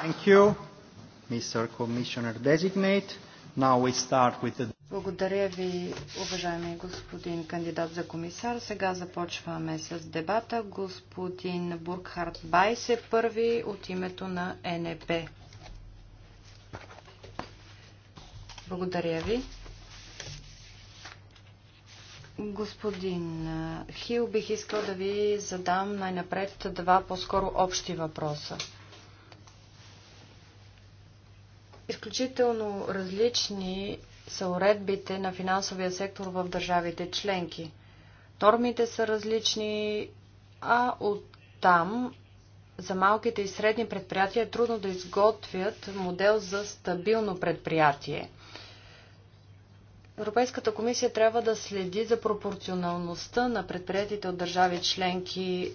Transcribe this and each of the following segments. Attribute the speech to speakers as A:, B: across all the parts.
A: Thank you, Mr. Commissioner Designate. Now we start with the... Благодаря ви, уважаеми господин кандидат за комисар. Сега започваме с дебата. Господин Бургхард Байс е първи от името на НЕП. Благодаря ви. Господин Хил, бих искал да ви задам най-напред два по-скоро общи въпроса. Изключително различни са уредбите на финансовия сектор в държавите членки. Нормите са различни, а от там за малките и средни предприятия е трудно да изготвят модел за стабилно предприятие. Европейската комисия трябва да следи за пропорционалността на предприятите от държави членки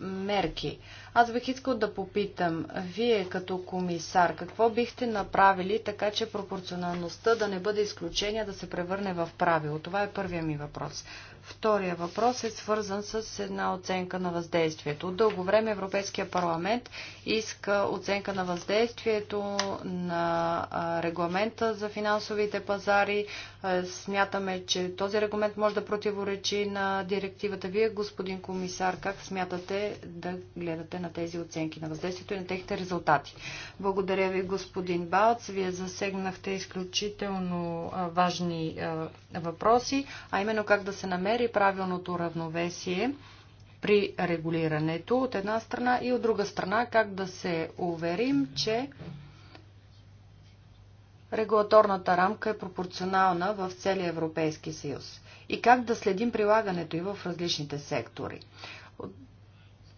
A: мерки. Аз бих искал да попитам, вие като комисар, какво бихте направили така, че пропорционалността да не бъде изключение, да се превърне в правило? Това е първия ми въпрос. Втория въпрос е свързан с една оценка на въздействието. От дълго време Европейския парламент иска оценка на въздействието на регламента за финансовите пазари. Смятаме, че този регламент може да противоречи на директивата. Вие, господин комисар, как смятате да гледате на тези оценки на въздействието и на техните резултати. Благодаря ви, господин Балц. Вие засегнахте изключително важни въпроси, а именно как да се намери правилното равновесие при регулирането от една страна и от друга страна как да се уверим, че регулаторната рамка е пропорционална в целия Европейски съюз и как да следим прилагането и в различните сектори.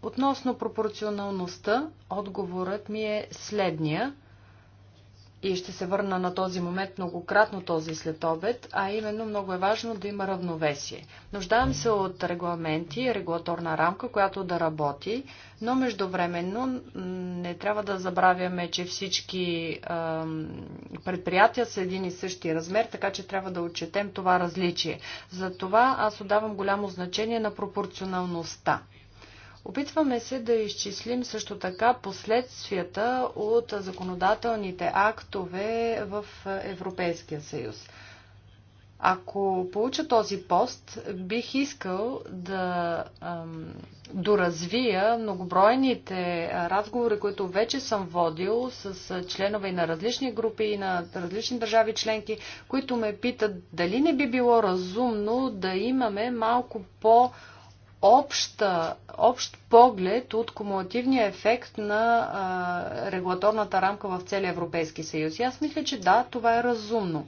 A: Относно пропорционалността, отговорът ми е следния и ще се върна на този момент многократно този след обед, а именно много е важно да има равновесие. Нуждавам се от регламенти, регулаторна рамка, която да работи, но междувременно не трябва да забравяме, че всички предприятия са един и същи размер, така че трябва да отчетем това различие. Затова аз отдавам голямо значение на пропорционалността. Опитваме се да изчислим също така последствията от законодателните актове в Европейския съюз. Ако получа този пост, бих искал да ам, доразвия многобройните разговори, които вече съм водил с членове на различни групи и на различни държави членки, които ме питат дали не би било разумно да имаме малко по- обща, общ поглед от кумулативния ефект на а, регулаторната рамка в целия Европейски съюз. И аз мисля, че да, това е разумно.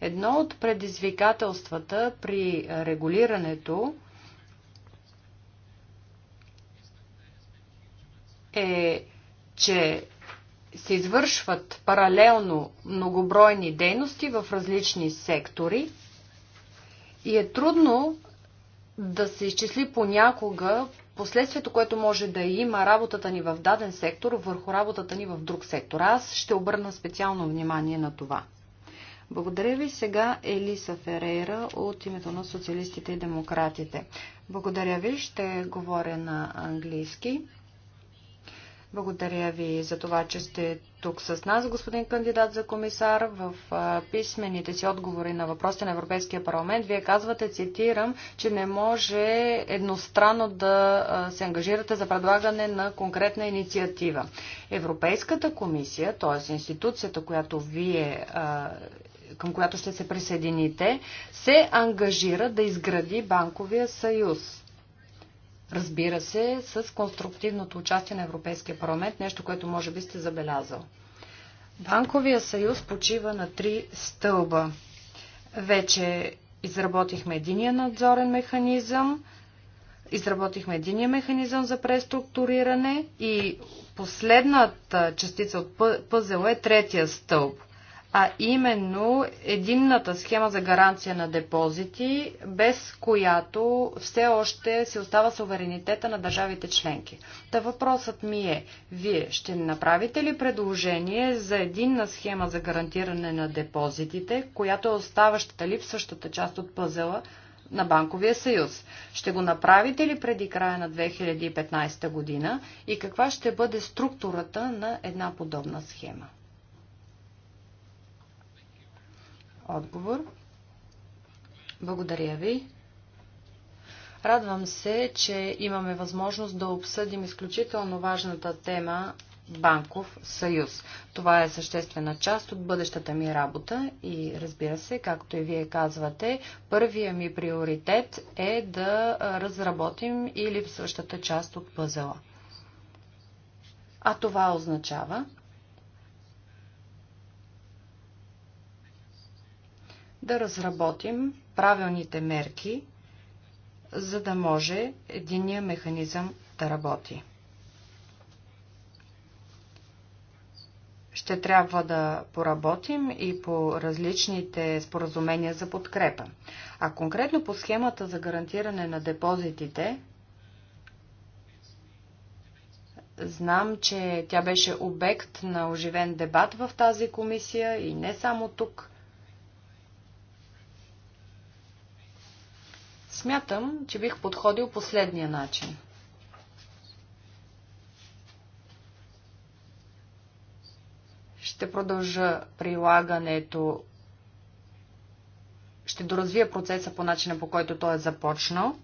A: Едно от предизвикателствата при регулирането е, че се извършват паралелно многобройни дейности в различни сектори и е трудно да се изчисли понякога последствието, което може да има работата ни в даден сектор върху работата ни в друг сектор. Аз ще обърна специално внимание на това. Благодаря ви сега Елиса Ферейра от името на социалистите и демократите. Благодаря ви, ще говоря на английски. Благодаря ви за това, че сте тук с нас, господин кандидат за комисар. В писмените си отговори на въпросите на Европейския парламент, вие казвате, цитирам, че не може едностранно да се ангажирате за предлагане на конкретна инициатива. Европейската комисия, т.е. институцията, която вие към която ще се присъедините, се ангажира да изгради банковия съюз. Разбира се, с конструктивното участие на Европейския парламент, нещо, което може би сте забелязал. Банковия съюз почива на три стълба. Вече изработихме единия надзорен механизъм, изработихме единия механизъм за преструктуриране и последната частица от пъзела е третия стълб – а именно единната схема за гаранция на депозити, без която все още се остава суверенитета на държавите членки. Та въпросът ми е, вие ще направите ли предложение за единна схема за гарантиране на депозитите, която е оставащата липсващата част от пъзела на Банковия съюз. Ще го направите ли преди края на 2015 година и каква ще бъде структурата на една подобна схема? Отговор. Благодаря ви. Радвам се, че имаме възможност да обсъдим изключително важната тема Банков съюз. Това е съществена част от бъдещата ми работа и разбира се, както и вие казвате, първия ми приоритет е да разработим и липсващата част от пъзела. А това означава, да разработим правилните мерки, за да може единия механизъм да работи. ще трябва да поработим и по различните споразумения за подкрепа. А конкретно по схемата за гарантиране на депозитите, знам, че тя беше обект на оживен дебат в тази комисия и не само тук. Смятам, че бих подходил последния начин. Ще продължа прилагането, ще доразвия процеса по начина по който той е започнал.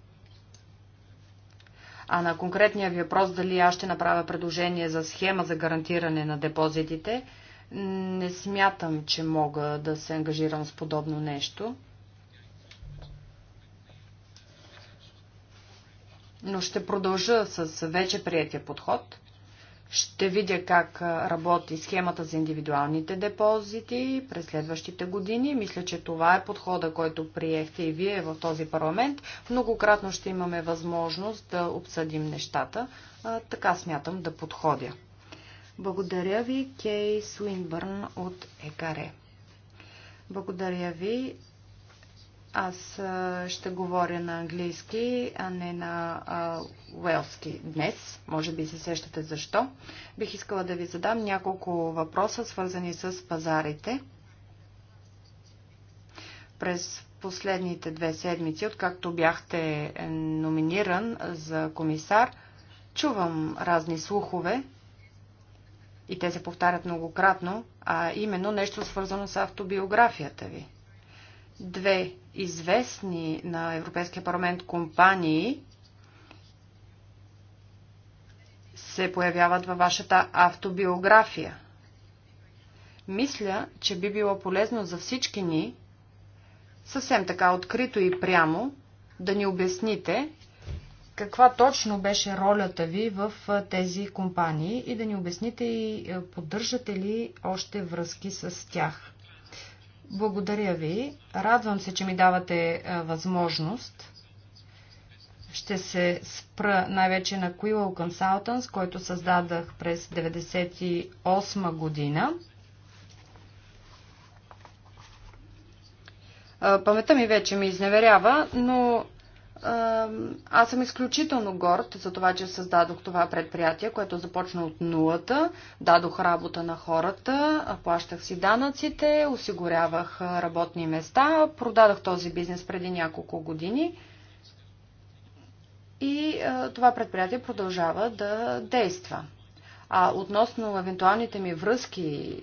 A: А на конкретния ви въпрос дали аз ще направя предложение за схема за гарантиране на депозитите, не смятам, че мога да се ангажирам с подобно нещо. Но ще продължа с вече приятия подход. Ще видя как работи схемата за индивидуалните депозити през следващите години. Мисля, че това е подхода, който приехте и вие в този парламент. Многократно ще имаме възможност да обсъдим нещата. Така смятам да подходя. Благодаря ви, Кей Суинбърн от ЕКАРЕ. Благодаря ви аз ще говоря на английски, а не на уелски днес. Може би се сещате защо. Бих искала да ви задам няколко въпроса, свързани с пазарите. През последните две седмици, откакто бяхте номиниран за комисар, чувам разни слухове и те се повтарят многократно, а именно нещо свързано с автобиографията ви две известни на Европейския парламент компании се появяват във вашата автобиография. Мисля, че би било полезно за всички ни, съвсем така открито и прямо, да ни обясните каква точно беше ролята ви в тези компании и да ни обясните и поддържате ли още връзки с тях. Благодаря ви. Радвам се, че ми давате възможност. Ще се спра най-вече на Quillow Consultants, който създадах през 1998 година. Памета ми вече ми изневерява, но аз съм изключително горд за това, че създадох това предприятие, което започна от нулата. Дадох работа на хората, плащах си данъците, осигурявах работни места, продадах този бизнес преди няколко години. И това предприятие продължава да действа. А относно евентуалните ми връзки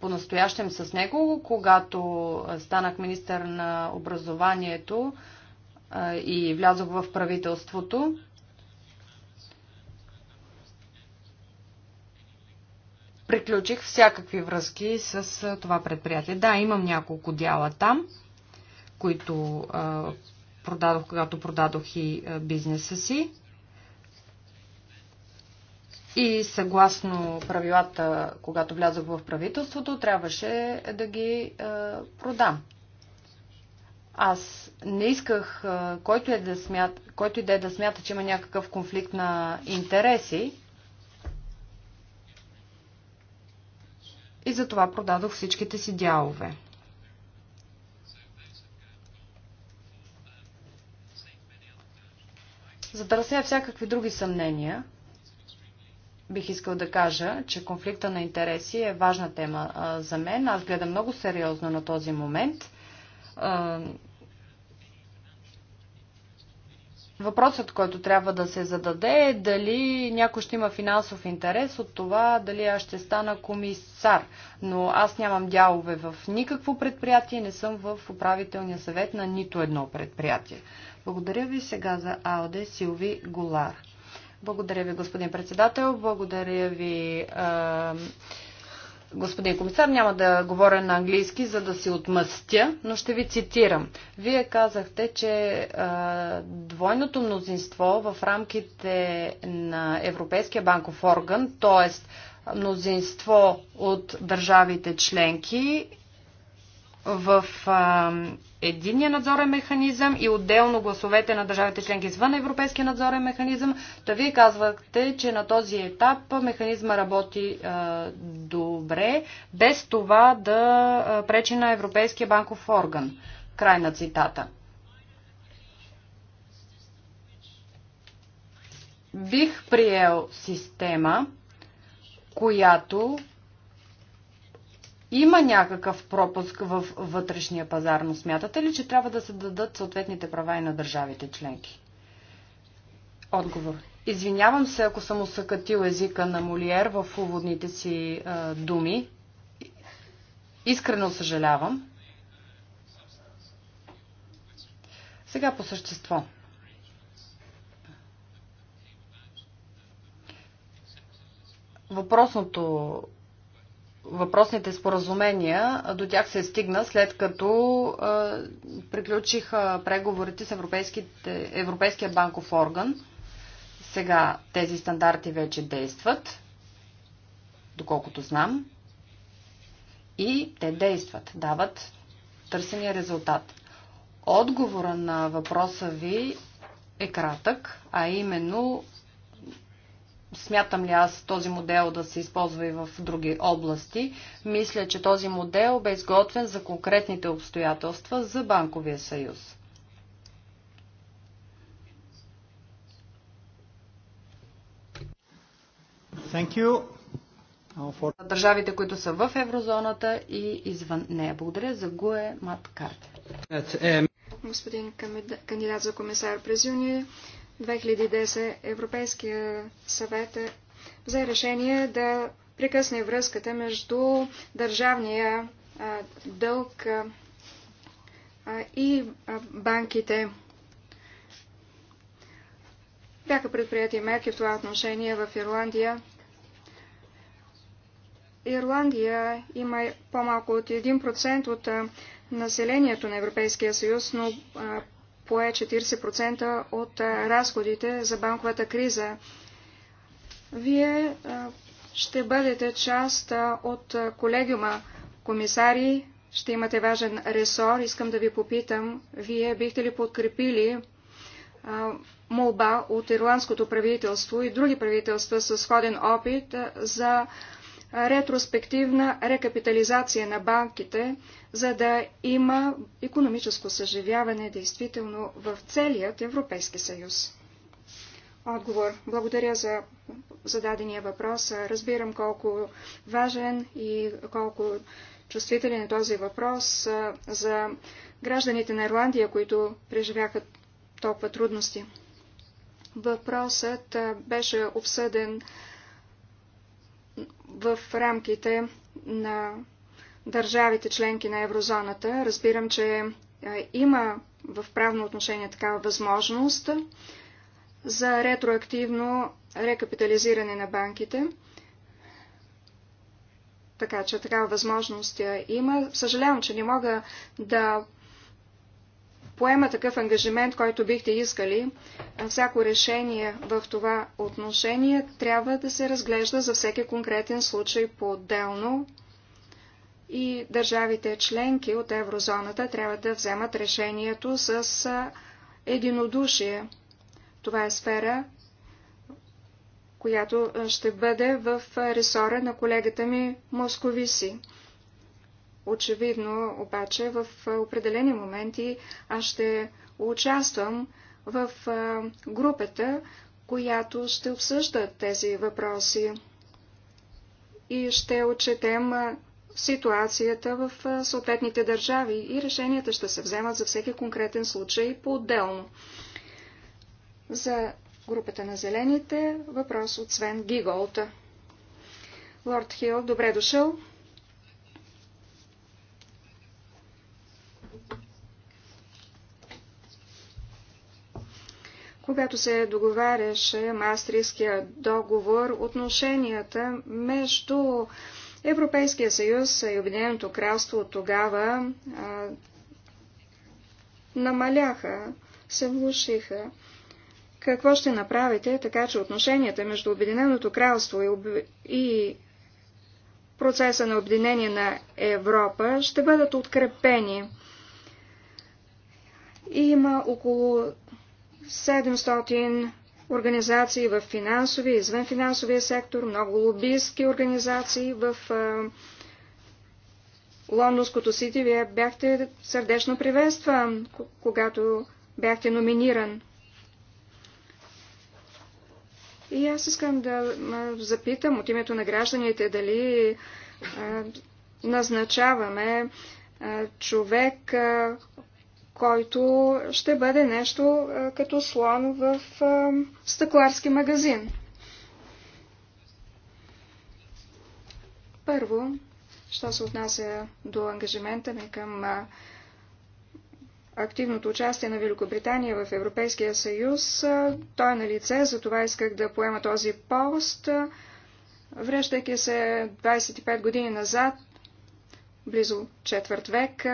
A: по-настоящем с него, когато станах министър на образованието, и влязох в правителството. Приключих всякакви връзки с това предприятие. Да, имам няколко дяла там, които продадох, когато продадох и бизнеса си. И съгласно правилата, когато влязох в правителството, трябваше да ги продам. Аз не исках който, е да смят, който и да е да смята, че има някакъв конфликт на интереси. И затова продадох всичките си дялове. За да разсея всякакви други съмнения, бих искал да кажа, че конфликта на интереси е важна тема а, за мен. Аз гледам много сериозно на този момент Въпросът, който трябва да се зададе е дали някой ще има финансов интерес от това, дали аз ще стана комисар. Но аз нямам дялове в никакво предприятие, не съм в управителния съвет на нито едно предприятие. Благодаря ви сега за Ауде Силви Голар. Благодаря ви, господин председател. Благодаря ви. Е господин комисар, няма да говоря на английски, за да си отмъстя, но ще ви цитирам. Вие казахте, че а, двойното мнозинство в рамките на Европейския банков орган, т.е. мнозинство от държавите членки в а, единния надзорен механизъм и отделно гласовете на държавите членки извън Европейския надзорен механизъм. Та вие казвате, че на този етап механизма работи а, добре, без това да пречи на Европейския банков орган. Край на цитата. Бих приел система, която има някакъв пропуск в вътрешния пазар, но смятате ли, че трябва да се дадат съответните права и на държавите членки? Отговор. Извинявам се, ако съм усъкатил езика на Молиер в уводните си а, думи. Искрено съжалявам. Сега по същество. Въпросното въпросните споразумения. До тях се стигна след като приключиха преговорите с Европейския банков орган. Сега тези стандарти вече действат, доколкото знам. И те действат, дават търсения резултат. Отговора на въпроса ви е кратък, а именно смятам ли аз този модел да се използва и в други области. Мисля, че този модел бе изготвен за конкретните обстоятелства за Банковия съюз. Thank you. For... Държавите, които са в еврозоната и извън нея. Благодаря за Гуе Мат Карте. Е,
B: Господин кандидат за комисар през юни 2010 Европейския съвет взе решение да прекъсне връзката между държавния дълг и банките. Бяха предприяти мерки в това отношение в Ирландия. Ирландия има по-малко от 1% от населението на Европейския съюз, но пое 40% от разходите за банковата криза. Вие ще бъдете част от колегиума комисари, ще имате важен ресор. Искам да ви попитам, вие бихте ли подкрепили молба от ирландското правителство и други правителства с сходен опит за ретроспективна рекапитализация на банките, за да има економическо съживяване действително в целият Европейски съюз. Отговор. Благодаря за зададения въпрос. Разбирам колко важен и колко чувствителен е този въпрос за гражданите на Ирландия, които преживяха толкова трудности. Въпросът беше обсъден в рамките на държавите членки на еврозоната. Разбирам, че е, има в правно отношение такава възможност за ретроактивно рекапитализиране на банките. Така че такава възможност е, има. Съжалявам, че не мога да поема такъв ангажимент, който бихте искали. Всяко решение в това отношение трябва да се разглежда за всеки конкретен случай по-отделно, и държавите членки от еврозоната трябва да вземат решението с единодушие. Това е сфера, която ще бъде в ресора на колегата ми Московиси. Очевидно, обаче, в определени моменти аз ще участвам в групата, която ще обсъжда тези въпроси. И ще отчетем ситуацията в съответните държави и решенията ще се вземат за всеки конкретен случай по-отделно. За групата на зелените въпрос от Свен Гиголта. Лорд Хил, добре дошъл. Когато се договаряше Мастриския договор, отношенията между Европейския съюз и Обединеното кралство от тогава а, намаляха, се влушиха. Какво ще направите, така че отношенията между Обединеното кралство и, об... и процеса на обединение на Европа ще бъдат открепени? И има около 700 организации в финансови, извън финансовия сектор, много лобистки организации в Лондонското сити. Вие бяхте сърдечно приветстван, когато бяхте номиниран. И аз искам да запитам от името на гражданите дали назначаваме човек, който ще бъде нещо като слон в стъкларски магазин. Първо, що се отнася до ангажимента ми към активното участие на Великобритания в Европейския съюз. Той е на лице, затова исках да поема този пост. Връщайки се 25 години назад, близо четвърт век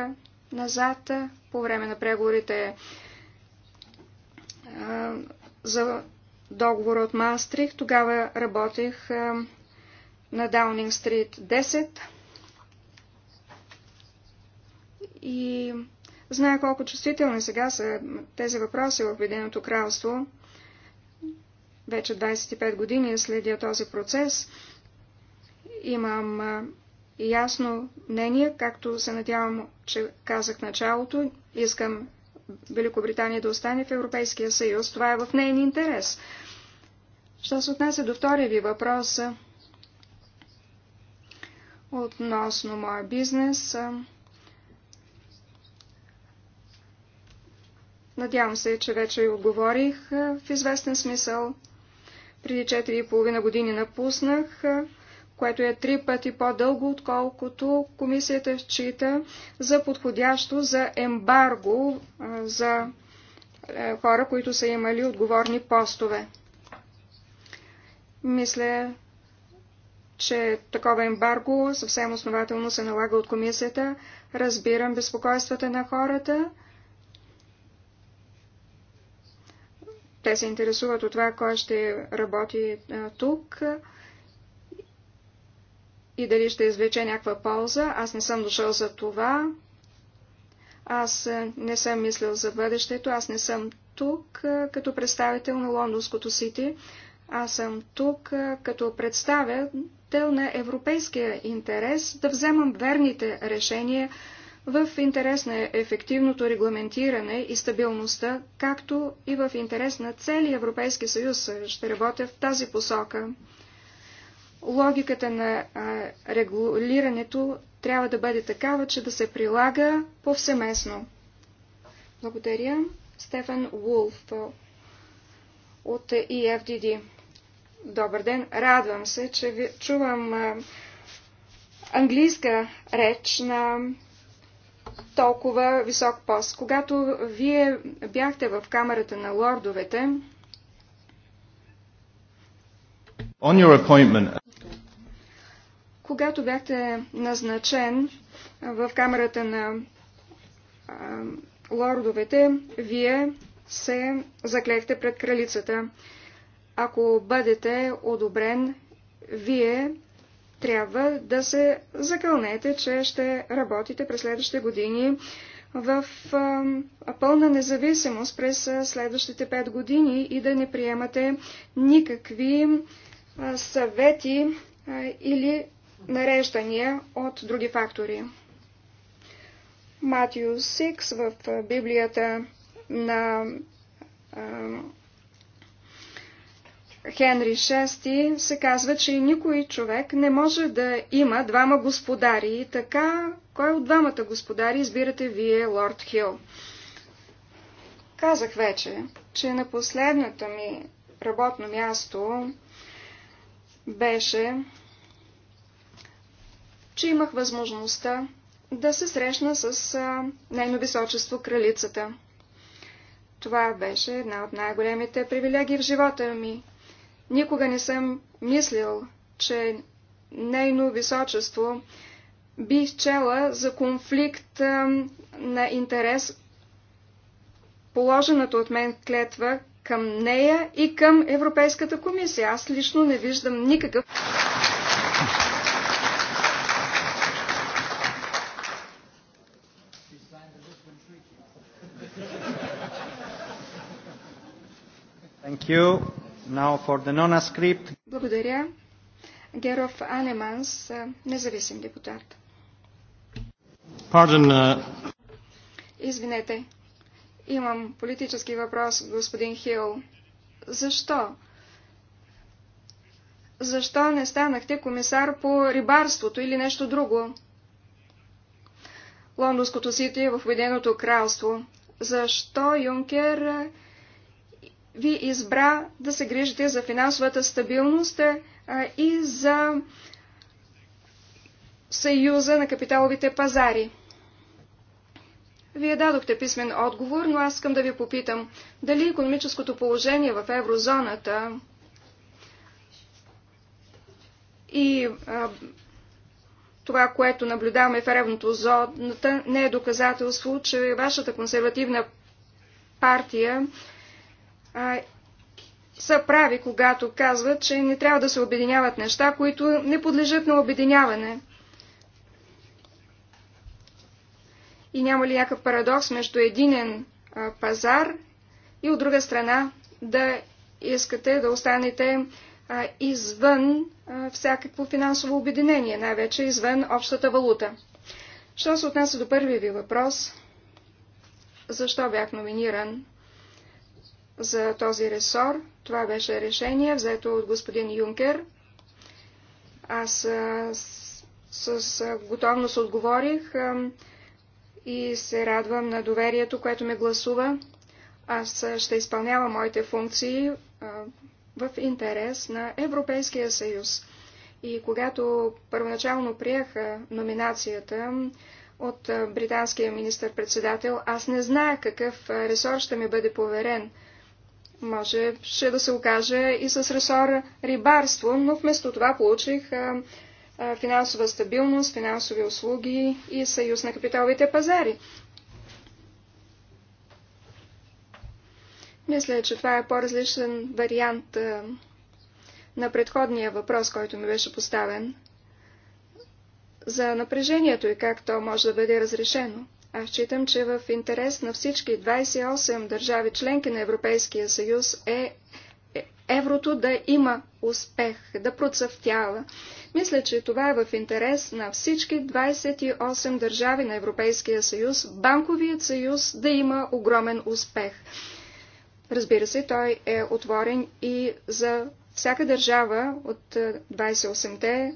B: назад, по време на преговорите за договора от Мастрих. Тогава работех на Даунинг Стрит 10 и зная колко чувствителни сега са тези въпроси в Обединеното кралство. Вече 25 години следя този процес. Имам ясно мнение, както се надявам, че казах началото. Искам Великобритания да остане в Европейския съюз. Това е в нейния интерес. Що се отнася до втория ви въпрос относно моя бизнес, надявам се, че вече и отговорих в известен смисъл. Преди 4,5 години напуснах което е три пъти по-дълго, отколкото комисията счита за подходящо за ембарго за хора, които са имали отговорни постове. Мисля, че такова ембарго съвсем основателно се налага от комисията. Разбирам безпокойствата на хората. Те се интересуват от това, кой ще работи тук и дали ще извлече някаква полза. Аз не съм дошъл за това. Аз е, не съм мислил за бъдещето. Аз не съм тук е, като представител на Лондонското Сити. Аз съм тук е, като представител на европейския интерес да вземам верните решения в интерес на ефективното регламентиране и стабилността, както и в интерес на целия Европейски съюз. Ще работя в тази посока логиката на регулирането трябва да бъде такава, че да се прилага повсеместно. Благодаря. Стефан Вулф от EFDD. Добър ден. Радвам се, че ви, чувам английска реч на толкова висок пост. Когато вие бяхте в камерата на лордовете,
C: On your appointment.
B: Когато бяхте назначен в камерата на а, лордовете, вие се заклехте пред кралицата. Ако бъдете одобрен, вие трябва да се закълнете, че ще работите през следващите години в а, пълна независимост през следващите пет години и да не приемате никакви съвети или нареждания от други фактори. Матио 6 в Библията на Хенри VI се казва, че никой човек не може да има двама господари. И така, кой от двамата господари избирате вие, Лорд Хил? Казах вече, че на последното ми работно място беше, че имах възможността да се срещна с нейно височество кралицата. Това беше една от най-големите привилегии в живота ми. Никога не съм мислил, че нейно височество би чела за конфликт на интерес положената от мен клетва към нея и към Европейската комисия. Аз лично не виждам никакъв.
D: Thank you. Now for the
B: Благодаря. Геров Анеманс, независим депутат.
C: Pardon, uh...
B: Извинете. Имам политически въпрос, господин Хил. Защо? Защо не станахте комисар по рибарството или нещо друго? Лондонското сити е в Обединеното кралство. Защо Юнкер ви избра да се грижите за финансовата стабилност и за съюза на капиталовите пазари? Вие дадохте писмен отговор, но аз искам да ви попитам, дали економическото положение в еврозоната и а, това, което наблюдаваме в ревното зоната, не е доказателство, че вашата консервативна партия а, са прави, когато казват, че не трябва да се обединяват неща, които не подлежат на обединяване. и няма ли някакъв парадокс между единен пазар и от друга страна да искате да останете а, извън а, всякакво финансово обединение, най-вече извън общата валута. Що се отнася до първия ви въпрос, защо бях номиниран за този ресор, това беше решение, взето от господин Юнкер. Аз а, с, с готовност отговорих. А, и се радвам на доверието, което ме гласува. Аз ще изпълнявам моите функции в интерес на Европейския съюз. И когато първоначално приеха номинацията от британския министър-председател, аз не зная какъв ресор ще ми бъде поверен. Може ще да се окаже и с ресор рибарство, но вместо това получих финансова стабилност, финансови услуги и съюз на капиталовите пазари. Мисля, че това е по-различен вариант на предходния въпрос, който ми беше поставен за напрежението и как то може да бъде разрешено. Аз считам, че в интерес на всички 28 държави членки на Европейския съюз е еврото да има успех, да процъфтява. Мисля, че това е в интерес на всички 28 държави на Европейския съюз, банковият съюз да има огромен успех. Разбира се, той е отворен и за всяка държава от 28-те е,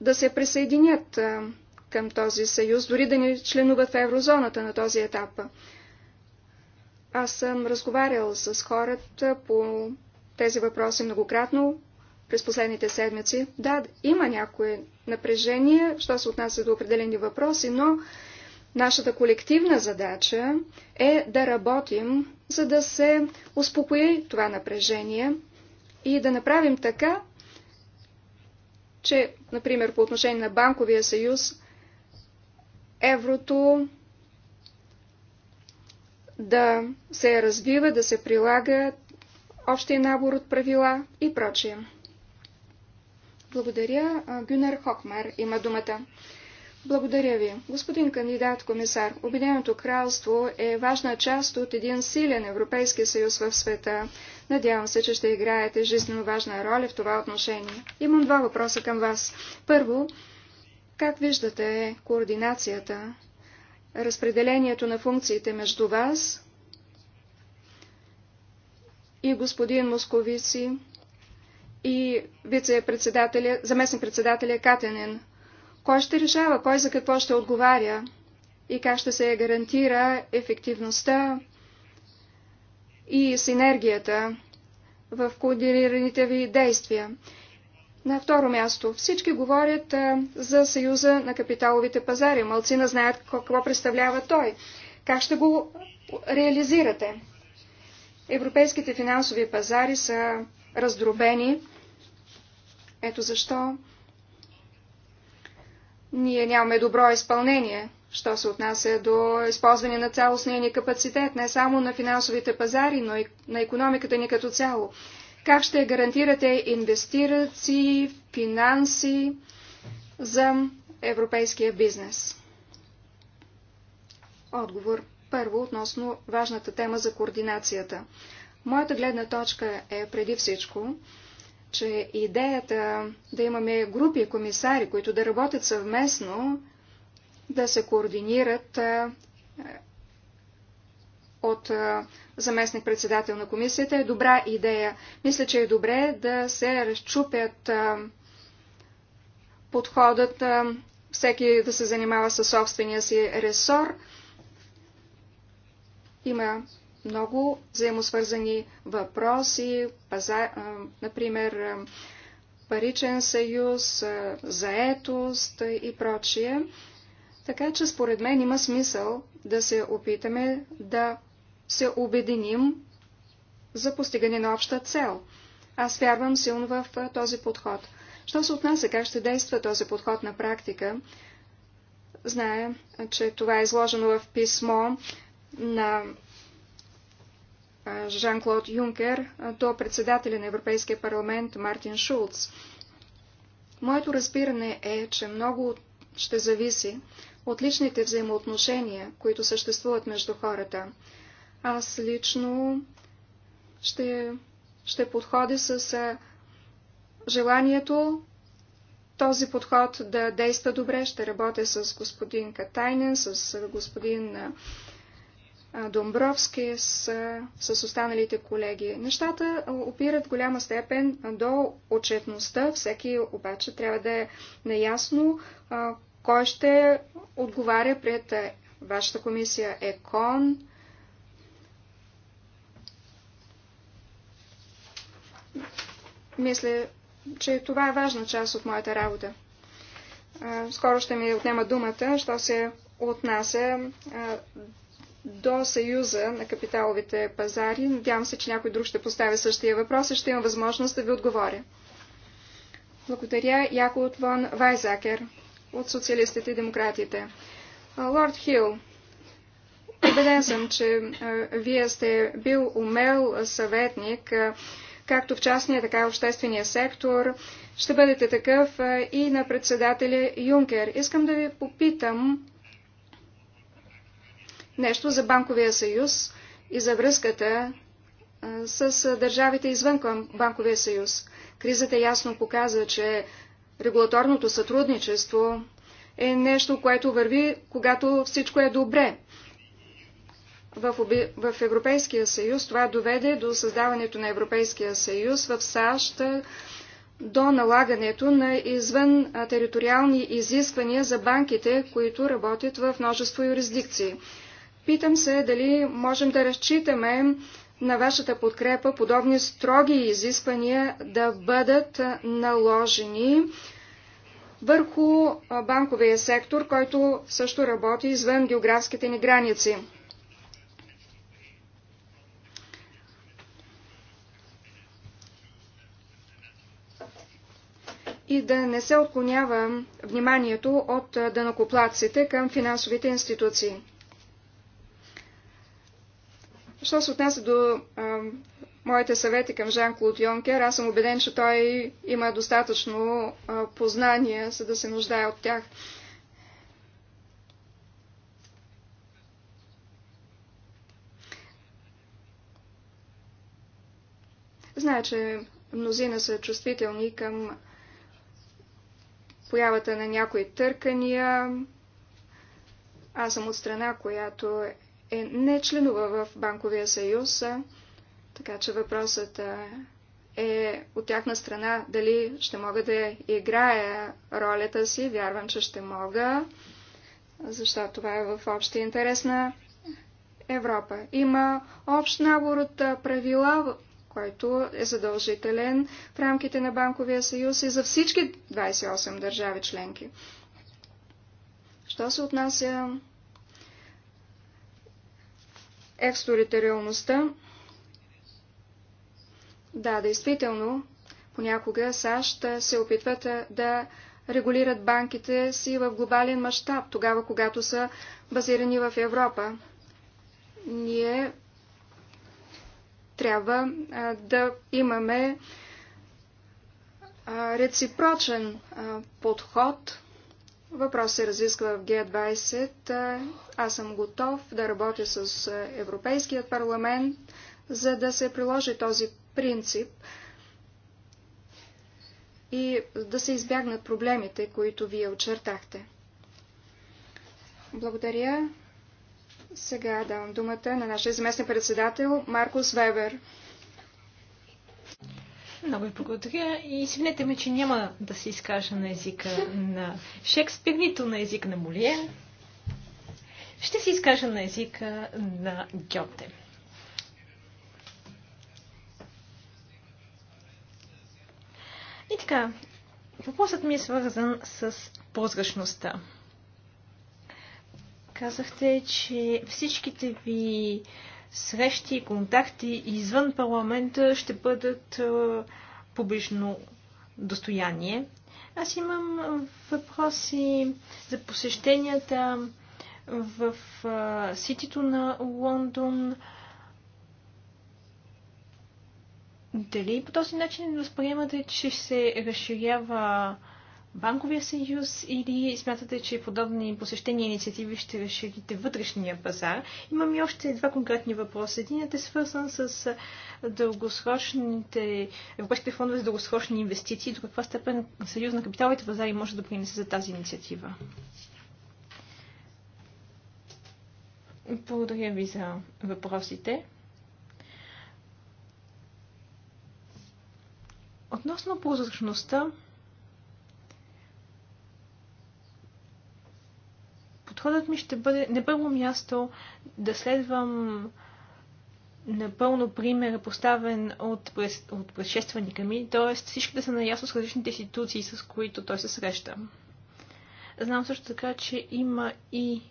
B: да се присъединят е, към този съюз, дори да не членуват в еврозоната на този етап. Аз съм разговарял с хората по тези въпроси многократно през последните седмици. Да, има някои напрежения, що се отнася до определени въпроси, но нашата колективна задача е да работим, за да се успокои това напрежение и да направим така, че, например, по отношение на банковия съюз, еврото да се развива, да се прилага, общия набор от правила и прочие. Благодаря. Гюнер Хокмар има думата. Благодаря ви. Господин кандидат комисар, Обединеното кралство е важна част от един силен Европейски съюз в света. Надявам се, че ще играете жизненно важна роля в това отношение. Имам два въпроса към вас. Първо, как виждате координацията, разпределението на функциите между вас, и господин Московици и вице-председателя, заместник-председателя Катенен. Кой ще решава, кой за какво ще отговаря и как ще се гарантира ефективността и синергията в координираните ви действия. На второ място, всички говорят а, за Съюза на капиталовите пазари. Малцина знаят какво представлява той. Как ще го реализирате? Европейските финансови пазари са раздробени. Ето защо ние нямаме добро изпълнение, що се отнася до използване на цялостния ни капацитет, не само на финансовите пазари, но и на економиката ни като цяло. Как ще гарантирате инвестираци, финанси за европейския бизнес? Отговор – първо, относно важната тема за координацията. Моята гледна точка е преди всичко, че идеята да имаме групи комисари, които да работят съвместно, да се координират от заместник-председател на комисията е добра идея. Мисля, че е добре да се разчупят подходът, всеки да се занимава със собствения си ресор – има много взаимосвързани въпроси, паза, например паричен съюз, заетост и прочие. Така че според мен има смисъл да се опитаме да се обединим за постигане на обща цел. Аз вярвам силно в този подход. Що се отнася как ще действа този подход на практика, знае, че това е изложено в писмо на Жан-Клод Юнкер до председателя на Европейския парламент Мартин Шулц. Моето разбиране е, че много ще зависи от личните взаимоотношения, които съществуват между хората. Аз лично ще, ще подходя с желанието този подход да действа добре. Ще работя с господин Катайнен, с господин Домбровски с, с останалите колеги. Нещата опират голяма степен до отчетността. Всеки обаче трябва да е наясно кой ще отговаря пред вашата комисия ЕКОН. Мисля, че това е важна част от моята работа. скоро ще ми отнема думата, що се отнася до Съюза на капиталовите пазари. Надявам се, че някой друг ще постави същия въпрос и ще имам възможност да ви отговоря. Благодаря Яко от Вон Вайзакер от Социалистите и Демократите. Лорд Хил, убеден съм, че вие сте бил умел съветник, както в частния, така и в обществения сектор. Ще бъдете такъв и на председателя Юнкер. Искам да ви попитам нещо за банковия съюз и за връзката с държавите извън към банковия съюз. Кризата ясно показа, че регулаторното сътрудничество е нещо, което върви, когато всичко е добре. в Европейския съюз това доведе до създаването на Европейския съюз в САЩ до налагането на извън териториални изисквания за банките, които работят в множество юрисдикции. Питам се дали можем да разчитаме на вашата подкрепа подобни строги изисквания да бъдат наложени върху банковия сектор, който също работи извън географските ни граници. и да не се отклонява вниманието от данокоплаците към финансовите институции. Що се отнася до а, моите съвети към Жан-Клод Йонкер, аз съм убеден, че той има достатъчно а, познания, за да се нуждае от тях. Знае, че мнозина са чувствителни към появата на някои търкания. Аз съм от страна, която е е, не членува в Банковия съюз, така че въпросът е от тяхна страна дали ще мога да играя ролята си. Вярвам, че ще мога, защото това е в общия интерес на Европа. Има общ набор от правила, който е задължителен в рамките на Банковия съюз и за всички 28 държави членки. Що се отнася екстериториалността. Да, действително, понякога САЩ се опитват да регулират банките си в глобален мащаб, тогава когато са базирани в Европа. Ние трябва да имаме реципрочен подход Въпрос се разисква в Г20. Аз съм готов да работя с Европейският парламент, за да се приложи този принцип и да се избягнат проблемите, които вие очертахте. Благодаря. Сега давам думата на нашия заместник председател Маркус Вебер.
D: Много ви благодаря и извинете ме, че няма да се изкажа на езика на Шекспир, нито на език на Молиер. Ще се изкажа на езика на Гьоте. И така, въпросът ми е свързан с прозрачността. Казахте, че всичките ви срещи и контакти извън парламента ще бъдат публично достояние. Аз имам въпроси за посещенията в ситито на Лондон. Дали по този начин възприемате, че се разширява банковия съюз или смятате, че подобни посещения и инициативи ще разширите вътрешния пазар? Имам и още два конкретни въпроса. Единът е свързан с дългосрочните европейските фондове за дългосрочни инвестиции. До каква степен Съюз на капиталовите пазари може да принесе за тази инициатива? Благодаря ви за въпросите. Относно прозрачността, подходът ми ще бъде на първо място да следвам напълно пример поставен от, през, от предшественика ми, т.е. всички да са наясно с различните институции, с които той се среща. Знам също така, че има и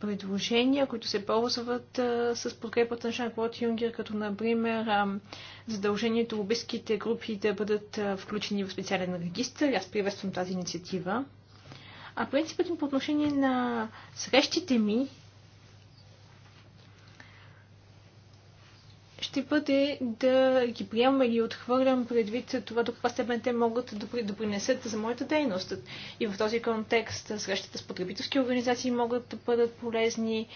D: предложения, които се ползват а, с подкрепата на Жан-Клод Юнгер, като например а, задължението лобистските групи да бъдат а, включени в специален регистр. Аз приветствам тази инициатива. А принципът им по отношение на срещите ми ще бъде да ги приемам или отхвърлям предвид това до каква степен те могат да допринесат за моята дейност. И в този контекст срещата с потребителски организации могат да бъдат полезни,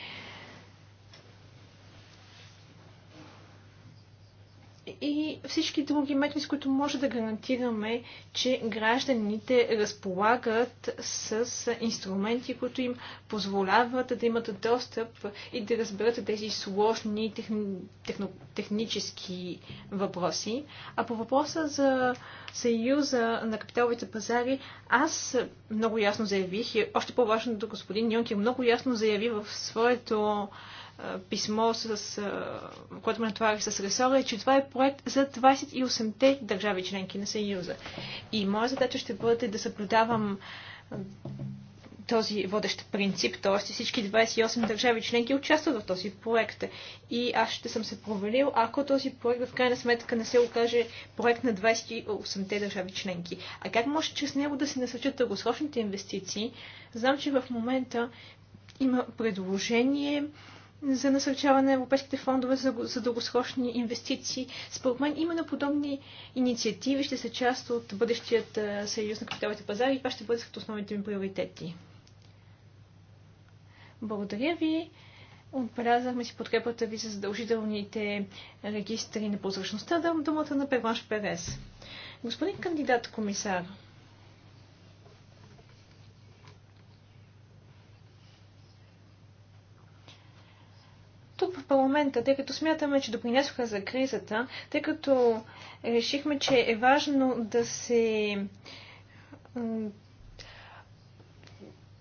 D: и всички други методи, с които може да гарантираме, че гражданите разполагат с инструменти, които им позволяват да имат достъп и да разберат тези сложни техни... техно... технически въпроси. А по въпроса за съюза на капиталовите пазари, аз много ясно заявих, и е още по-важно до господин Нюнкер много ясно заяви в своето писмо, с, което ме натоварих с ресора, е, че това е проект за 28-те държави членки на Съюза. И моя задача ще бъде да съблюдавам този водещ принцип, т.е. всички 28 държави членки участват в този проект. И аз ще съм се провалил, ако този проект в крайна сметка не се окаже проект на 28-те държави членки. А как може чрез него да се насърчат дългосрочните инвестиции? Знам, че в момента има предложение за насърчаване на европейските фондове за, за дългосрочни инвестиции. Според мен именно подобни инициативи ще са част от бъдещият съюз на капиталните пазари и това ще бъде като основните ми приоритети. Благодаря ви. Отбелязахме си подкрепата ви за задължителните регистри на прозрачността. Дам думата на Перванш Перес. Господин кандидат комисар, парламента, тъй като смятаме, че допринесоха за кризата, тъй като решихме, че е важно да се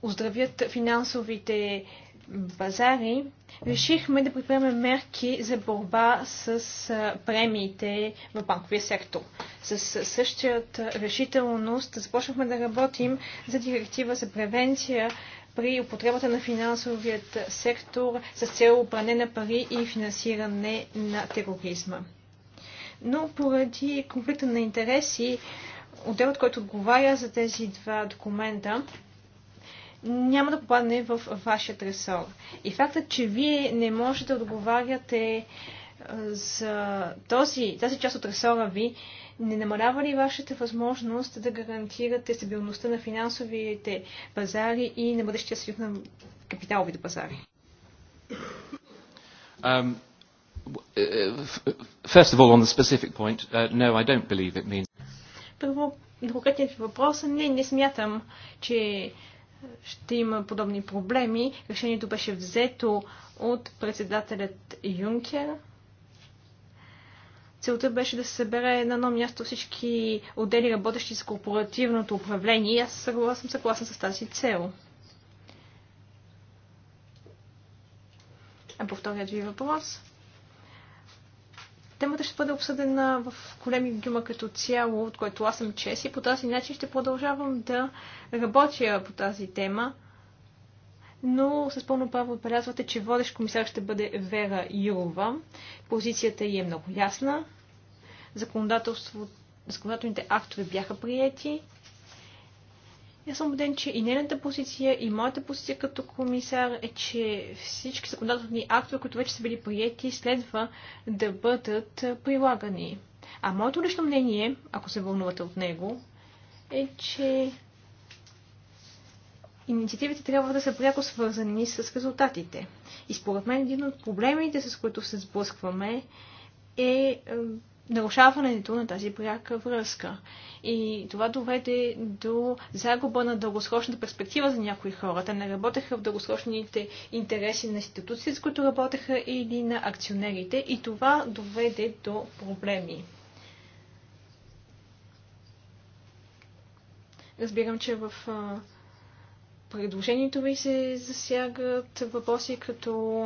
D: оздравят финансовите базари, решихме да предприемем мерки за борба с премиите в банковия сектор. С същият решителност започнахме да работим за директива за превенция при употребата на финансовият сектор с цел пране на пари и финансиране на тероризма. Но поради конфликта на интереси, отделът, който отговаря за тези два документа, няма да попадне в вашият ресор. И фактът, че вие не можете да отговаряте за този, тази част от ресора ви, не намалява ли вашата възможност да гарантирате стабилността на финансовите пазари и на бъдещия съюз на капиталовите пазари?
C: Um, uh, first of all, on the specific point, uh, no, I don't believe it means...
D: Първо, на конкретният въпрос, не, не смятам, че ще има подобни проблеми. Решението беше взето от председателят Юнкер Целта беше да се събере на едно място всички отдели, работещи с корпоративното управление и аз съм съгласна с тази цел. А по вторият ви въпрос. Темата ще бъде обсъдена в големи гюма като цяло, от което аз съм чест и по тази начин ще продължавам да работя по тази тема. Но с пълно право отбелязвате, че водещ комисар ще бъде Вера Юрова. Позицията й е много ясна законодателство, законодателните актове бяха приети. Аз съм убеден, че и нейната позиция, и моята позиция като комисар е, че всички законодателни актове, които вече са били приети, следва да бъдат прилагани. А моето лично мнение, ако се вълнувате от него, е, че инициативите трябва да са пряко свързани с резултатите. И според мен един от проблемите, с които се сблъскваме, е нарушаването на тази пряка връзка. И това доведе до загуба на дългосрочната перспектива за някои хора. Те не работеха в дългосрочните интереси на институциите, с които работеха, или на акционерите. И това доведе до проблеми. Разбирам, че в предложението ви се засягат въпроси като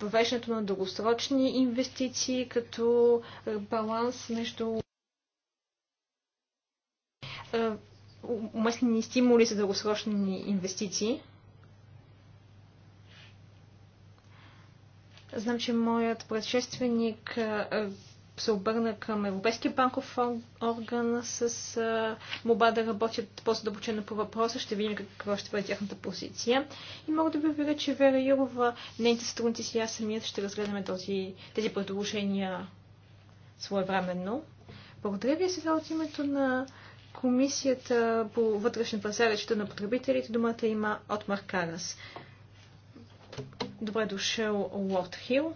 D: въвеждането на дългосрочни инвестиции като е, баланс между е, уместни стимули за дългосрочни инвестиции. Знам, че моят предшественик е, се обърна към Европейския банков орган с а, моба да работят по-задълбочено по въпроса. Ще видим каква ще бъде тяхната позиция. И мога да ви уверя, че Вера Юрова, нейните сътрудници и аз самият ще разгледаме този, тези предложения своевременно. Благодаря ви сега от името на Комисията по вътрешен пазар на потребителите. Думата има от Маркарас. Добре дошъл, Лорд Хил.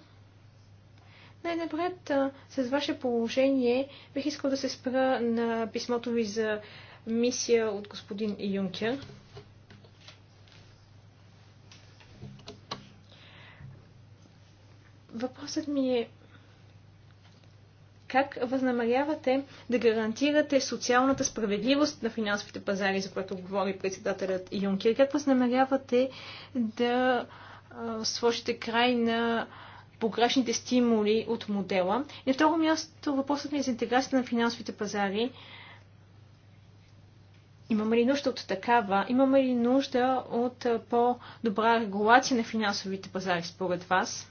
D: Най-напред, с ваше положение, бих искал да се спра на писмото ви за мисия от господин Юнкер. Въпросът ми е как възнамерявате да гарантирате социалната справедливост на финансовите пазари, за което говори председателят Юнкер? Как възнамерявате да сложите край на погрешните стимули от модела. И на второ място въпросът ми е за интеграцията на финансовите пазари. Имаме ли нужда от такава? Имаме ли нужда от по-добра регулация на финансовите пазари според вас?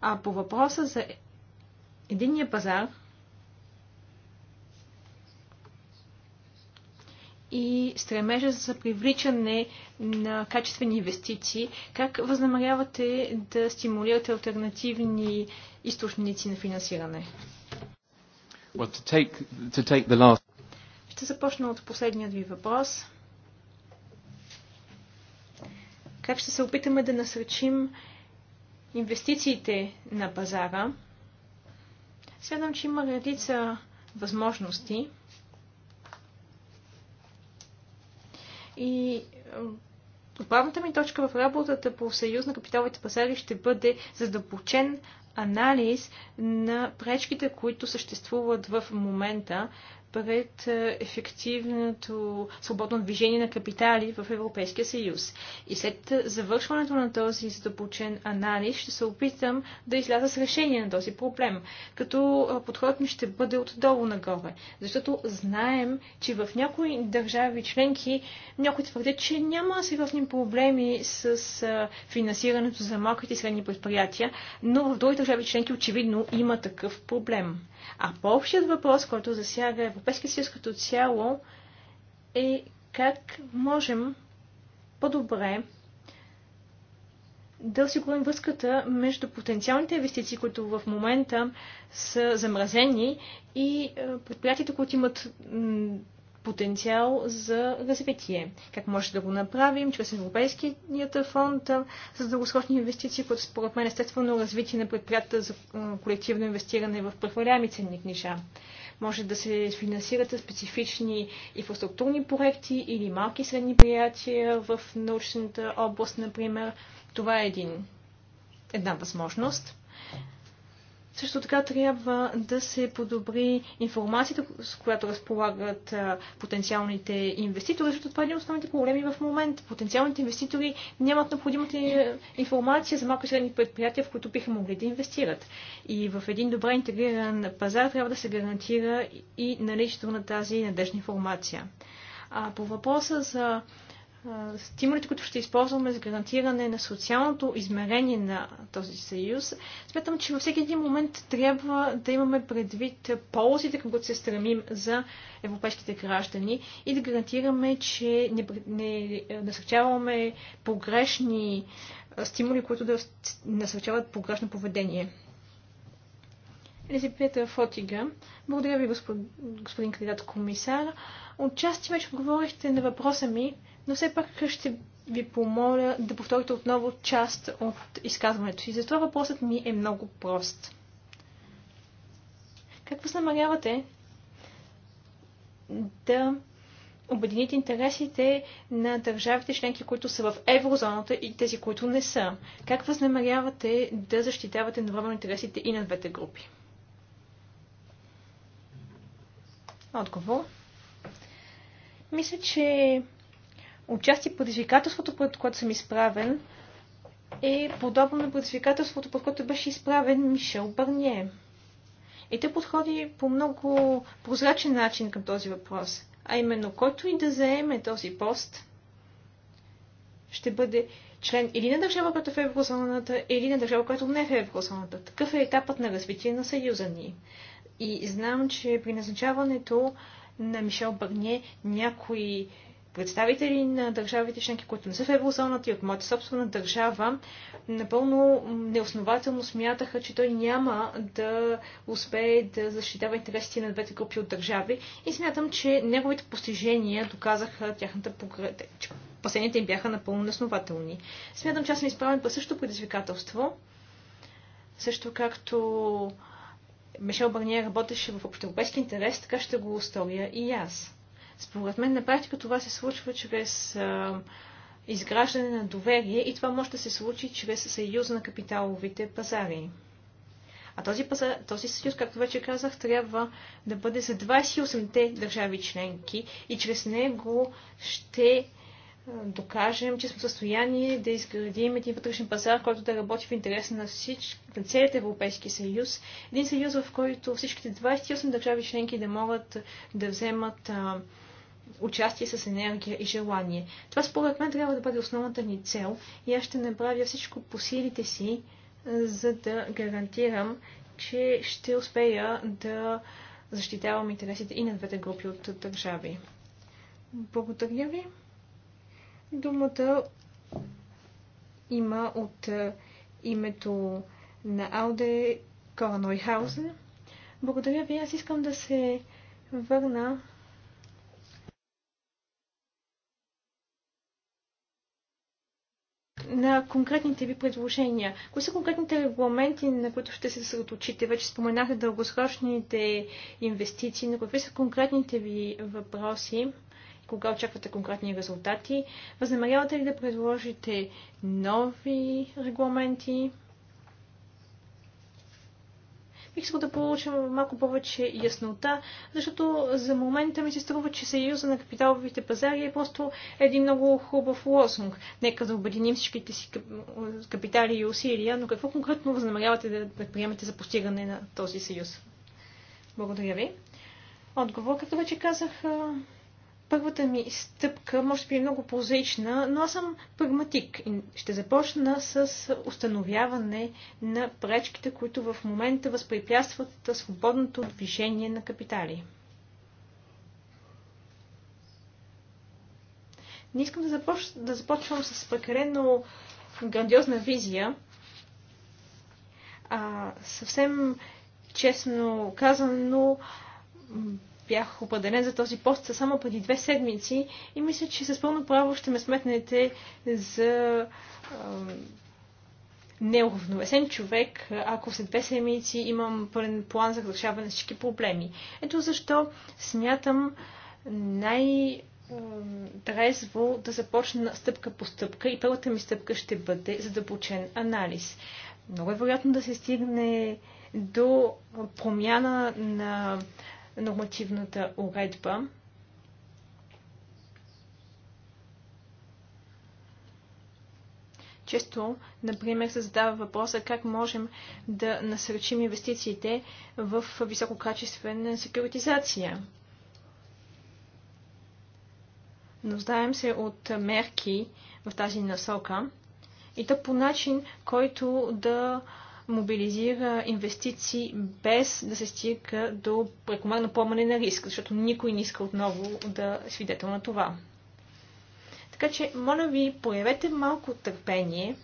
D: А по въпроса за единния пазар, и стремежа за привличане на качествени инвестиции, как възнамерявате да стимулирате альтернативни източници на финансиране?
C: Well, to take, to take the last...
D: Ще започна от последният ви въпрос. Как ще се опитаме да насръчим инвестициите на пазара? Следвам, че има редица възможности. И е, главната ми точка в работата по Съюз на капиталовите пазари ще бъде задълбочен анализ на пречките, които съществуват в момента пред е, ефективното свободно движение на капитали в Европейския съюз. И след завършването на този задълбочен анализ ще се опитам да изляза с решение на този проблем, като е, подходът ми ще бъде отдолу нагоре. Защото знаем, че в някои държави членки някои твърдят, че няма сериозни проблеми с е, финансирането за малките и средни предприятия, но в други държави членки очевидно има такъв проблем. А по-общият въпрос, който засяга Европейския съюз като цяло, е как можем по-добре да осигурим връзката между потенциалните инвестиции, които в момента са замразени и е, предприятията, които имат потенциал за развитие. Как може да го направим? Чрез Европейският фонд за дългосрочни инвестиции, които според мен е естествено развитие на предприятията за колективно инвестиране в прехвърляеми ценни книжа. Може да се финансират специфични инфраструктурни проекти или малки и средни приятия в научната област, например. Това е един, една възможност. Също така трябва да се подобри информацията, с която разполагат потенциалните инвеститори, защото това е един от основните проблеми в момента. Потенциалните инвеститори нямат необходимата е, информация за малко и средни предприятия, в които биха могли да инвестират. И в един добре интегриран пазар трябва да се гарантира и наличието на тази надежна информация. А по въпроса за стимулите, които ще използваме за гарантиране на социалното измерение на този съюз, смятам, че във всеки един момент трябва да имаме предвид ползите, към които се стремим за европейските граждани и да гарантираме, че не, не насърчаваме погрешни стимули, които да насърчават погрешно поведение. Елизабета Фотига. Благодаря ви, господин, господин кандидат комисар. Отчасти вече отговорихте на въпроса ми, но все пак ще ви помоля да повторите отново част от изказването си. Затова въпросът ми е много прост. Как възнамарявате да обедините интересите на държавите членки, които са в еврозоната и тези, които не са? Как възнамерявате да защитавате едновременно интересите и на двете групи? Отговор. Мисля, че отчасти предизвикателството, пред което съм изправен, е подобно на предизвикателството, пред което беше изправен Мишел Бърние. И те подходи по много прозрачен начин към този въпрос. А именно, който и да заеме този пост, ще бъде член или на държава, която е в еврозоната, или на държава, която не е в еврозоната. Такъв е етапът на развитие на съюза ни. И знам, че при назначаването на Мишел Бърне някои представители на държавите членки, които не са в еврозоната и от моята собствена държава, напълно неоснователно смятаха, че той няма да успее да защитава интересите на двете групи от държави и смятам, че неговите постижения доказаха тяхната погреба, че последните им бяха напълно неоснователни. Смятам, че аз съм изправен по същото предизвикателство, също както Мишел Барния работеше в общоевропейски интерес, така ще го оставя и аз. Според мен на практика това се случва чрез а, изграждане на доверие и това може да се случи чрез съюз на капиталовите пазари. А този, пазар, този съюз, както вече казах, трябва да бъде за 28-те държави членки и чрез него ще докажем, че сме в състояние да изградим един вътрешен пазар, който да работи в интерес на, всич... на целият Европейски съюз. Един съюз, в който всичките 28 държави членки да могат да вземат а, участие с енергия и желание. Това според мен трябва да бъде основната ни цел и аз ще направя всичко по силите си, за да гарантирам, че ще успея да защитавам интересите и на двете групи от държави. Благодаря ви. Думата има от името на Ауде Кора Нойхаузен. Благодаря ви. Аз искам да се върна на конкретните ви предложения. Кои са конкретните регламенти, на които ще се съсредоточите? Вече споменахте дългосрочните инвестиции, но какви са конкретните ви въпроси? Кога очаквате конкретни резултати? Възнамерявате ли да предложите нови регламенти? Бих искал да получим малко повече яснота, защото за момента ми се струва, че Съюза на капиталовите пазари е просто един много хубав лозунг. Нека да обединим всичките си капитали и усилия, но какво конкретно възнамерявате да предприемете за постигане на този съюз? Благодаря ви. Отговор, като вече казах, Първата ми стъпка може би е много прозаична, но аз съм прагматик и ще започна с установяване на пречките, които в момента възпрепятстват свободното движение на капитали. Не искам да, започ... да започвам с прекалено грандиозна визия. А, съвсем честно казано, бях определен за този пост само преди две седмици и мисля, че с пълно право ще ме сметнете за неуравновесен човек, ако след две седмици имам пълен план за разрешаване на всички проблеми. Ето защо смятам най- трезво да започна стъпка по стъпка и първата ми стъпка ще бъде задълбочен анализ. Много е вероятно да се стигне до промяна на нормативната уредба. Често, например, се задава въпроса как можем да насърчим инвестициите в висококачествена секюритизация. Нуждаем се от мерки в тази насока и то по начин, който да а, мобилизира инвестиции без да се стига до прекомерно поемане на риск, защото никой не иска отново да е свидетел на това. Така че, моля ви, проявете малко търпение,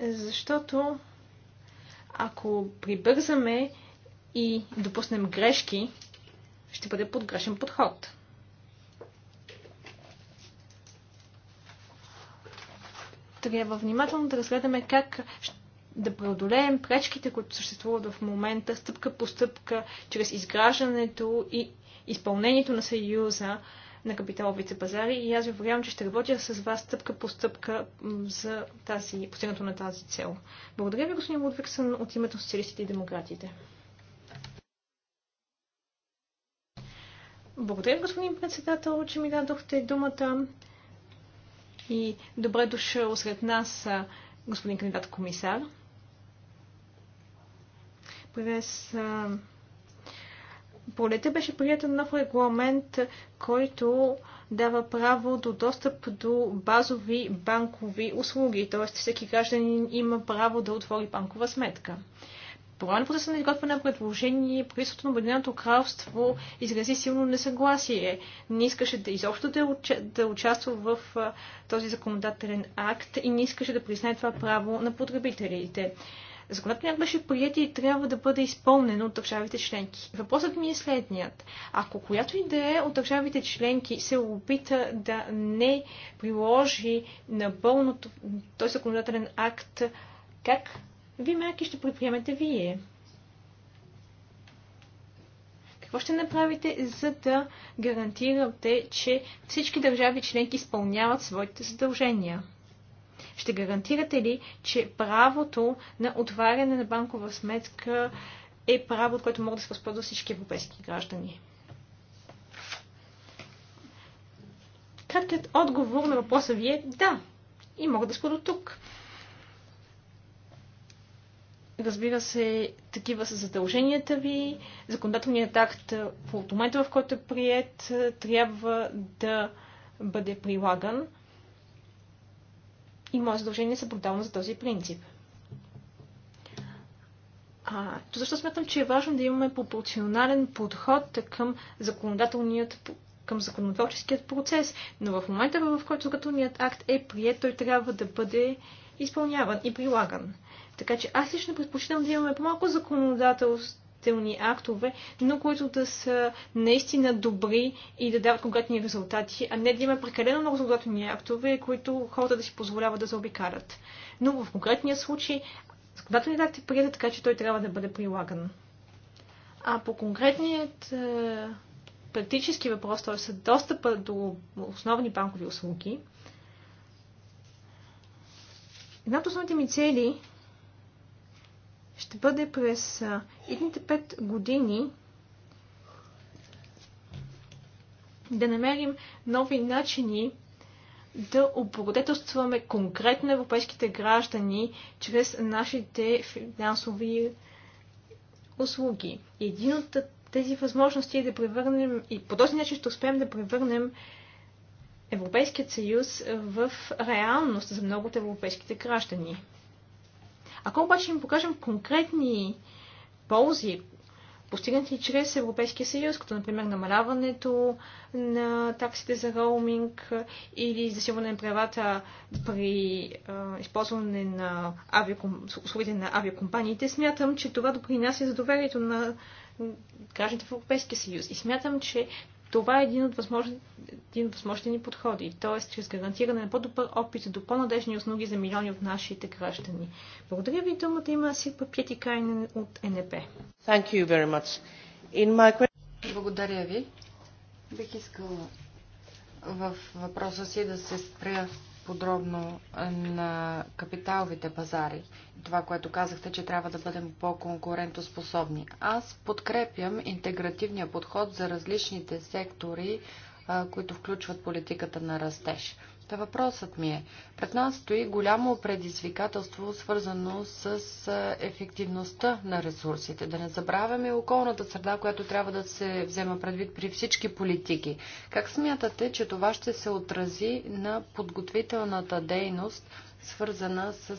D: защото ако прибързаме и допуснем грешки, ще бъде подгрешен подход. Трябва внимателно да разгледаме как да преодолеем пречките, които съществуват в момента, стъпка по стъпка, чрез изграждането и изпълнението на Съюза на капиталовите пазари. И аз ви уверявам, че ще работя с вас стъпка по стъпка за тази, постигнато на тази цел. Благодаря ви, господин Лудвиксън, от името на социалистите и демократите. Благодаря, господин председател, че ми дадохте думата. И добре дошъл сред нас господин кандидат комисар през Полета беше приятен нов регламент, който дава право до достъп до базови банкови услуги, т.е. всеки гражданин има право да отвори банкова сметка. По време на процеса на изготвяне на предложение, правителството на Обединеното кралство изрази силно несъгласие. Не искаше да изобщо да, уча, да участва в а, този законодателен акт и не искаше да признае това право на потребителите. Законът беше прият и трябва да бъде изпълнен от държавите членки. Въпросът ми е следният. Ако която и да е от държавите членки се опита да не приложи напълно този законодателен акт, как ви мерки ще предприемете вие? Какво ще направите, за да гарантирате, че всички държави членки изпълняват своите задължения? Ще гарантирате ли, че правото на отваряне на банкова сметка е право, от което могат да се възползват всички европейски граждани? Краткият отговор на въпроса ви е да. И мога да спра тук. Разбира се, такива са задълженията ви. Законодателният акт в момента, в който е прият, трябва да бъде прилаган и мое задължение са брутално за този принцип. А, то защо смятам, че е важно да имаме пропорционален подход към законодателният към законотворческият процес, но в момента, в който законният акт е прият, той трябва да бъде изпълняван и прилаган. Така че аз лично предпочитам да имаме по-малко законодателство законодателни актове, но които да са наистина добри и да дават конкретни резултати, а не да има прекалено много законодателни актове, които хората да си позволяват да заобикарат. Но в конкретния случай законодателният акт е прият така, че той трябва да бъде прилаган. А по конкретният е, практически въпрос, т.е. са достъпа до основни банкови услуги, една от основните ми цели ще бъде през едните пет години да намерим нови начини да облагодетелстваме конкретно европейските граждани чрез нашите финансови услуги. един от тези възможности е да превърнем, и по този начин ще успеем да превърнем Европейският съюз в реалност за много от европейските граждани. Ако обаче им покажем конкретни ползи, постигнати чрез Европейския съюз, като например намаляването на таксите за роуминг или засилване на правата при е, използване на авиакомп... на авиакомпаниите, смятам, че това допринася за доверието на гражданите в Европейския съюз. И смятам, че това е един от, възможни, ни подходи, т.е. чрез гарантиране на по-добър опит до по-надежни услуги за милиони от нашите граждани. Благодаря ви, думата има Сирпа Пети Кайнен от НП.
A: My... Благодаря ви. Бих искала в въпроса си да се спря подробно е, на капиталовите пазари. Това, което казахте, че трябва да бъдем по-конкурентоспособни. Аз подкрепям интегративния подход за различните сектори, които включват политиката на растеж. Та въпросът ми е, пред нас стои голямо предизвикателство, свързано с ефективността на ресурсите. Да не забравяме околната среда, която трябва да се взема предвид при всички политики. Как смятате, че това ще се отрази на подготвителната дейност, свързана с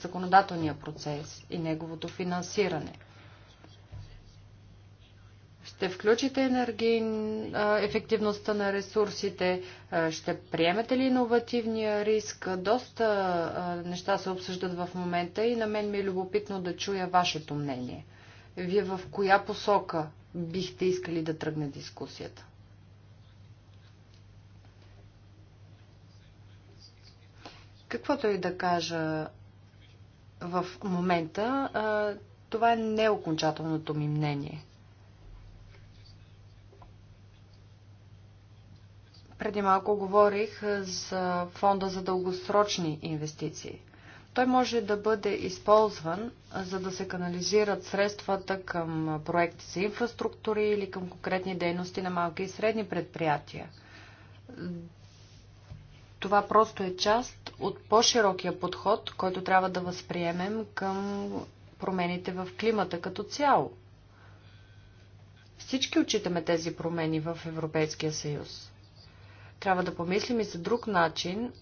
A: законодателния процес и неговото финансиране? ще включите енергии, ефективността на ресурсите, ще приемете ли иновативния риск? Доста неща се обсъждат в момента и на мен ми е любопитно да чуя вашето мнение. Вие в коя посока бихте искали да тръгне дискусията? Каквото и да кажа в момента, това е неокончателното ми мнение – Преди малко говорих за фонда за дългосрочни инвестиции. Той може да бъде използван, за да се канализират средствата към проекти за инфраструктури или към конкретни дейности на малки и средни предприятия. Това просто е част от по-широкия подход, който трябва да възприемем към промените в климата като цяло. Всички отчитаме тези промени в Европейския съюз. Трябва да помислим и за друг начин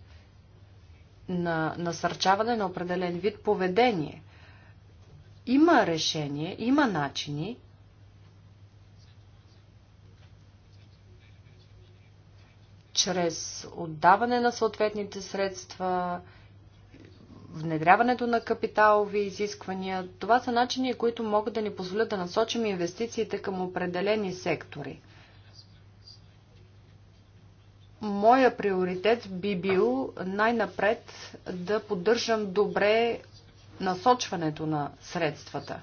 A: на насърчаване на определен вид поведение. Има решение, има начини, чрез отдаване на съответните средства, внедряването на капиталови изисквания. Това са начини, които могат да ни позволят да насочим инвестициите към определени сектори моя приоритет би бил най-напред да поддържам добре насочването на средствата.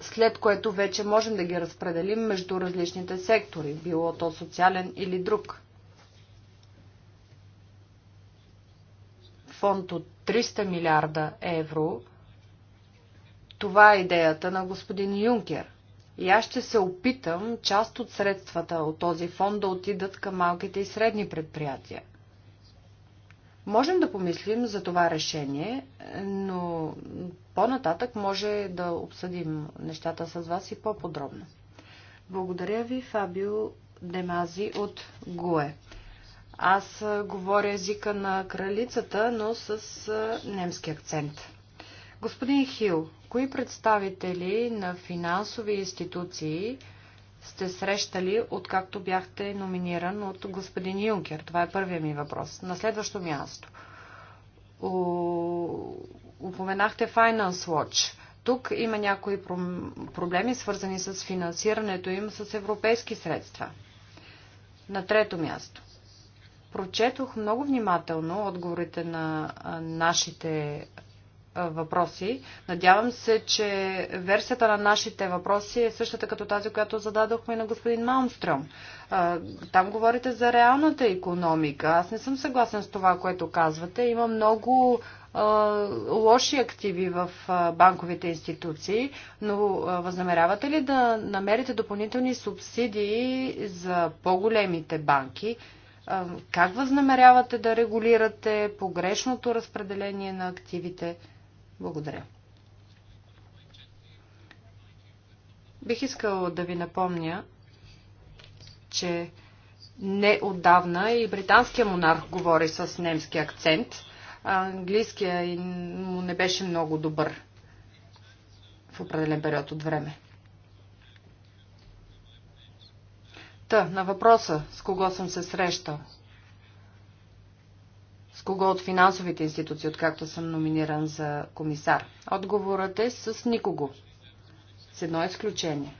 A: След което вече можем да ги разпределим между различните сектори, било то социален или друг. Фонд от 300 милиарда евро. Това е идеята на господин Юнкер – и аз ще се опитам част от средствата от този фонд да отидат към малките и средни предприятия. Можем да помислим за това решение, но по-нататък може да обсъдим нещата с вас и по-подробно. Благодаря ви, Фабио Демази от ГУЕ. Аз говоря езика на кралицата, но с немски акцент. Господин Хил, кои представители на финансови институции сте срещали, откакто бяхте номиниран от господин Юнкер? Това е първият ми въпрос. На следващо място. Упоменахте Finance Watch. Тук има някои проблеми, свързани с финансирането им с европейски средства. На трето място. Прочетох много внимателно отговорите на нашите въпроси. Надявам се, че версията на нашите въпроси е същата като тази, която зададохме на господин Маунстрем. Там говорите за реалната економика. Аз не съм съгласен с това, което казвате. Има много лоши активи в банковите институции, но възнамерявате ли да намерите допълнителни субсидии за по-големите банки? Как възнамерявате да регулирате погрешното разпределение на активите? Благодаря. Бих искал да ви напомня, че не отдавна и британския монарх говори с немски акцент, а английския му не беше много добър в определен период от време. Та, на въпроса с кого съм се срещал – кого от финансовите институции, откакто съм номиниран за комисар? Отговорът е с никого. С едно изключение.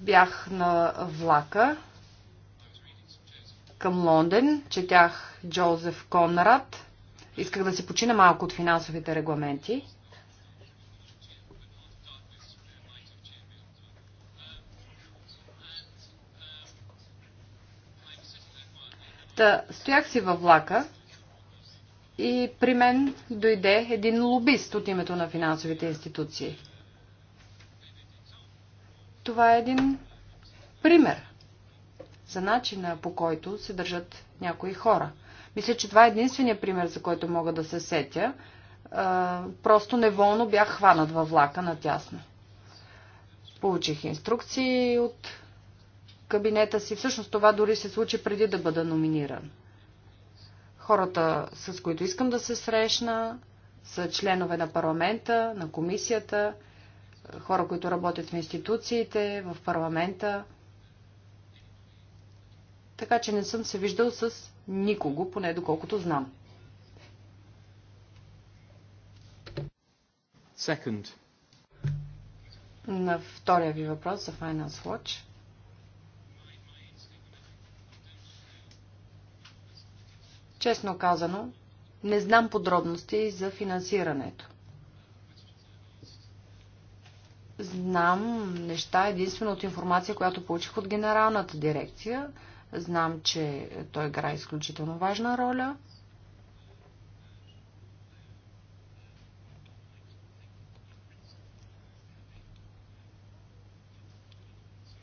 A: Бях на влака към Лондон, четях Джозеф Конрад. Исках да си почина малко от финансовите регламенти. Та, стоях си във влака и при мен дойде един лобист от името на финансовите институции. Това е един пример за начина по който се държат някои хора. Мисля, че това е единствения пример, за който мога да се сетя. просто неволно бях хванат във влака на тясно. Получих инструкции от кабинета си. Всъщност това дори се случи преди да бъда номиниран. Хората, с които искам да се срещна, са членове на парламента, на комисията, хора, които работят в институциите, в парламента. Така че не съм се виждал с никого, поне доколкото знам. Second. На втория ви въпрос за Finance Watch. Честно казано, не знам подробности за финансирането. Знам неща единствено от информация, която получих от генералната дирекция. Знам, че той играе изключително важна роля.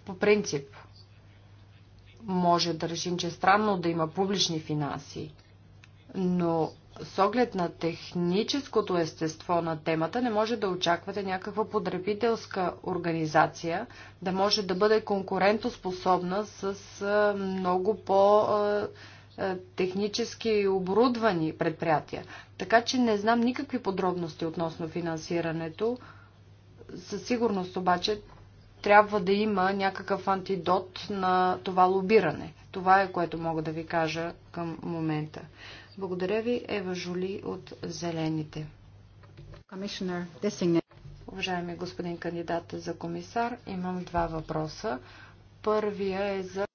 A: По принцип, може да решим, че е странно да има публични финанси но с оглед на техническото естество на темата не може да очаквате някаква потребителска организация да може да бъде конкурентоспособна с много по- технически оборудвани предприятия. Така че не знам никакви подробности относно финансирането. Със сигурност обаче трябва да има някакъв антидот на това лобиране. Това е което мога да ви кажа към момента. Благодаря ви, Ева Жули от Зелените. Уважаеми господин кандидат за комисар, имам два въпроса. Първия е за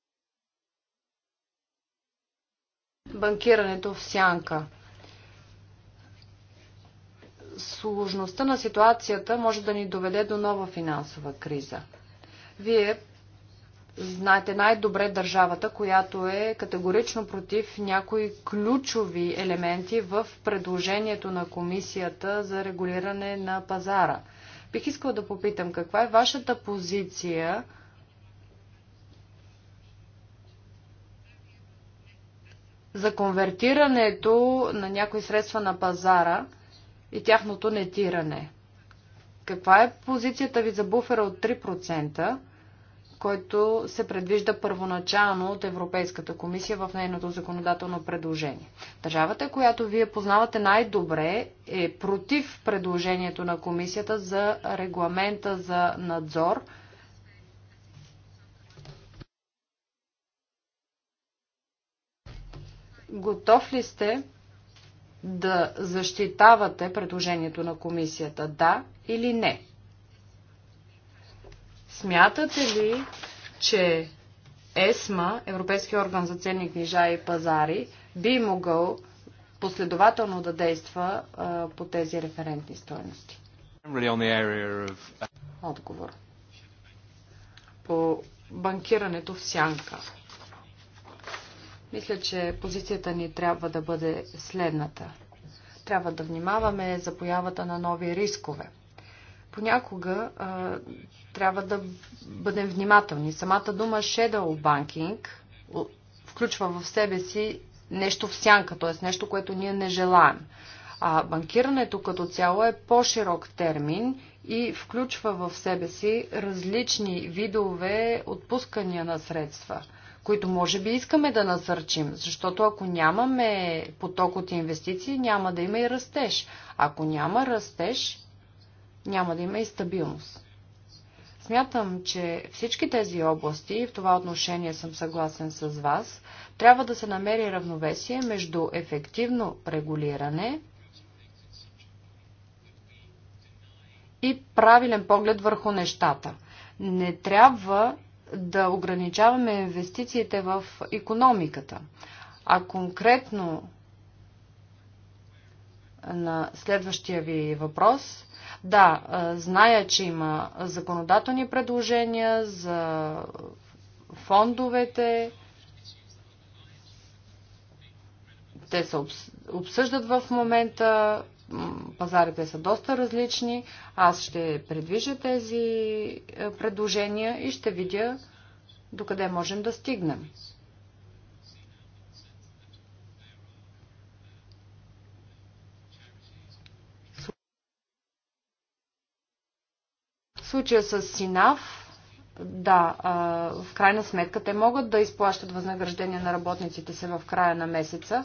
A: банкирането в сянка. Сложността на ситуацията може да ни доведе до нова финансова криза. Вие знаете най-добре държавата, която е категорично против някои ключови елементи в предложението на комисията за регулиране на пазара. Бих искала да попитам каква е вашата позиция за конвертирането на някои средства на пазара и тяхното нетиране. Каква е позицията ви за буфера от 3%? който се предвижда първоначално от Европейската комисия в нейното законодателно предложение. Държавата, която вие познавате най-добре, е против предложението на комисията за регламента за надзор. Готов ли сте да защитавате предложението на комисията да или не? Смятате ли, че ЕСМА, Европейски орган за ценни книжа и пазари, би могъл последователно да действа а, по тези референтни стоености? Отговор. По банкирането в сянка. Мисля, че позицията ни трябва да бъде следната. Трябва да внимаваме за появата на нови рискове – понякога а, трябва да бъдем внимателни. Самата дума shadow banking включва в себе си нещо в сянка, т.е. нещо, което ние не желаем. А банкирането като цяло е по-широк термин и включва в себе си различни видове отпускания на средства които може би искаме да насърчим, защото ако нямаме поток от инвестиции, няма да има и растеж. Ако няма растеж, няма да има и стабилност. Смятам, че всички тези области, и в това отношение съм съгласен с вас, трябва да се намери равновесие между ефективно регулиране и правилен поглед върху нещата. Не трябва да ограничаваме инвестициите в економиката, а конкретно на следващия ви въпрос – да, зная, че има законодателни предложения за фондовете. Те се обсъждат в момента. Пазарите са доста различни. Аз ще предвижа тези е, предложения и ще видя докъде можем да стигнем. случая с Синав, да, в крайна сметка те могат да изплащат възнаграждение на работниците се в края на месеца,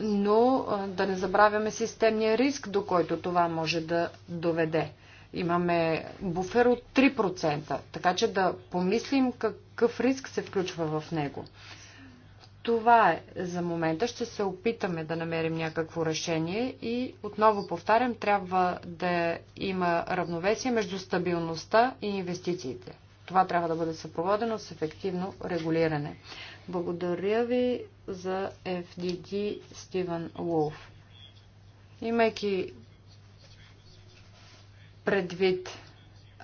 A: но да не забравяме системния риск, до който това може да доведе. Имаме буфер от 3%, така че да помислим какъв риск се включва в него. Това е за момента. Ще се опитаме да намерим някакво решение и отново повтарям, трябва да има равновесие между стабилността и инвестициите. Това трябва да бъде съпроводено с ефективно регулиране. Благодаря ви за FDD Стивен Луф. Имайки предвид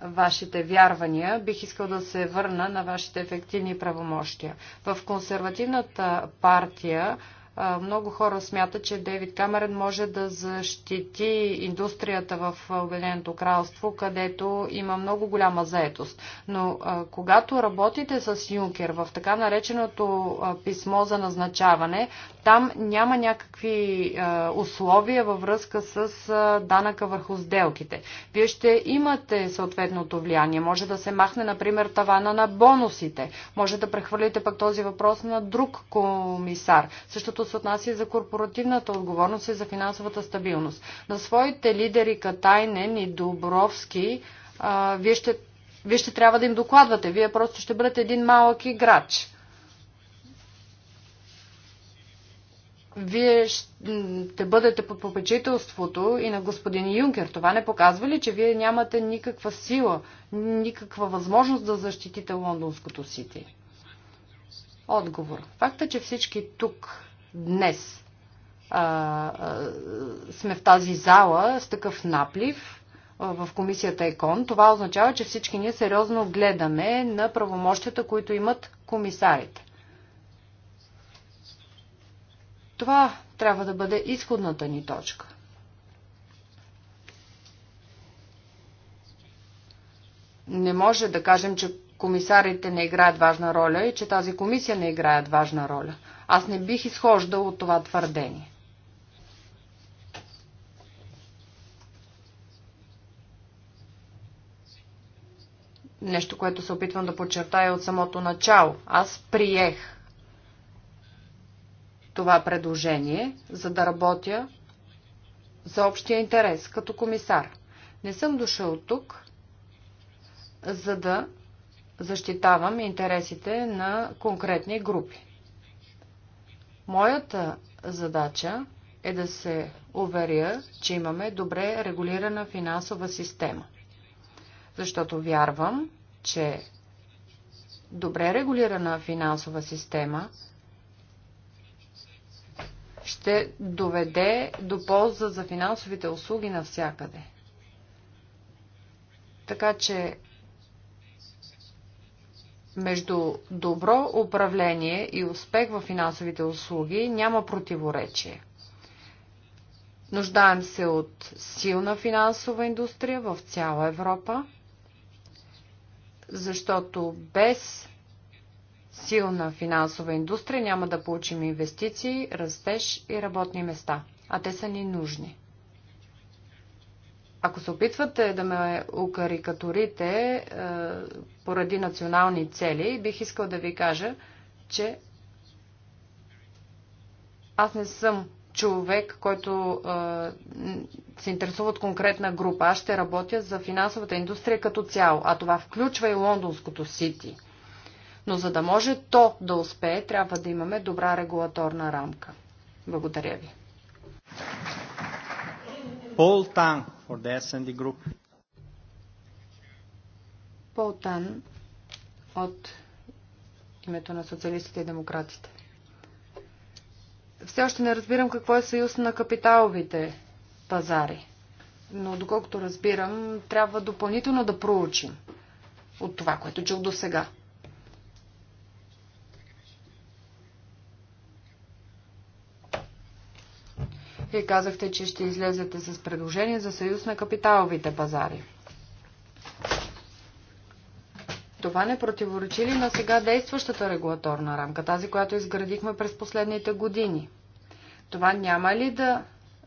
A: вашите вярвания, бих искал да се върна на вашите ефективни правомощия. В консервативната партия много хора смятат, че Дейвид Камерен може да защити индустрията в Обединеното кралство, където има много голяма заетост. Но когато работите с Юнкер в така нареченото писмо за назначаване, там няма някакви условия във връзка с данъка върху сделките. Вие ще имате съответното влияние. Може да се махне, например, тавана на бонусите. Може да прехвърлите пък този въпрос на друг комисар. Същото що се отнася за корпоративната отговорност и за финансовата стабилност. На своите лидери Катайнен и Добровски а, вие, ще, вие ще трябва да им докладвате. Вие просто ще бъдете един малък играч. вие ще бъдете под попечителството и на господин Юнкер. Това не показва ли, че вие нямате никаква сила, никаква възможност да защитите лондонското сити? Отговор. Факта, че всички тук днес а, а, сме в тази зала с такъв наплив а, в комисията ЕКОН, това означава, че всички ние сериозно гледаме на правомощията, които имат комисарите. Това трябва да бъде изходната ни точка. Не може да кажем, че комисарите не играят важна роля и че тази комисия не играят важна роля. Аз не бих изхождал от това твърдение. Нещо, което се опитвам да подчертая от самото начало. Аз приех това предложение, за да работя за общия интерес като комисар. Не съм дошъл тук, за да защитавам интересите на конкретни групи. Моята задача е да се уверя, че имаме добре регулирана финансова система. Защото вярвам, че добре регулирана финансова система ще доведе до полза за финансовите услуги навсякъде. Така че между добро управление и успех в финансовите услуги няма противоречие. Нуждаем се от силна финансова индустрия в цяла Европа, защото без силна финансова индустрия няма да получим инвестиции, растеж и работни места, а те са ни нужни. Ако се опитвате да ме укарикатурите е, поради национални цели, бих искал да ви кажа, че аз не съм човек, който е, се интересува от конкретна група. Аз ще работя за финансовата индустрия като цяло, а това включва и лондонското Сити. Но за да може то да успее, трябва да имаме добра регулаторна рамка. Благодаря ви.
D: Пол Тан for the S&D Group.
A: Пол Тан от името на социалистите и демократите. Все още не разбирам какво е съюз на капиталовите пазари. Но доколкото разбирам, трябва допълнително да проучим от това, което чух до сега. Вие казахте, че ще излезете с предложение за съюз на капиталовите пазари. Това не противоречи ли на сега действащата регулаторна рамка, тази, която изградихме през последните години? Това няма ли да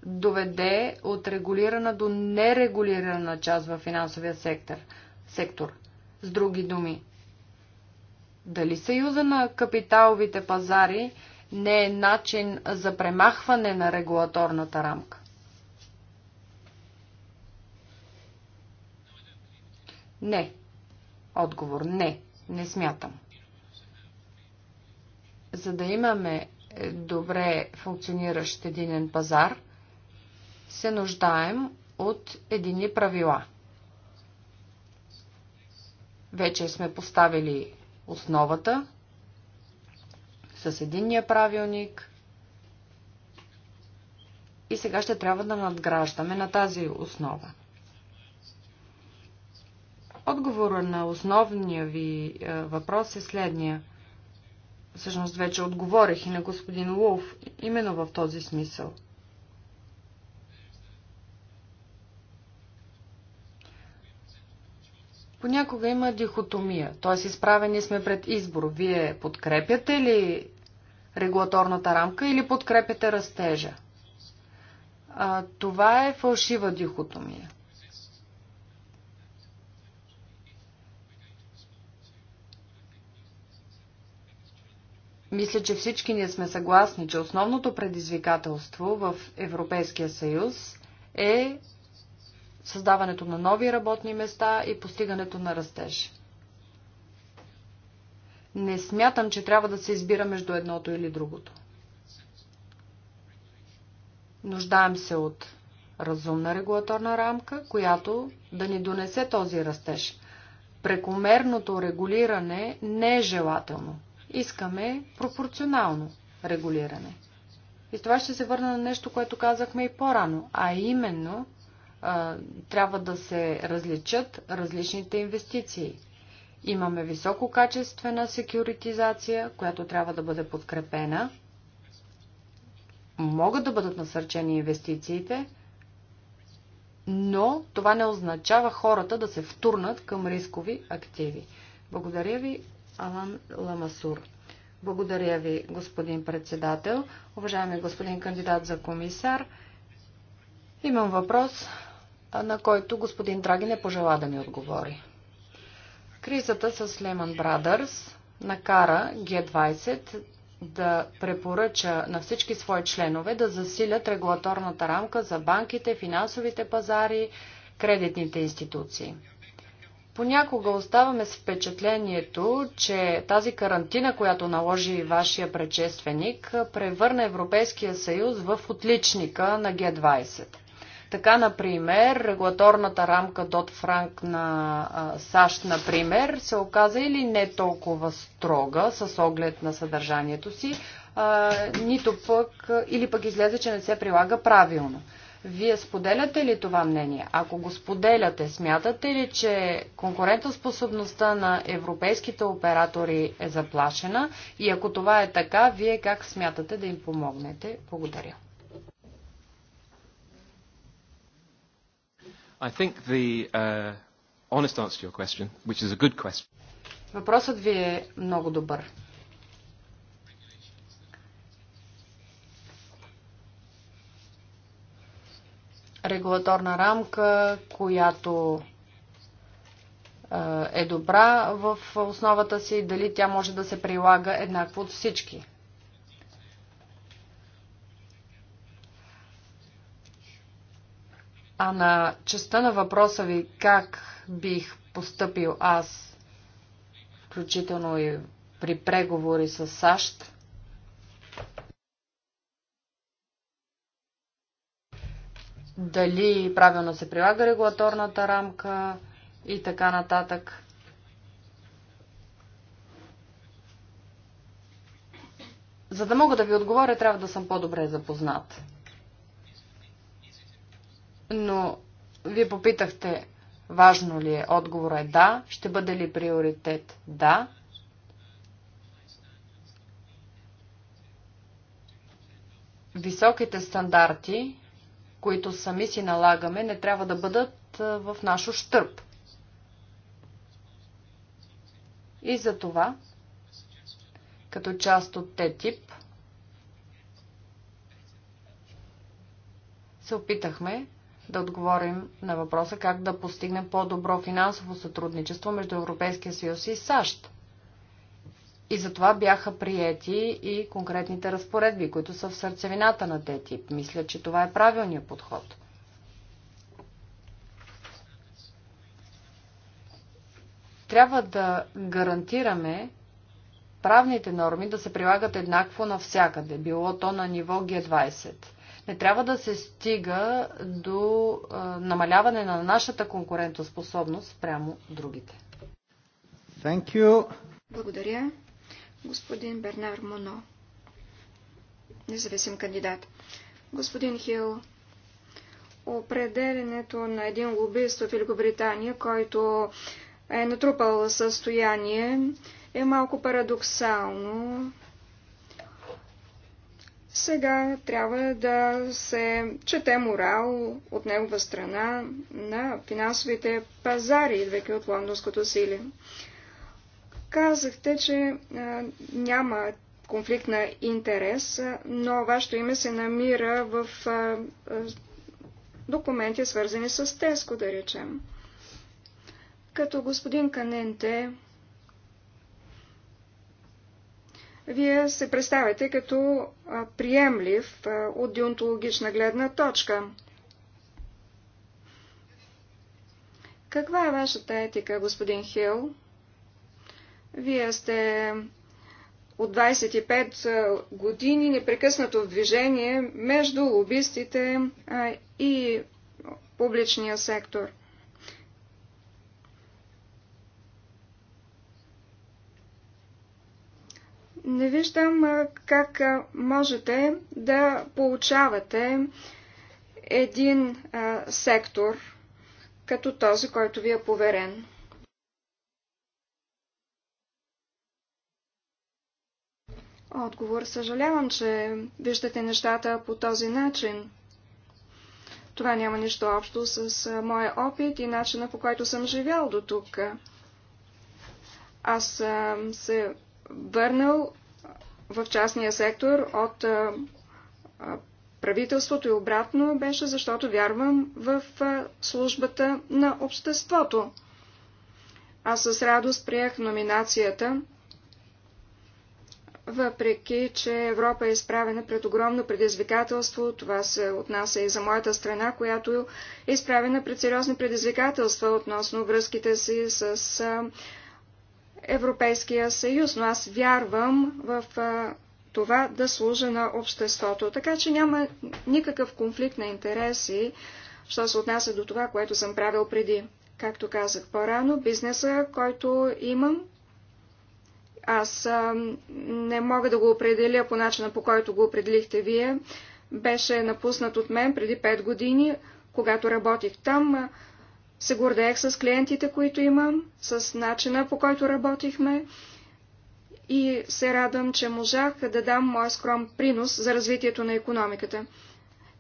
A: доведе от регулирана до нерегулирана част в финансовия сектор? сектор? С други думи, дали съюза на капиталовите пазари не е начин за премахване на регулаторната рамка. Не. Отговор не. Не смятам. За да имаме добре функциониращ единен пазар, се нуждаем от едини правила. Вече сме поставили основата, с единния правилник. И сега ще трябва да надграждаме на тази основа. Отговора на основния ви е, въпрос е следния. Всъщност вече отговорих и на господин Лов именно в този смисъл – Понякога има дихотомия, т.е. изправени сме пред избор. Вие подкрепяте ли регулаторната рамка или подкрепяте растежа? А, това е фалшива дихотомия. Мисля, че всички ние сме съгласни, че основното предизвикателство в Европейския съюз е създаването на нови работни места и постигането на растеж. Не смятам, че трябва да се избира между едното или другото. Нуждаем се от разумна регулаторна рамка, която да ни донесе този растеж. Прекомерното регулиране не е желателно. Искаме пропорционално регулиране. И това ще се върна на нещо, което казахме и по-рано, а именно трябва да се различат различните инвестиции. Имаме висококачествена секюритизация, която трябва да бъде подкрепена. Могат да бъдат насърчени инвестициите, но това не означава хората да се втурнат към рискови активи. Благодаря ви, Алан Ламасур. Благодаря ви, господин председател. Уважаеми господин кандидат за комисар, имам въпрос на който господин Драги не пожела да ми отговори. Кризата с Lehman Brothers накара G20 да препоръча на всички свои членове да засилят регулаторната рамка за банките, финансовите пазари, кредитните институции. Понякога оставаме с впечатлението, че тази карантина, която наложи вашия предшественик, превърна Европейския съюз в отличника на Г-20. Така, например, регулаторната рамка Дот Франк на САЩ, например, се оказа или не толкова строга с оглед на съдържанието си, нито пък, или пък излезе, че не се прилага правилно. Вие споделяте ли това мнение? Ако го споделяте, смятате ли, че конкурентоспособността на европейските оператори е заплашена? И ако това е така, вие как смятате да им помогнете? Благодаря.
C: I think the uh, honest answer to your question, which is a good question.
A: Въпросът ви е много добър. Регулаторна рамка, която е добра в основата си, дали тя може да се прилага еднакво от всички. А на частта на въпроса ви как бих постъпил аз, включително и при преговори с САЩ, дали правилно се прилага регулаторната рамка и така нататък. За да мога да ви отговоря, трябва да съм по-добре запознат но вие попитахте, важно ли е? Отговор е да. Ще бъде ли приоритет? Да. Високите стандарти, които сами си налагаме, не трябва да бъдат в нашо штърп. И за това, като част от ТЕТИП, се опитахме да отговорим на въпроса как да постигнем по-добро финансово сътрудничество между Европейския съюз и САЩ. И затова бяха приети и конкретните разпоредби, които са в сърцевината на ТТИП. Мисля, че това е правилният подход. Трябва да гарантираме правните норми да се прилагат еднакво навсякъде, било то на ниво Г20. Не трябва да се стига до намаляване на нашата конкурентоспособност прямо другите. Thank you.
B: Благодаря, господин Бернар Моно. Независим кандидат. Господин Хил, определенето на един лобист в Великобритания, който е натрупал състояние, е малко парадоксално. Сега трябва да се чете морал от негова страна на финансовите пазари, идвайки от лондонското сили. Казахте, че а, няма конфликт на интерес, но вашето име се намира в а, а, документи, свързани с Теско, да речем. Като господин Каненте, вие се представяте като приемлив от дионтологична гледна точка. Каква е вашата етика, господин Хил? Вие сте от 25 години непрекъснато в движение между лобистите и публичния сектор. Не виждам как можете да получавате един сектор като този, който ви е поверен. Отговор. Съжалявам, че виждате нещата по този начин. Това няма нищо общо с моя опит и начина по който съм живял до тук. Аз се върнал в частния сектор от а, а, правителството и обратно беше, защото вярвам в а, службата на обществото. Аз с радост приех номинацията, въпреки че Европа е изправена пред огромно предизвикателство, това се отнася и за моята страна, която е изправена пред сериозни предизвикателства относно връзките си с. А, Европейския съюз, но аз вярвам в това да служа на обществото. Така че няма никакъв конфликт на интереси, що се отнася до това, което съм правил преди. Както казах по-рано, бизнеса, който имам, аз а, не мога да го определя по начина, по който го определихте вие. Беше напуснат от мен преди 5 години, когато работих там се гордеех с клиентите, които имам, с начина по който работихме и се радвам, че можах да дам моя скром принос за развитието на економиката.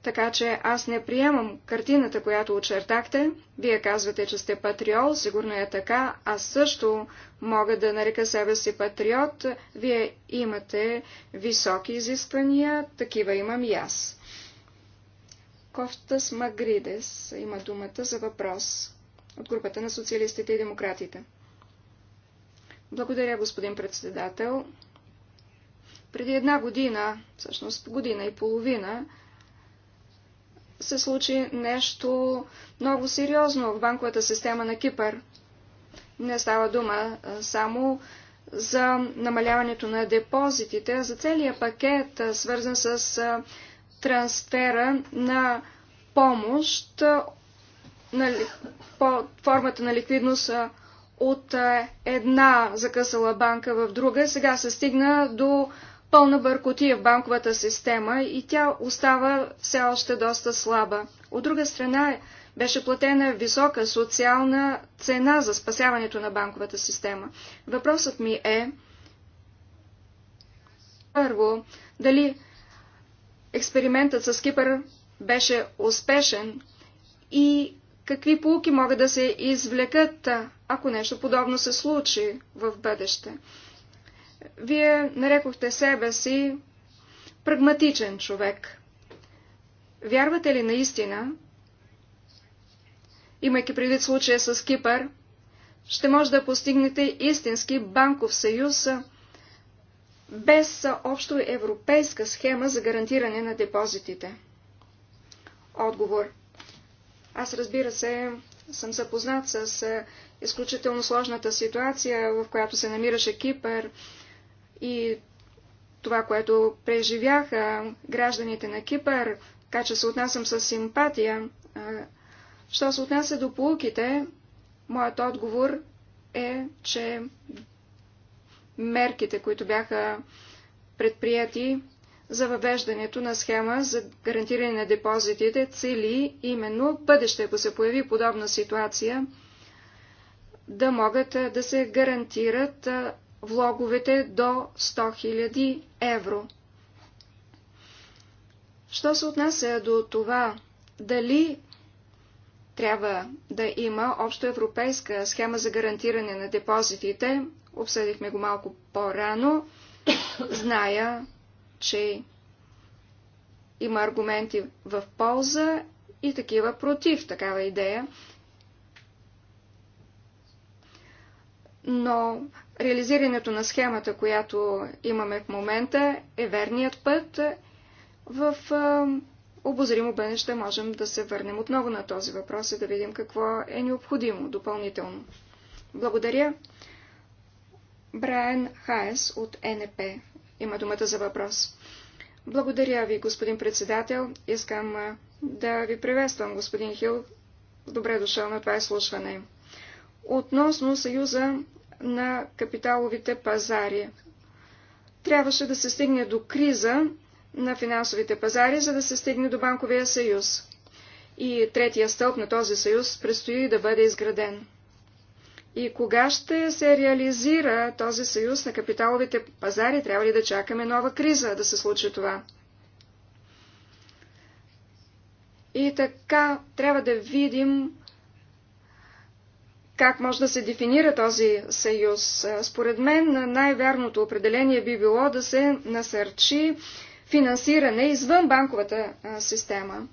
B: Така че аз не приемам картината, която очертахте. Вие казвате, че сте патриот, сигурно е така. Аз също мога да нарека себе си патриот. Вие имате високи изисквания, такива имам и аз. Кофтас Магридес има думата за въпрос от групата на социалистите и демократите. Благодаря, господин председател. Преди една година, всъщност година и половина, се случи нещо много сериозно в банковата система на Кипър. Не става дума само за намаляването на депозитите, а за целия пакет, свързан с трансфера на помощ на, под формата на ликвидност от една закъсала банка в друга. Сега се стигна до пълна бъркотия в банковата система и тя остава все още доста слаба. От друга страна беше платена висока социална цена за спасяването на банковата система. Въпросът ми е, първо, дали Експериментът с Кипър беше успешен и какви полуки могат да се извлекат, ако нещо подобно се случи в бъдеще. Вие нарекохте себе си прагматичен човек. Вярвате ли наистина, имайки предвид случая с Кипър, ще може да постигнете истински банков съюз, без общо европейска схема за гарантиране на депозитите? Отговор. Аз разбира се съм запознат с е, изключително сложната ситуация, в която се намираше Кипър и това, което преживяха гражданите на Кипър, така че се отнасям с симпатия. Е, що се отнася до полуките, моят отговор е, че мерките, които бяха предприяти за въвеждането на схема за гарантиране на депозитите цели именно бъдеще, ако се появи подобна ситуация, да могат да се гарантират влоговете до 100 000 евро. Що се отнася до това, дали трябва да има общоевропейска схема за гарантиране на депозитите, Обсъдихме го малко по-рано. Зная, че има аргументи в полза и такива против такава идея. Но реализирането на схемата, която имаме в момента, е верният път. В обозримо бъдеще можем да се върнем отново на този въпрос и да видим какво е необходимо допълнително. Благодаря. Брайан Хайес от НП има думата за въпрос. Благодаря ви, господин председател. Искам да ви приветствам, господин Хил. Добре дошъл на това изслушване. Относно съюза на капиталовите пазари. Трябваше да се стигне до криза на финансовите пазари, за да се стигне до банковия съюз. И третия стълб на този съюз предстои да бъде изграден. И кога ще се реализира този съюз на капиталовите пазари? Трябва ли да чакаме нова криза да се случи това? И така трябва да видим как може да се дефинира този съюз. Според мен най-вярното определение би било да се насърчи финансиране извън банковата система.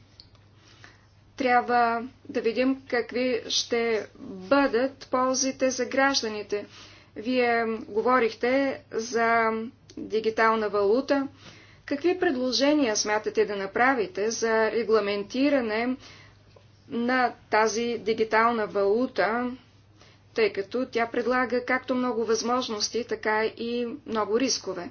B: Трябва да видим какви ще бъдат ползите за гражданите. Вие говорихте за дигитална валута. Какви предложения смятате да направите за регламентиране на тази дигитална валута, тъй като тя предлага както много възможности, така и много рискове?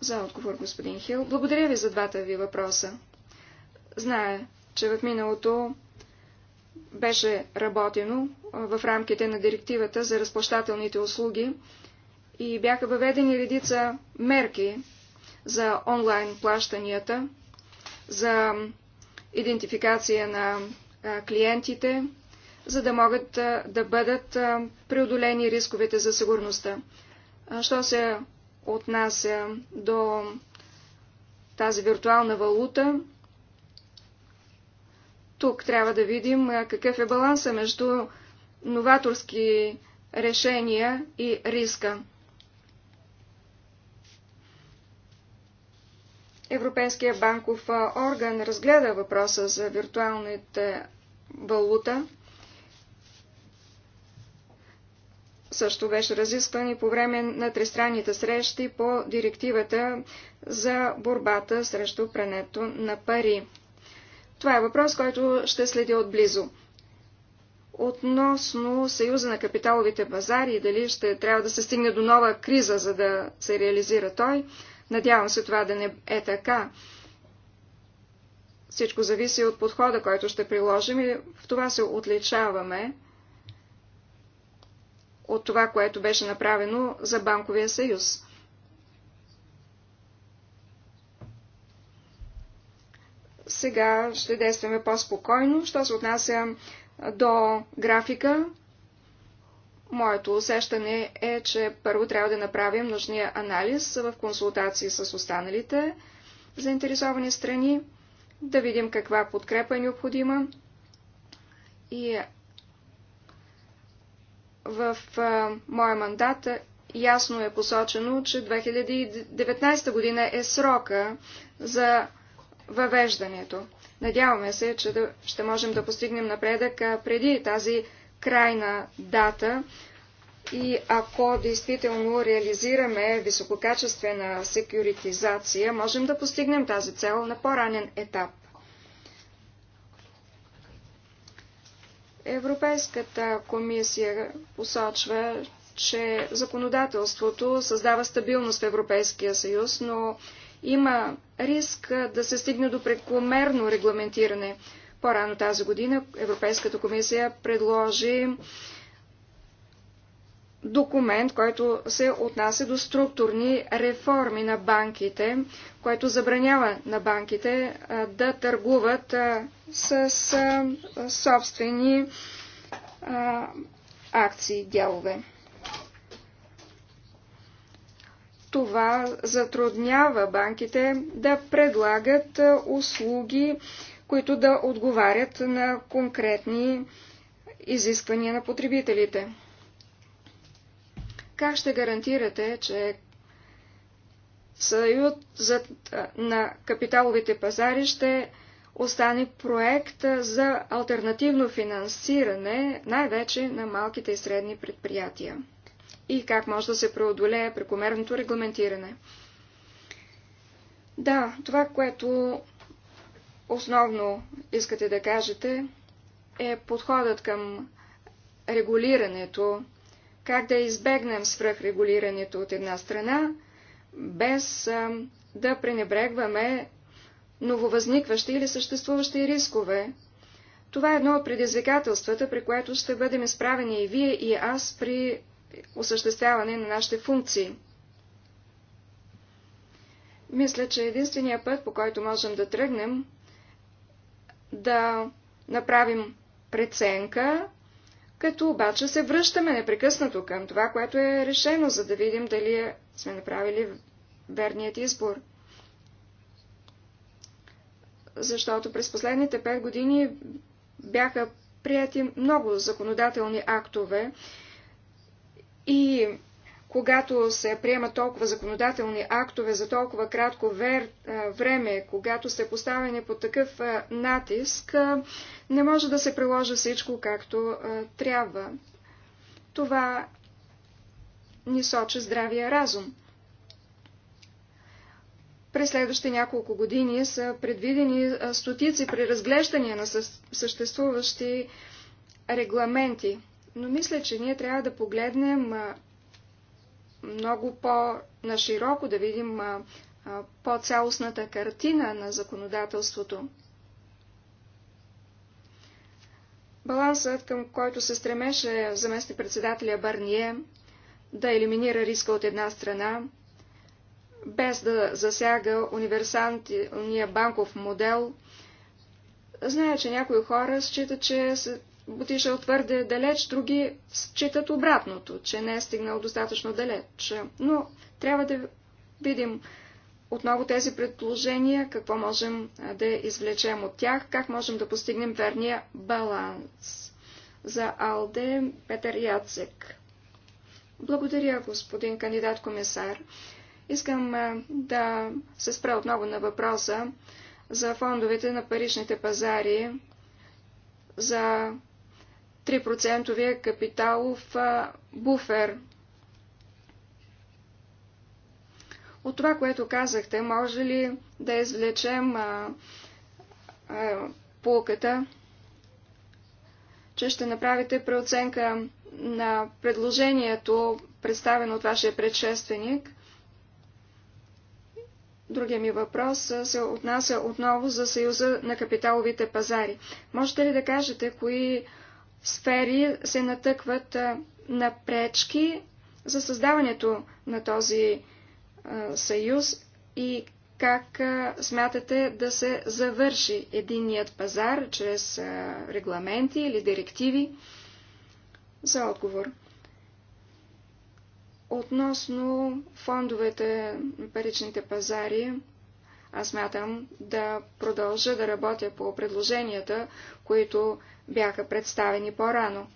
B: За отговор, господин Хил. Благодаря ви за двата ви въпроса. Знае, че в миналото беше работено в рамките на директивата за разплащателните услуги и бяха въведени редица мерки за онлайн плащанията, за идентификация на клиентите, за да могат да бъдат преодолени рисковете за сигурността. Що се отнася до тази виртуална валута, тук трябва да видим какъв е баланса между новаторски решения и риска. Европейския банков орган разгледа въпроса за виртуалните валута. също беше разискван и по време на тристранните срещи по директивата за борбата срещу прането на пари. Това е въпрос, който ще следя отблизо. Относно Съюза на капиталовите пазари и дали ще трябва да се стигне до нова криза, за да се реализира той, надявам се това да не е така. Всичко зависи от подхода, който ще приложим и в това се отличаваме от това, което беше направено за Банковия съюз. Сега ще действаме по-спокойно. Що се отнася до графика, моето усещане е, че първо трябва да направим нужния анализ в консултации с останалите заинтересовани страни, да видим каква подкрепа е необходима и в а, моя мандат ясно е посочено, че 2019 година е срока за въвеждането. Надяваме се, че да, ще можем да постигнем напредък преди тази крайна дата. И ако действително реализираме висококачествена секюритизация, можем да постигнем тази цел на по-ранен етап. Европейската комисия посочва, че законодателството създава стабилност в Европейския съюз, но има риск да се стигне до прекомерно регламентиране. По-рано тази година Европейската комисия предложи документ, който се отнася до структурни реформи на банките, което забранява на банките да търгуват с собствени акции, дялове. Това затруднява банките да предлагат услуги, които да отговарят на конкретни изисквания на потребителите. Как ще гарантирате, че съюз на капиталовите пазари ще остане проект за альтернативно финансиране, най-вече на малките и средни предприятия? И как може да се преодолее прекомерното регламентиране? Да, това, което основно искате да кажете, е подходът към регулирането как да избегнем свръхрегулирането от една страна, без а, да пренебрегваме нововъзникващи или съществуващи рискове. Това е едно от предизвикателствата, при което ще бъдем изправени и вие, и аз при осъществяване на нашите функции. Мисля, че единствения път, по който можем да тръгнем, да направим преценка като обаче се връщаме непрекъснато към това, което е решено, за да видим дали е- сме направили верният избор. Защото през последните пет години бяха прияти много законодателни актове и когато се приемат толкова законодателни актове за толкова кратко вер, време, когато се поставени под такъв натиск, не може да се приложи всичко както трябва. Това ни сочи здравия разум. През следващите няколко години са предвидени стотици при разглеждания на съществуващи регламенти, но мисля, че ние трябва да погледнем много по-нашироко, да видим по-цялостната картина на законодателството. Балансът, към който се стремеше заместник председателя Барние да елиминира риска от една страна, без да засяга универсалния банков модел, зная, че някои хора считат, че отишъл твърде далеч, други считат обратното, че не е стигнал достатъчно далеч. Но трябва да видим отново тези предположения, какво можем да извлечем от тях, как можем да постигнем верния баланс. За Алде Петър Яцек. Благодаря, господин кандидат-комисар. Искам да се спра отново на въпроса за фондовете на паричните пазари, за 3% капиталов буфер. От това, което казахте, може ли да извлечем а, а, полката, че ще направите преоценка на предложението, представено от вашия предшественик? Другия ми въпрос се отнася отново за Съюза на капиталовите пазари. Можете ли да кажете кои сфери се натъкват на пречки за създаването на този съюз и как смятате да се завърши единният пазар чрез регламенти или директиви? За отговор. Относно фондовете на паричните пазари, аз мятам да продължа да работя по предложенията, които бяха представени по-рано.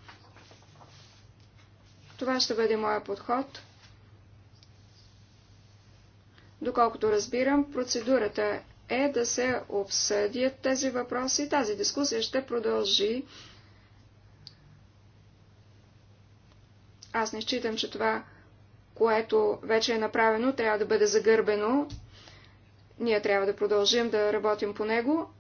B: Това ще бъде моя подход. Доколкото разбирам, процедурата е да се обсъдят тези въпроси. Тази дискусия ще продължи. Аз не считам, че това, което вече е направено, трябва да бъде загърбено. Ние трябва да продължим да работим по него.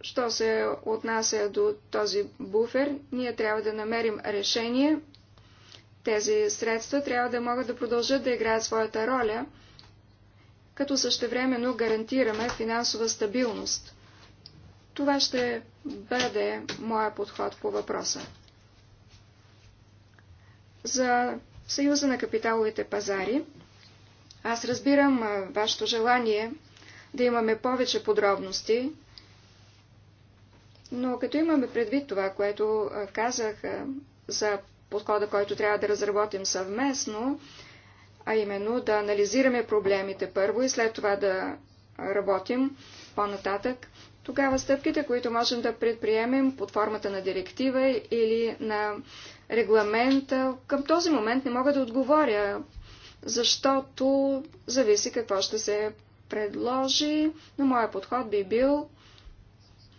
B: Що се отнася до този буфер, ние трябва да намерим решение. Тези средства трябва да могат да продължат да играят своята роля, като същевременно гарантираме финансова стабилност. Това ще бъде моя подход по въпроса. За Съюза на капиталовите пазари аз разбирам вашето желание да имаме повече подробности, но като имаме предвид това, което казах за подхода, който трябва да разработим съвместно, а именно да анализираме проблемите първо и след това да работим по-нататък, тогава стъпките, които можем да предприемем под формата на директива или на регламента, към този момент не мога да отговоря защото зависи какво ще се предложи, но моят подход би бил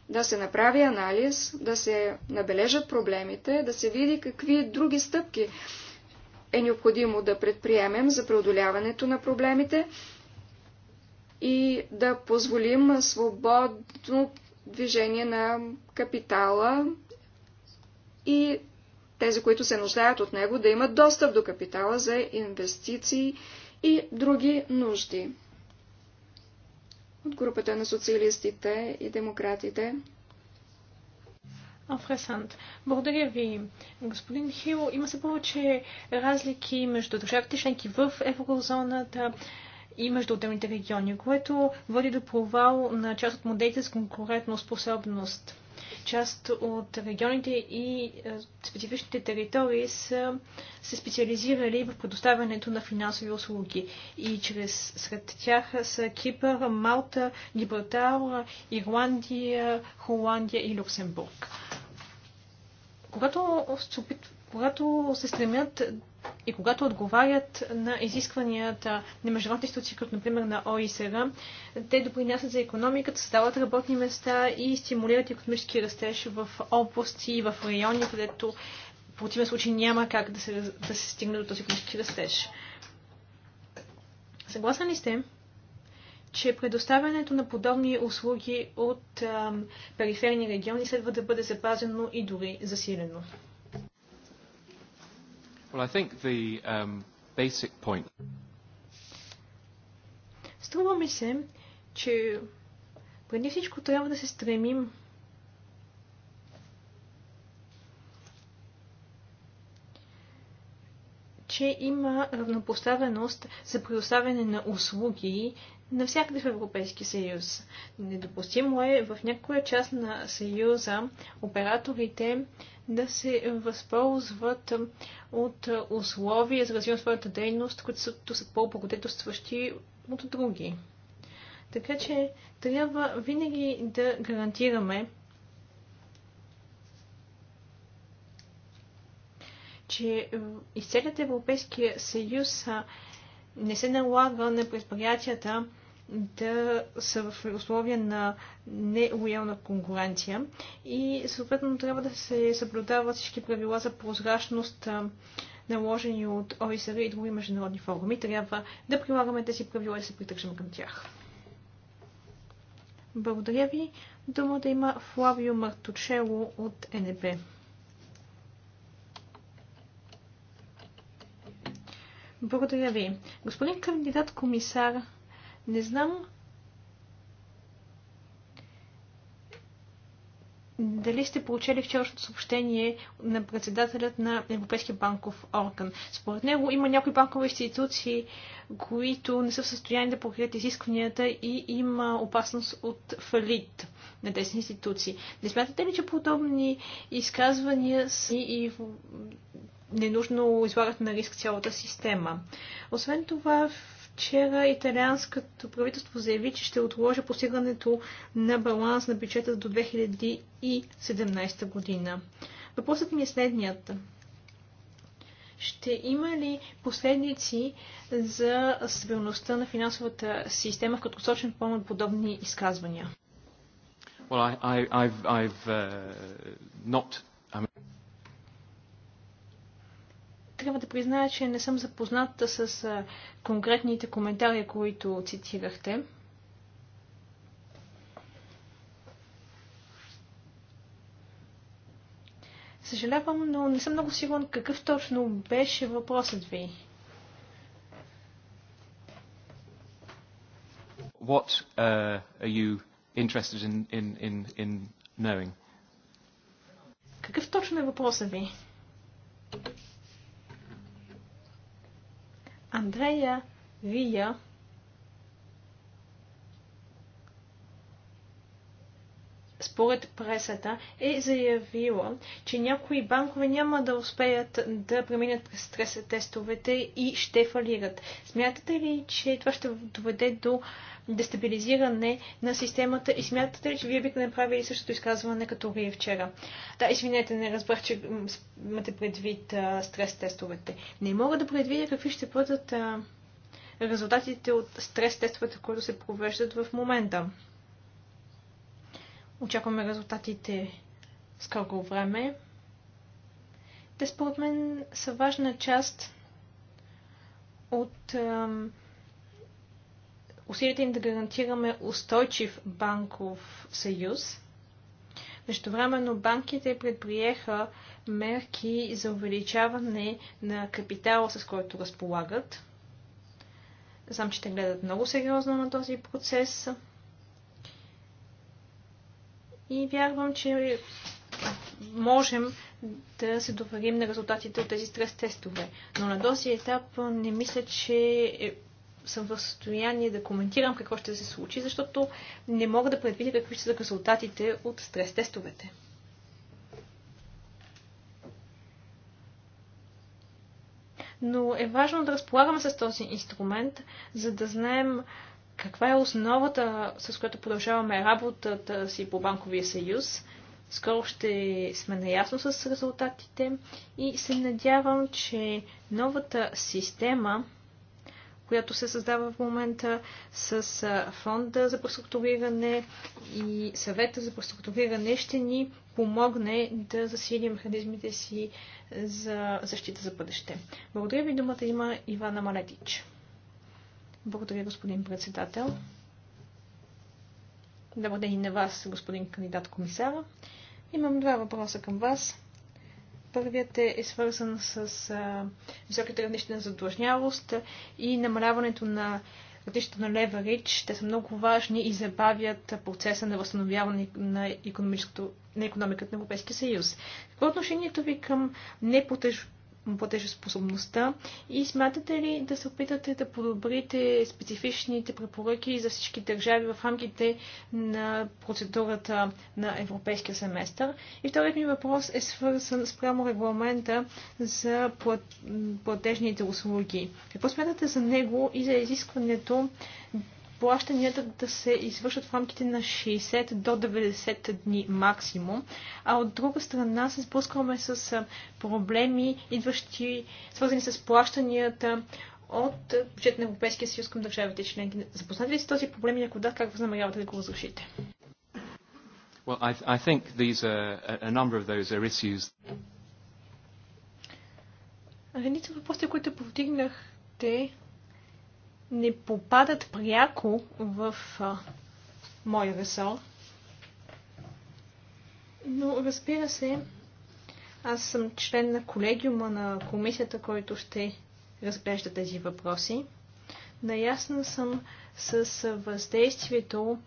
B: да се направи анализ, да се набележат проблемите, да се види какви други стъпки е необходимо да предприемем за преодоляването на проблемите и да позволим свободно движение на капитала и тези, които се нуждаят от него, да имат достъп до капитала за инвестиции и други нужди. От групата на социалистите и демократите.
D: Афресант. Благодаря ви, господин Хил. Има се повече разлики между държавите членки в еврозоната и между отделните региони, което води до провал на част от моделите с конкурентно способност част от регионите и е, специфичните територии са се специализирали в предоставянето на финансови услуги. И чрез сред тях са Кипър, Малта, Гибралтар, Ирландия, Холандия и Люксембург. Когато Когато се стремят и когато отговарят на изискванията на международни институции, като например на ОИСР, те допринасят за економиката, създават работни места и стимулират економически растеж в области и в райони, където в противен случай няма как да се, да се стигне до този економически растеж. Съгласна ли сте, че предоставянето на подобни услуги от периферни региони следва да бъде запазено и дори засилено?
C: Well, I think the um, basic point.
D: Струва ми се, че преди всичко трябва да се стремим че има равнопоставеност за предоставяне на услуги навсякъде в Европейски съюз. Недопустимо е в някоя част на съюза операторите да се възползват от условия за развиване своята дейност, които са, са по-благодетелстващи от други. Така че трябва винаги да гарантираме, че из целият Европейския съюз не се налага на предприятията да са в условия на нелоялна конкуренция и съответно трябва да се съблюдават всички правила за прозрачност, наложени от ОИСР и други международни форуми. Трябва да прилагаме тези правила и да се придържаме към тях. Благодаря ви. Думата да има Флавио Мартучело от НБ. Благодаря ви. Господин кандидат комисар, не знам дали сте получили вчерашното съобщение на председателят на Европейския банков орган. Според него има някои банкови институции, които не са в състояние да покрият изискванията и има опасност от фалит на тези институции. Не смятате ли, че подобни изказвания са и ненужно излагат на риск цялата система? Освен това, Вчера италианското правителство заяви, че ще отложи постигането на баланс на бюджета до 2017 година. Въпросът ми е следният. Ще има ли последници за стабилността на финансовата система в краткосрочен план от подобни изказвания?
C: Well, I, I, I've, I've, uh, not... I mean
D: трябва да призная, че не съм запозната с конкретните коментари, които цитирахте. Съжалявам, но не съм много сигурен какъв точно беше въпросът ви.
C: What uh, are you interested in, in, in, in knowing? Какъв
D: точно е въпросът ви? Андрея Вия според пресата, е заявила, че някои банкове няма да успеят да преминат през стрес тестовете и ще фалират. Смятате ли, че това ще доведе до дестабилизиране на системата и смятате ли, че вие бихте направили същото изказване като вие вчера? Да, извинете, не разбрах, че имате предвид а, стрес-тестовете. Не мога да предвидя какви ще бъдат а, резултатите от стрес-тестовете, които се провеждат в момента. Очакваме резултатите с скоро време. Те според мен са важна част от А, усилията им да гарантираме устойчив банков съюз. Междувременно банките предприеха мерки за увеличаване на капитала, с който разполагат. Знам, че те гледат много сериозно на този процес. И вярвам, че можем да се доверим на резултатите от тези стрес тестове. Но на този етап не мисля, че е съм в състояние да коментирам какво ще се случи, защото не мога да предвидя какви ще са резултатите от стрес-тестовете. Но е важно да разполагаме с този инструмент, за да знаем каква е основата, с която продължаваме работата си по Банковия съюз. Скоро ще сме наясно с резултатите и се надявам, че новата система която се създава в момента с фонда за проструктуриране и съвета за проструктуриране ще ни помогне да засилим механизмите си за защита за бъдеще. Благодаря ви, думата има Ивана Малетич. Благодаря, господин председател. Добър ден и на вас, господин кандидат комисара. Имам два въпроса към вас. Първият е, е свързан с а, високите равнища на задлъжнявост и намаляването на равнищата на леверидж. Те са много важни и забавят процеса на възстановяване на, на економиката на Европейския съюз. Какво е отношението ви към непотеж платежоспособността и смятате ли да се опитате да подобрите специфичните препоръки за всички държави в рамките на процедурата на европейския семестър? И вторият ми въпрос е свързан с прямо регламента за платежните услуги. Какво смятате за него и за изискването плащанията да се извършат в рамките на 60 до 90 дни максимум, а от друга страна се сблъскваме с проблеми, идващи, свързани с плащанията от бюджет на Европейския съюз към държавите членки. Запознати ли с този проблем и ако да, как възнамерявате да го разрешите?
C: Well, I, I think these are, a number of those are issues.
D: Редица въпроси, които повдигнахте, не попадат пряко в а, мой ресор. Но разбира се, аз съм член на колегиума на комисията, който ще разглежда тези въпроси. Наясна съм с въздействието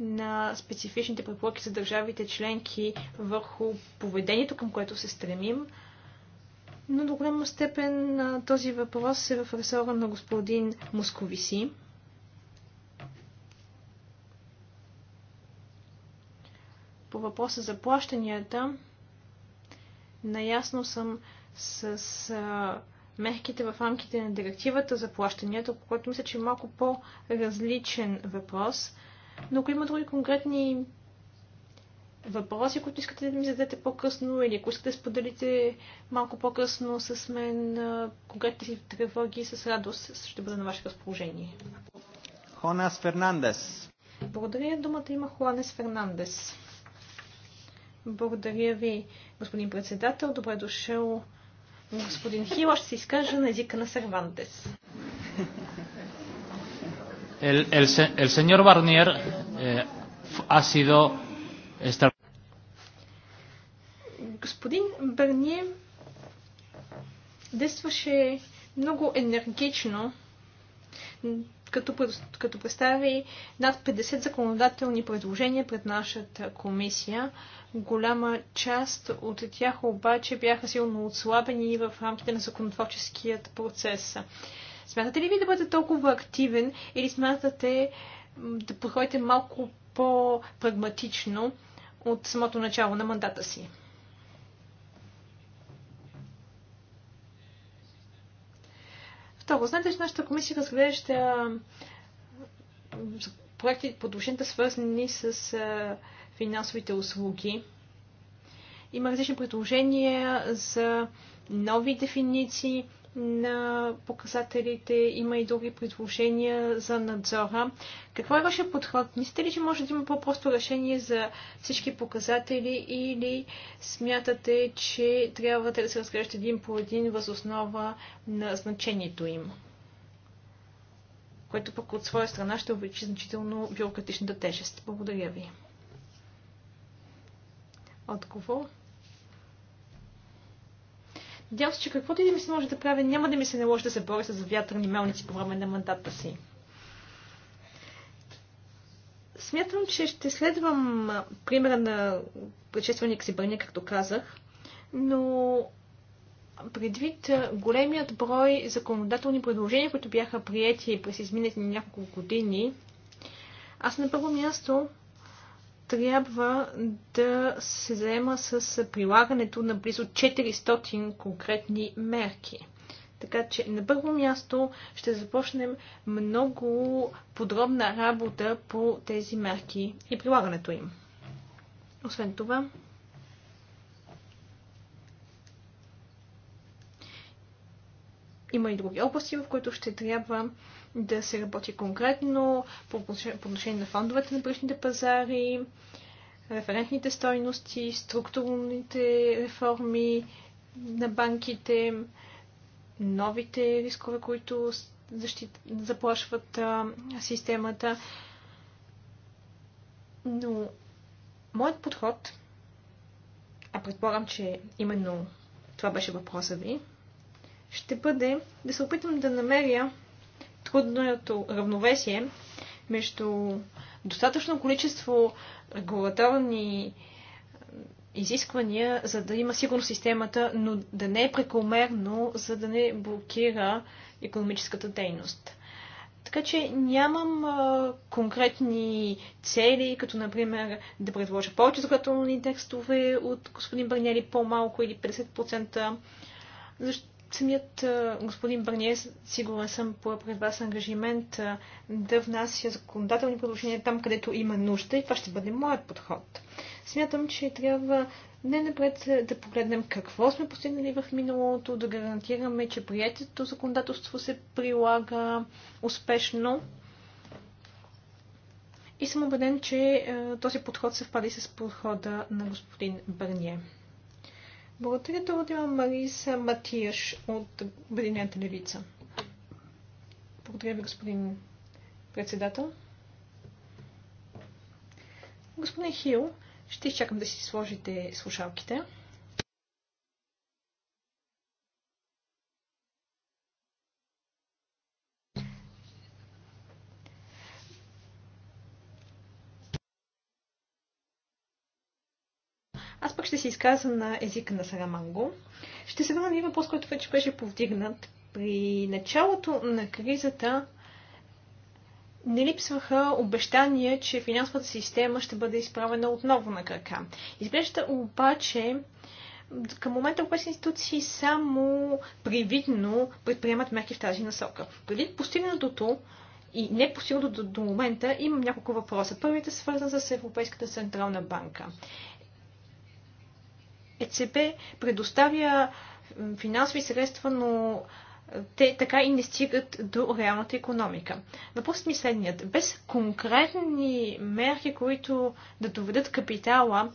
D: на специфичните препоръки за държавите членки върху поведението, към което се стремим, но до голяма степен този въпрос е в ресора на господин Московиси. По въпроса за плащанията, наясно съм с мерките в рамките на директивата за плащанията, което мисля, че е малко по-различен въпрос. Но ако има други конкретни въпроси, които искате да ми зададете по-късно или ако искате да споделите малко по-късно с мен конкретни си тревоги, с радост ще бъда на ваше разположение. Хонас Фернандес. Благодаря. Думата има Хуанес Фернандес. Благодаря ви, господин председател. Добре дошъл, господин Хил. Ще се изкажа на езика на Сервантес.
C: El, el, el señor Barnier eh, ha sido
D: Господин Берние действаше много енергично, като, като представи над 50 законодателни предложения пред нашата комисия. Голяма част от тях обаче бяха силно отслабени в рамките на законотворческият процес. Смятате ли ви да бъдете толкова активен или смятате да подходите малко по-прагматично от самото начало на мандата си? Второ, знаете, че нашата комисия разглежда проекти, по отношенията свързани с финансовите услуги. Има различни предложения за нови дефиниции, на показателите, има и други предложения за надзора. Какво е вашия подход? Мислите ли, че може да има по-просто решение за всички показатели или смятате, че трябва да се разглеждат един по един въз основа на значението им? Което пък от своя страна ще увеличи значително бюрократичната тежест. Благодаря ви. Отговор. Надявам се, че каквото и да ми се може да правя, няма да ми се наложи да се боря с вятърни мелници по време на мандата си. Смятам, че ще следвам примера на предшественик си Бърня, както казах, но предвид големият брой законодателни предложения, които бяха приети през изминалите няколко години, аз на първо място трябва да се заема с прилагането на близо 400 конкретни мерки. Така че на първо място ще започнем много подробна работа по тези мерки и прилагането им. Освен това, Има и други области, в които ще трябва да се работи конкретно по отношение на фондовете на бъдещите пазари, референтните стойности, структурните реформи на банките, новите рискове, които защит... заплашват а, системата. Но моят подход, а предполагам, че именно това беше въпроса ви, ще бъде да се опитам да намеря трудното равновесие между достатъчно количество регулаторни изисквания, за да има сигурност системата, но да не е прекомерно, за да не блокира економическата дейност. Така че нямам а, конкретни цели, като например да предложа повече законодателни текстове от господин Бърняли по-малко или 50%, защото Самият господин Барние, сигурен съм, по пред вас ангажимент да внася законодателни предложения там, където има нужда и това ще бъде моят подход. Смятам, че трябва не напред да погледнем какво сме постигнали в миналото, да гарантираме, че приятелното законодателство се прилага успешно. И съм убеден, че този подход се впади с подхода на господин Бърние. Благодаря, да има Мариса Матияш от Обединената левица. Благодаря ви, господин председател. Господин Хил, ще изчакам да си сложите слушалките. Аз пък ще се изказа на езика на Сараманго. Ще се върна на въпрос, който вече беше повдигнат. При началото на кризата не липсваха обещания, че финансовата система ще бъде изправена отново на крака. Изглежда обаче, към момента обаче институции само привидно предприемат мерки в тази насока. Преди постигнатото и не постигнато до, до момента имам няколко въпроса. Първият е свързан с Европейската централна банка. ЕЦБ предоставя финансови средства, но те така и не стигат до реалната економика. Въпросът ми е следният. Без конкретни мерки, които да доведат капитала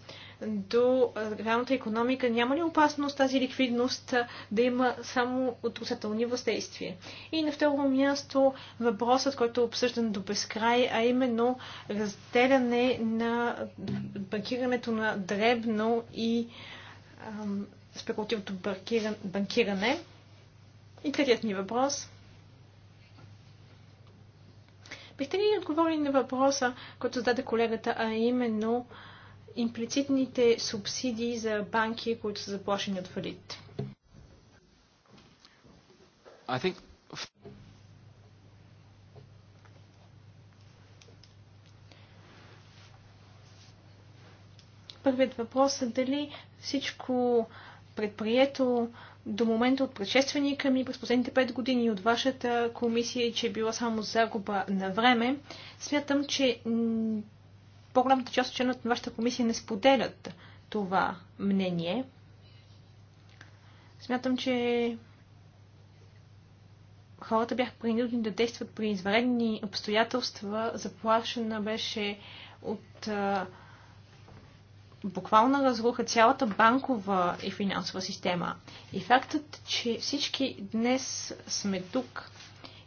D: до реалната економика, няма ли опасност тази ликвидност да има само отрицателни въздействия? И на второ място въпросът, който е обсъждан до безкрай, а именно разделяне на банкирането на дребно и а, спекулативното банкиране. И третият ни въпрос. Бихте ли отговорили на въпроса, който зададе колегата, а именно имплицитните субсидии за банки, които са заплашени от
C: фалит? I think...
D: Първият въпрос е дали всичко предприето до момента от предшественика ми през последните 5 години от вашата комисия и че е била само загуба на време, смятам, че по-голямата част от членовете на вашата комисия не споделят това мнение. Смятам, че хората бяха принудени да действат при извредни обстоятелства. Заплашена беше от а, буквално разруха цялата банкова и финансова система. И фактът, че всички днес сме тук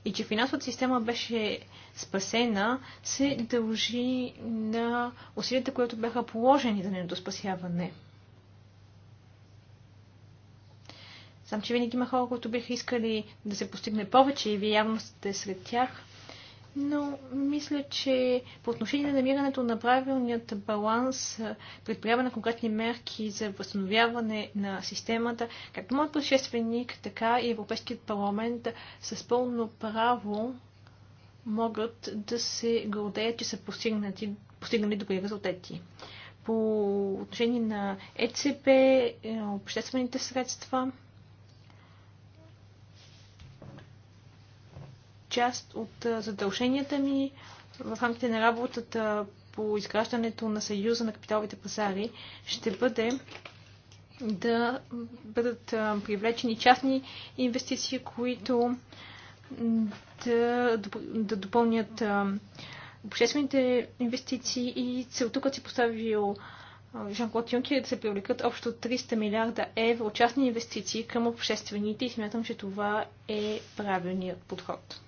D: и че финансовата система беше спасена, се дължи на усилията, които бяха положени за нейното спасяване. Знам, че винаги има хора, които биха искали да се постигне повече и вие явно сте сред тях но мисля, че по отношение на намирането на правилният баланс, предприяване на конкретни мерки за възстановяване на системата, както моят предшественик, така и Европейският парламент с пълно право могат да се гордеят, че са постигнати, постигнали добри резултати. По отношение на ЕЦП, е, обществените средства, част от задълженията ми в рамките на работата по изграждането на Съюза на капиталовите пазари ще бъде да бъдат привлечени частни инвестиции, които да, да допълнят обществените инвестиции и целта, като си поставил Жан-Клод Юнкер, е да се привлекат общо 300 милиарда евро частни инвестиции към обществените и смятам, че това е правилният подход.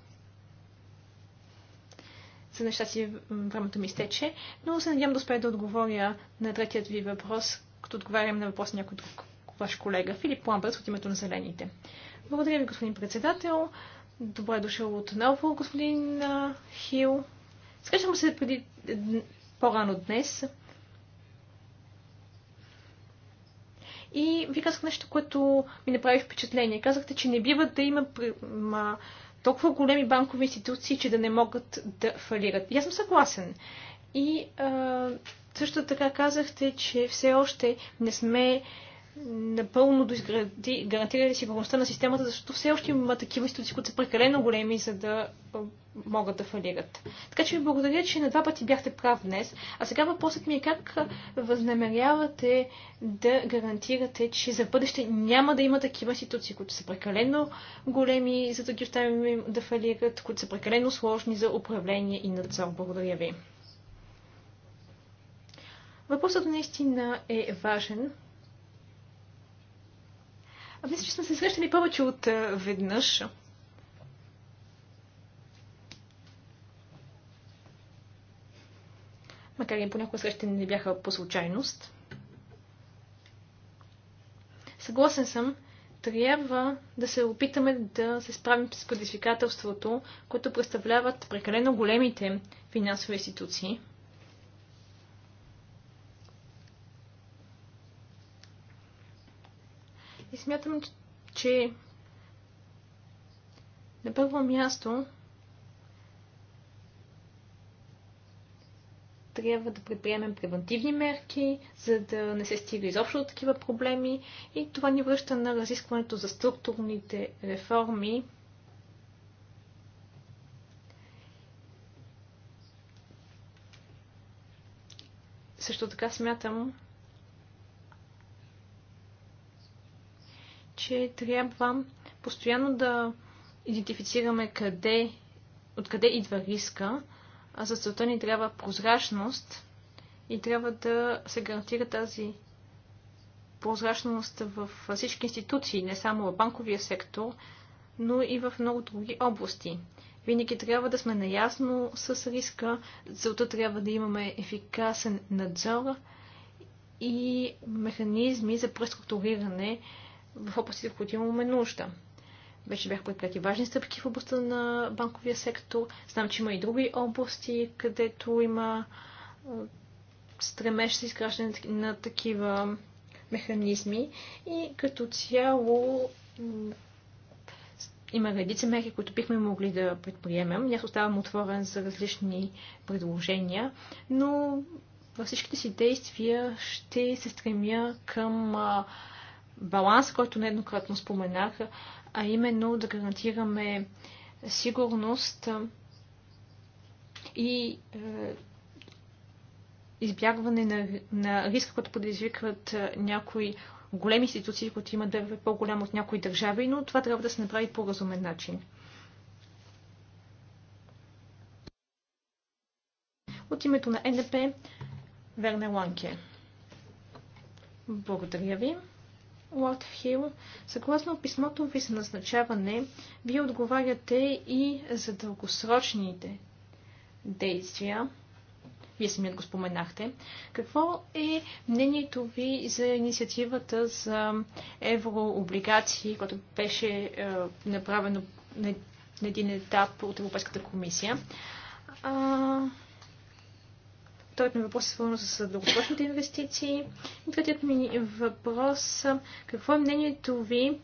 D: За неща си времето ми изтече, но се надявам да успея да отговоря на третият ви въпрос, като отговарям на въпрос на някой друг ваш колега Филип Ламбърс от името на Зелените. Благодаря ви, господин председател. Добре е дошъл отново, господин а, Хил. Срещам се преди по-рано днес. И ви казах нещо, което ми направи впечатление. Казахте, че не бива да има толкова големи банкови институции, че да не могат да фалират. И аз съм съгласен. И а, също така казахте, че все още не сме напълно гарантиране сигурността на системата, защото все още има такива институции, които са прекалено големи, за да могат да фалират. Така че ви благодаря, че на два пъти бяхте прав днес. А сега въпросът ми е как възнамерявате да гарантирате, че за бъдеще няма да има такива институции, които са прекалено големи, за да ги оставим да фалират, които са прекалено сложни за управление и надзор. Благодаря ви. Въпросът наистина е важен, а мисля, че сме се срещали повече от веднъж. Макар и понякога срещите не бяха по случайност. Съгласен съм, трябва да се опитаме да се справим с предизвикателството, което представляват прекалено големите финансови институции. смятам, че на първо място трябва да предприемем превентивни мерки, за да не се стига изобщо до такива проблеми. И това ни връща на разискването за структурните реформи. Също така смятам, че трябва постоянно да идентифицираме къде, откъде идва риска, а за целта ни трябва прозрачност и трябва да се гарантира тази прозрачност в всички институции, не само в банковия сектор, но и в много други области. Винаги трябва да сме наясно с риска, целта трябва да имаме ефикасен надзор и механизми за преструктуриране в областите, в които имаме нужда. Вече бяха предприяти важни стъпки в областта на банковия сектор. Знам, че има и други области, където има стремеж се изграждане на такива механизми и като цяло има редица мерки, които бихме могли да предприемем. Аз оставам отворен за различни предложения, но във всичките си действия ще се стремя към баланс, който нееднократно споменах, а именно да гарантираме сигурност и е, избягване на, на риска, който предизвикват е, някои големи институции, които имат е по-голям от някои държави, но това трябва да се направи по разумен начин. От името на НДП Верне Ланке. Благодаря ви. Лотхил, съгласно писмото ви за назначаване, вие отговаряте и за дългосрочните действия. Вие самият го споменахте. Какво е мнението ви за инициативата за еврооблигации, която беше е, направено на, на един етап от Европейската комисия? А, Вторият ми въпрос е свързан с дългосрочните инвестиции. И третият ми въпрос какво е мнението ви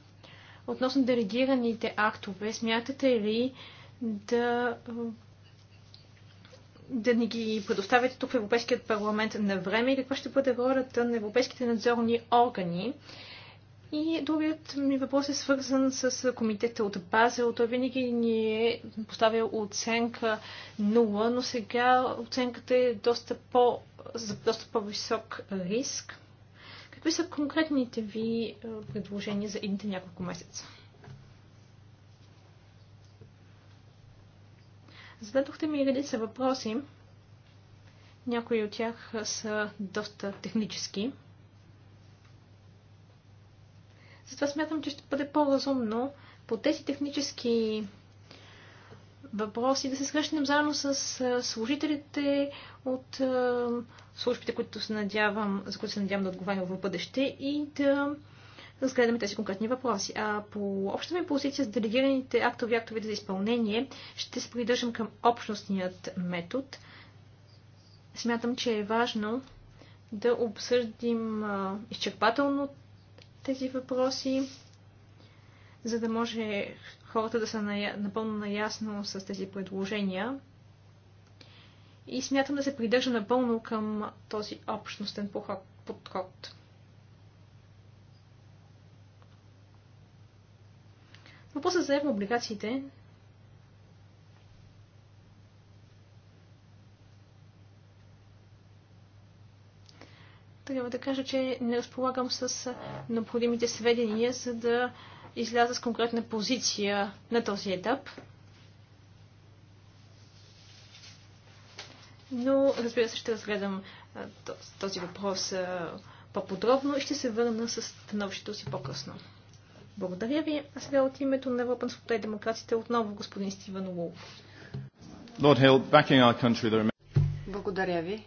D: относно делегираните актове? Смятате ли да да ни ги предоставяте тук в Европейският парламент на време и каква ще бъде ролята на европейските надзорни органи и другият ми въпрос е свързан с комитета от Базел. Той винаги ни е поставил оценка 0, но сега оценката е доста по, за доста по-висок риск. Какви са конкретните ви е, предложения за едните няколко месеца? Зададохте ми редица въпроси. Някои от тях са доста технически. Затова смятам, че ще бъде по-разумно по тези технически въпроси, да се срещнем заедно с служителите от службите, които се надявам, за които се надявам да отговарям в бъдеще и да разгледаме тези конкретни въпроси. А по общата ми позиция с делегираните актови актови за изпълнение ще се придържам към общностният метод. Смятам, че е важно да обсъдим изчерпателно тези въпроси, за да може хората да са напълно наясно с тези предложения. И смятам да се придържа напълно към този общностен подход. Въпросът за еврооблигациите трябва да кажа, че не разполагам с необходимите сведения, за да изляза с конкретна позиция на този етап. Но, разбира се, ще разгледам този въпрос по-подробно и ще се върна с становището си по-късно. Благодаря ви. А сега от името на Европа на и демокрацията отново господин Стивен Уолф.
A: Благодаря ви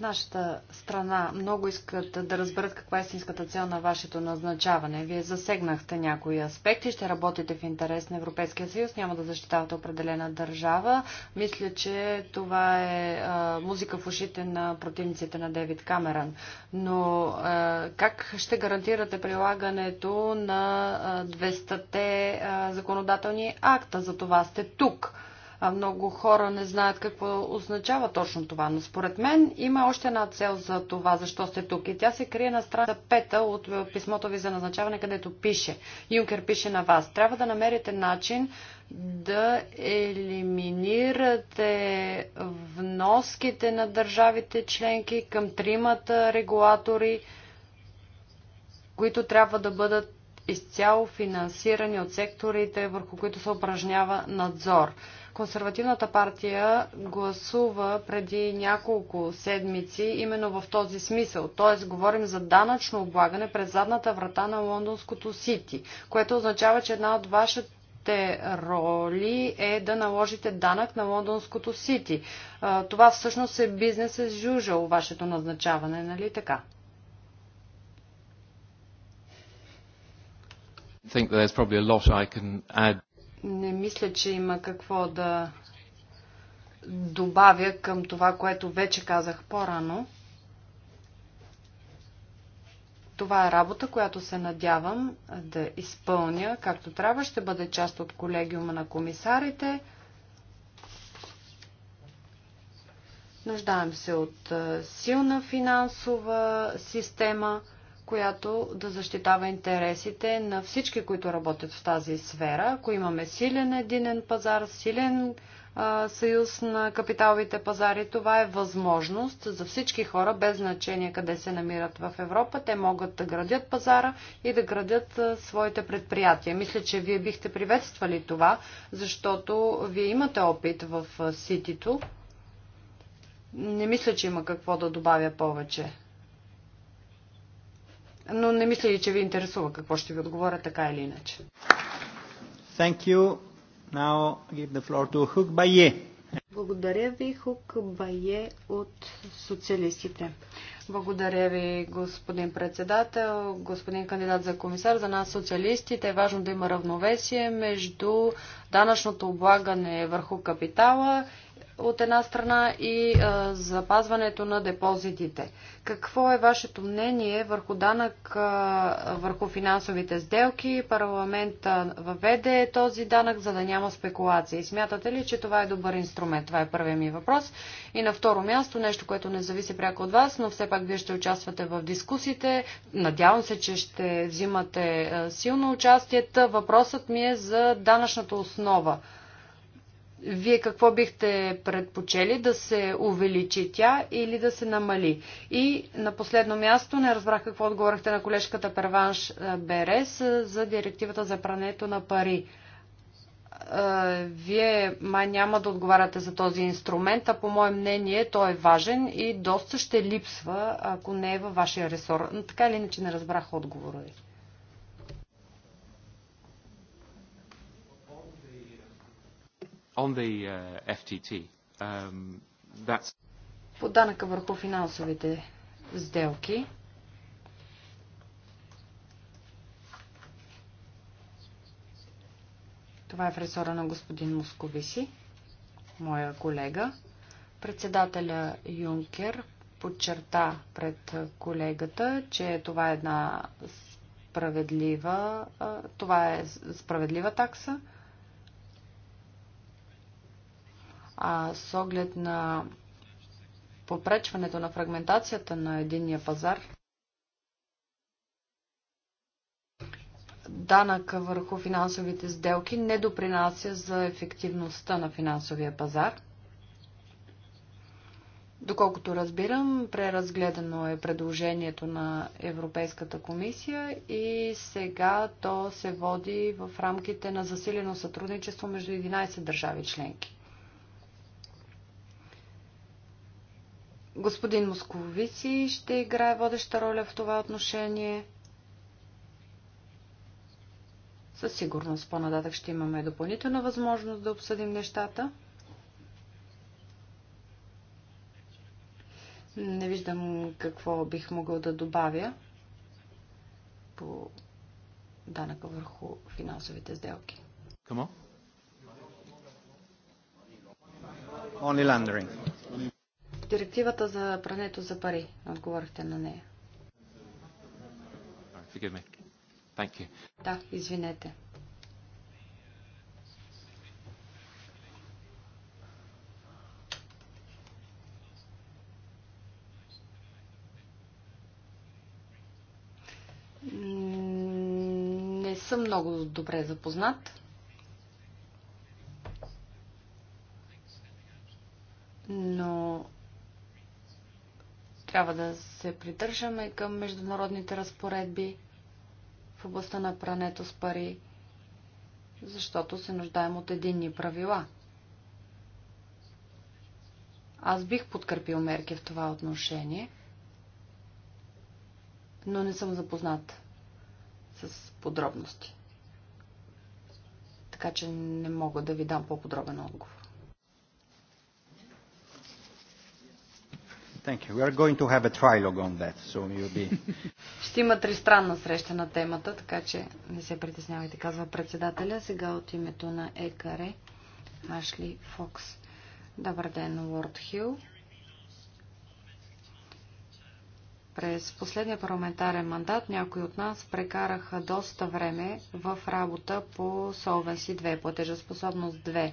A: нашата страна много искат да разберат каква е истинската цел на вашето назначаване. Вие засегнахте някои аспекти, ще работите в интерес на Европейския съюз, няма да защитавате определена държава. Мисля, че това е а, музика в ушите на противниците на Девид Камеран. Но а, как ще гарантирате прилагането на 200-те законодателни акта? За това сте тук много хора не знаят какво означава точно това. Но според мен има още една цел за това, защо сте тук. И тя се крие на страна пета от е, писмото ви за назначаване, където пише. Юнкер пише на вас. Трябва да намерите начин да елиминирате вноските на държавите членки към тримата регулатори, които трябва да бъдат изцяло финансирани от секторите, върху които се упражнява надзор. Консервативната партия гласува преди няколко седмици именно в този смисъл. Т.е. говорим за данъчно облагане през задната врата на лондонското Сити, което означава, че една от вашите роли е да наложите данък на лондонското Сити. Това всъщност е бизнес е жужъл, вашето назначаване, нали така? не мисля, че има какво да добавя към това, което вече казах по-рано. Това е работа, която се надявам да изпълня както трябва. Ще бъде част от колегиума на комисарите. Нуждаем се от силна финансова система – която да защитава интересите на всички, които работят в тази сфера. Ако имаме силен единен пазар, силен а, съюз на капиталовите пазари, това е възможност за всички хора, без значение къде се намират в Европа. Те могат да градят пазара и да градят а, своите предприятия. Мисля, че вие бихте приветствали това, защото вие имате опит в ситито. Не мисля, че има какво да добавя повече но не мисля ли, че ви интересува какво ще ви отговоря така или иначе.
D: Thank you. Now give the floor to Hook Baye.
A: Благодаря ви, Хук Бае от социалистите. Благодаря ви, господин председател, господин кандидат за комисар. За нас, социалистите, е важно да има равновесие между данъчното облагане върху капитала от една страна и а, запазването на депозитите. Какво е вашето мнение върху данък а, върху финансовите сделки? Парламент въведе този данък, за да няма спекулации. Смятате ли, че това е добър инструмент? Това е първият ми въпрос. И на второ място, нещо, което не зависи пряко от вас, но все пак вие ще участвате в дискусите. Надявам се, че ще взимате силно участие. Въпросът ми е за данъчната основа вие какво бихте предпочели да се увеличи тя или да се намали? И на последно място не разбрах какво отговорихте на колежката Перванш Берес за директивата за прането на пари. Вие май няма да отговаряте за този инструмент, а по мое мнение той е важен и доста ще липсва, ако не е във вашия ресор. Но така или иначе не разбрах отговора ви.
C: On the uh, FTT, um, that's...
A: По данъка върху финансовите сделки. Това е в ресора на господин Московиси, моя колега. Председателя Юнкер подчерта пред колегата, че това е една справедлива, това е справедлива такса – а с оглед на попречването на фрагментацията на единния пазар, данък върху финансовите сделки не допринася за ефективността на финансовия пазар. Доколкото разбирам, преразгледано е предложението на Европейската комисия и сега то се води в рамките на засилено сътрудничество между 11 държави членки. Господин Московици ще играе водеща роля в това отношение. Със сигурност по-нататък ще имаме допълнителна възможност да обсъдим нещата. Не виждам какво бих могъл да добавя по данъка върху финансовите сделки.
C: Come on. Only laundering
A: директивата за прането за пари. Отговорихте на нея. Да, извинете. Не съм много добре запознат. но трябва да се придържаме към международните разпоредби в областта на прането с пари, защото се нуждаем от единни правила. Аз бих подкрепил мерки в това отношение, но не съм запознат с подробности. Така че не мога да ви дам по-подробен отговор.
D: Thank you. We are going to have a trilogue on that, so you'll be...
A: Ще има тристранна среща на темата, така че не се притеснявайте, казва председателя. Сега от името на ЕКР, Ашли Фокс. Добър ден, Уорд Хил. През последния парламентарен мандат някои от нас прекараха доста време в работа по Solvency 2, платежоспособност 2.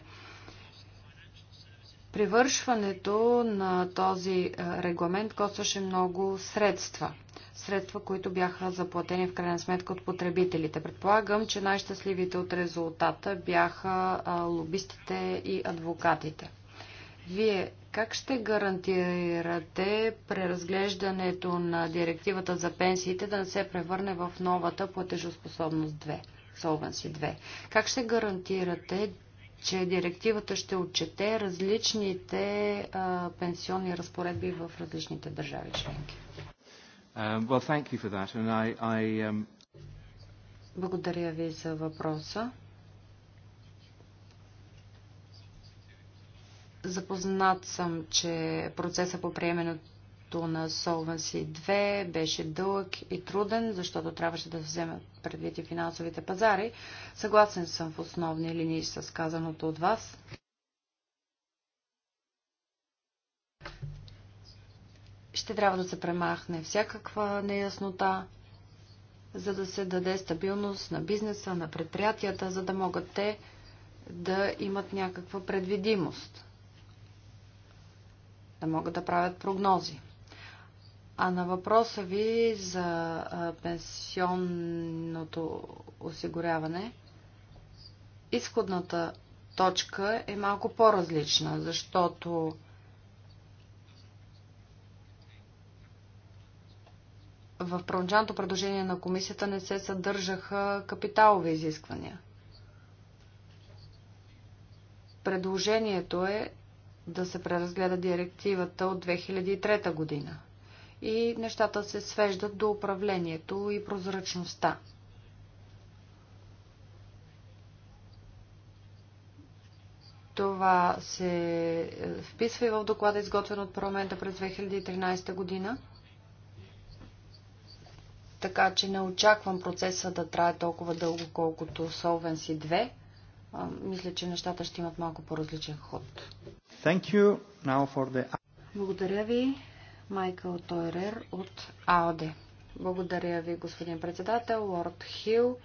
A: Привършването на този регламент костваше много средства. Средства, които бяха заплатени в крайна сметка от потребителите. Предполагам, че най-щастливите от резултата бяха лобистите и адвокатите. Вие как ще гарантирате преразглеждането на директивата за пенсиите да не се превърне в новата платежоспособност 2, Solvency 2? Как ще гарантирате че директивата ще отчете различните а, пенсионни разпоредби в различните държави членки.
C: Um, well, thank you for that. And I, I, um...
A: Благодаря ви за въпроса. Запознат съм, че процеса по приемането Преразглеждането на Solvency 2 беше дълъг и труден, защото трябваше да вземе вземат предвид и финансовите пазари. Съгласен съм в основни линии с казаното от вас. Ще трябва да се премахне всякаква неяснота, за да се даде стабилност на бизнеса, на предприятията, за да могат те да имат някаква предвидимост, да могат да правят прогнози. А на въпроса ви за пенсионното осигуряване, изходната точка е малко по-различна, защото в първоначалното предложение на комисията не се съдържаха капиталови изисквания. Предложението е да се преразгледа директивата от 2003 година – и нещата се свеждат до управлението и прозрачността. Това се е, вписва и в доклада, изготвен от парламента през 2013 година. Така че не очаквам процеса да трае толкова дълго, колкото Solvency 2. Мисля, че нещата ще имат малко по-различен ход.
D: Thank you now for the...
A: Благодаря ви. Майкъл Тойрер от АОДЕ. Благодаря ви, господин председател. Лорд Хил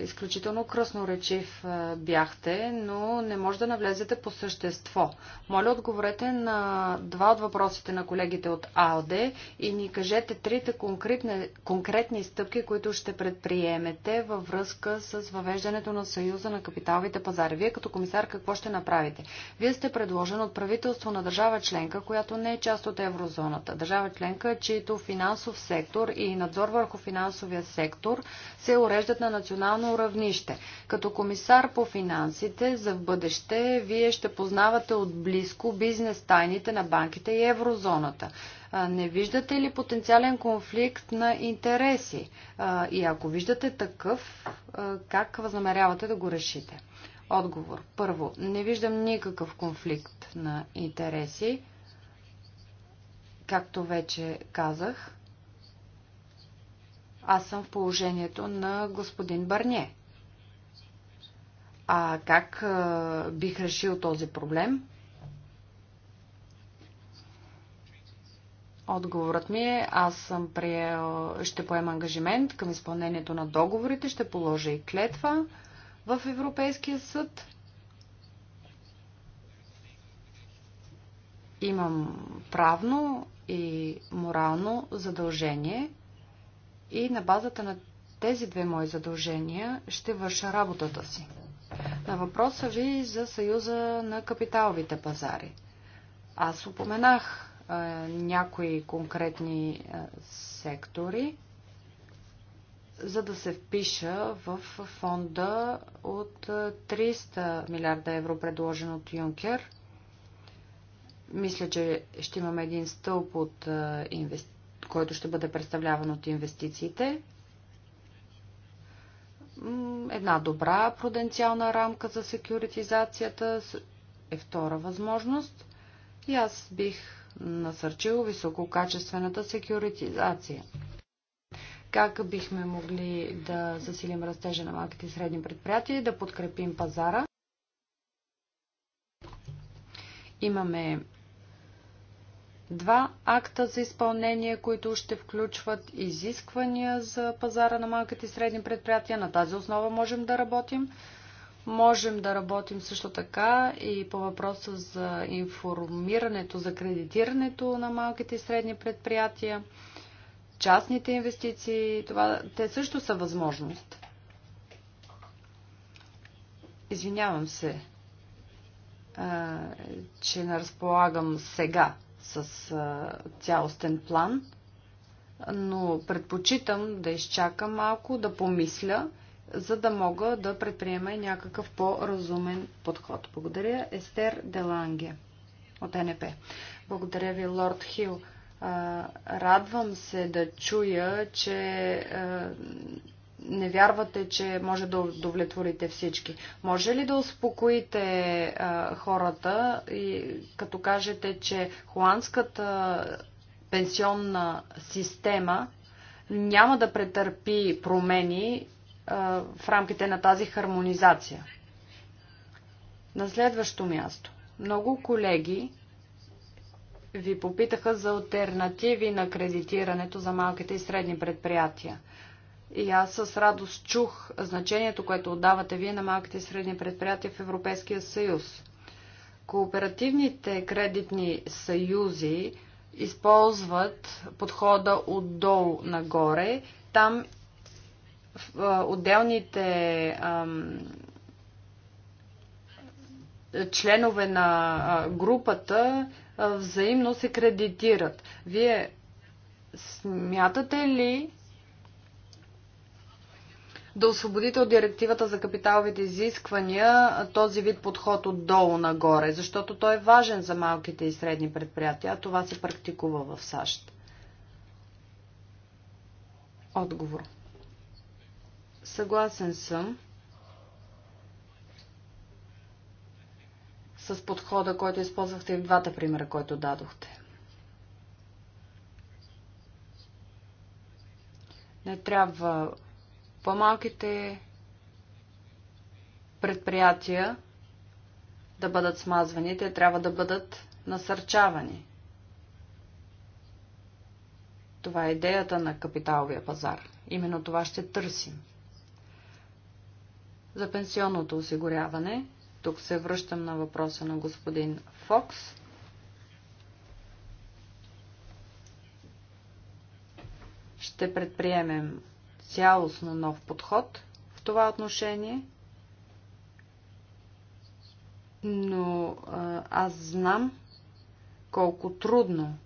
A: изключително кръсноречив бяхте, но не може да навлезете по същество. Моля, отговорете на два от въпросите на колегите от АОД и ни кажете трите конкретни, конкретни стъпки, които ще предприемете във връзка с въвеждането на Съюза на капиталовите пазари. Вие като комисар какво ще направите? Вие сте предложен от правителство на държава членка, която не е част от еврозоната. Държава членка, чието финансов сектор и надзор върху финансовия сектор се уреждат на национално равнище. Като комисар по финансите за в бъдеще, вие ще познавате отблизко бизнес тайните на банките и еврозоната. Не виждате ли потенциален конфликт на интереси? И ако виждате такъв, как възнамерявате да го решите? Отговор. Първо, не виждам никакъв конфликт на интереси. Както вече казах, аз съм в положението на господин Барне. А как а, бих решил този проблем? Отговорът ми е, аз съм приел, ще поема ангажимент към изпълнението на договорите, ще положа и клетва в Европейския съд. Имам правно и морално задължение и на базата на тези две мои задължения ще върша работата си. На въпроса ви за Съюза на капиталовите пазари. Аз упоменах е, някои конкретни е, сектори, за да се впиша в фонда от 300 милиарда евро, предложен от Юнкер. Мисля, че ще имаме един стълб от инвестиции който ще бъде представляван от инвестициите. Една добра пруденциална рамка за секюритизацията е втора възможност и аз бих насърчил висококачествената секюритизация. Как бихме могли да засилим растежа на малките и средни предприятия и да подкрепим пазара? Имаме два акта за изпълнение, които ще включват изисквания за пазара на малките и средни предприятия. На тази основа можем да работим. Можем да работим също така и по въпроса за информирането, за кредитирането на малките и средни предприятия, частните инвестиции, това, те също са възможност. Извинявам се, че не разполагам сега с цялостен план, но предпочитам да изчакам малко, да помисля, за да мога да предприема някакъв по-разумен подход. Благодаря, Естер Деланге от НП. Благодаря ви, Лорд Хил. Радвам се да чуя, че не вярвате, че може да удовлетворите всички. Може ли да успокоите а, хората, и, като кажете, че холандската пенсионна система няма да претърпи промени а, в рамките на тази хармонизация? На следващо място. Много колеги ви попитаха за альтернативи на кредитирането за малките и средни предприятия. И аз с радост чух значението, което отдавате вие на малките и средни предприятия в Европейския съюз. Кооперативните кредитни съюзи използват подхода отдолу нагоре. Там отделните членове на групата взаимно се кредитират. Вие смятате ли, да освободите от директивата за капиталовите изисквания този вид подход отдолу нагоре, защото той е важен за малките и средни предприятия, а това се практикува в САЩ. Отговор. Съгласен съм с подхода, който използвахте и в двата примера, който дадохте. Не трябва по-малките предприятия да бъдат смазвани, те трябва да бъдат насърчавани. Това е идеята на капиталовия пазар. Именно това ще търсим. За пенсионното осигуряване, тук се връщам на въпроса на господин Фокс. Ще предприемем цялостно нов подход в това отношение, но аз знам колко трудно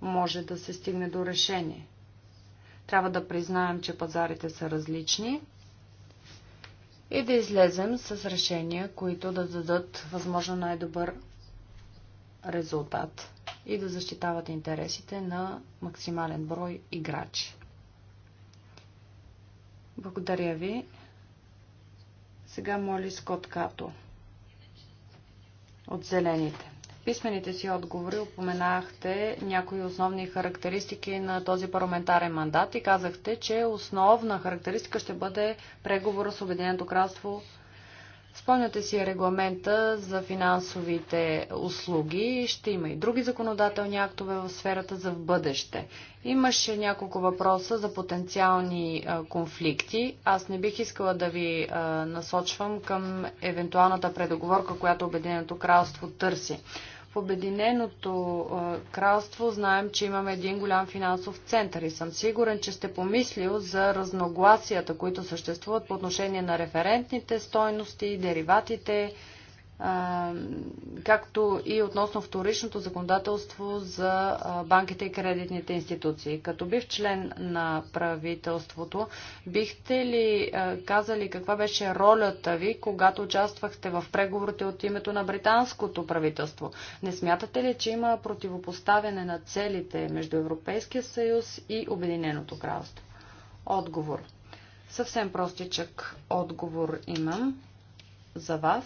A: може да се стигне до решение. Трябва да признаем, че пазарите са различни и да излезем с решения, които да дадат възможно най-добър резултат и да защитават интересите на максимален брой играчи. Благодаря ви. Сега моли Скот Като от зелените. В писмените си отговори упоменахте някои основни характеристики на този парламентарен мандат и казахте, че основна характеристика ще бъде преговора с Обединеното кралство Спомняте си регламента за финансовите услуги. Ще има и други законодателни актове в сферата за в бъдеще. Имаше няколко въпроса за потенциални конфликти. Аз не бих искала да ви насочвам към евентуалната предоговорка, която Обединеното кралство търси в Обединеното кралство знаем, че имаме един голям финансов център и съм сигурен, че сте помислил за разногласията, които съществуват по отношение на референтните стойности, дериватите, както и относно вторичното законодателство за банките и кредитните институции. Като бив член на правителството, бихте ли казали каква беше ролята ви, когато участвахте в преговорите от името на британското правителство? Не смятате ли, че има противопоставяне на целите между Европейския съюз и Обединеното кралство? Отговор. Съвсем простичък отговор имам за вас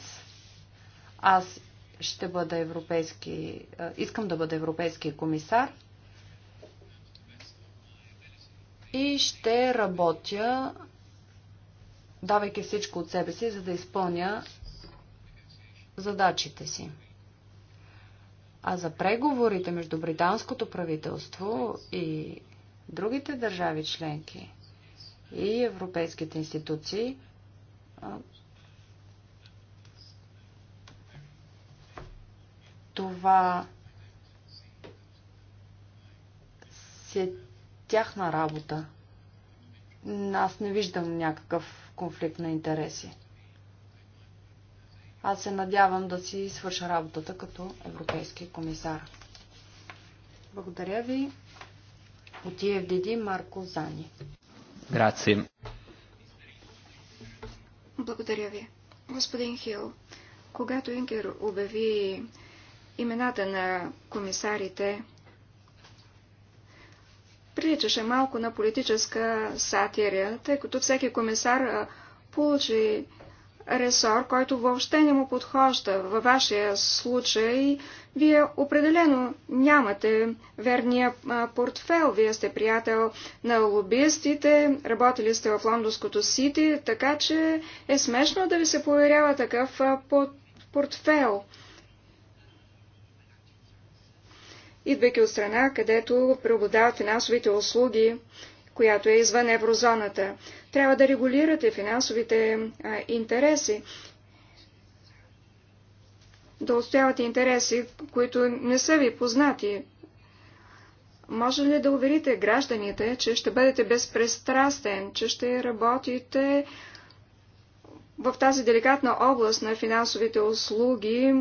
A: аз ще бъда европейски, искам да бъда европейски комисар и ще работя, давайки всичко от себе си, за да изпълня задачите си. А за преговорите между британското правителство и другите държави членки и европейските институции, това си е тяхна работа. Аз не виждам някакъв конфликт на интереси. Аз се надявам да си свърша работата като европейски комисар. Благодаря ви. От EFDD Марко Зани. Грации.
B: Благодаря ви. Господин Хил, когато Инкер обяви имената на комисарите приличаше малко на политическа сатирия, тъй като всеки комисар получи ресор, който въобще не му подхожда. Във вашия случай вие определено нямате верния портфел. Вие сте приятел на лобистите, работили сте в лондонското сити, така че е смешно да ви се поверява такъв портфел. идвайки от страна, където преобладават финансовите услуги, която е извън еврозоната. Трябва да регулирате финансовите а, интереси, да отстоявате интереси, които не са ви познати. Може ли да уверите гражданите, че ще бъдете безпристрастен, че ще работите в тази деликатна област на финансовите услуги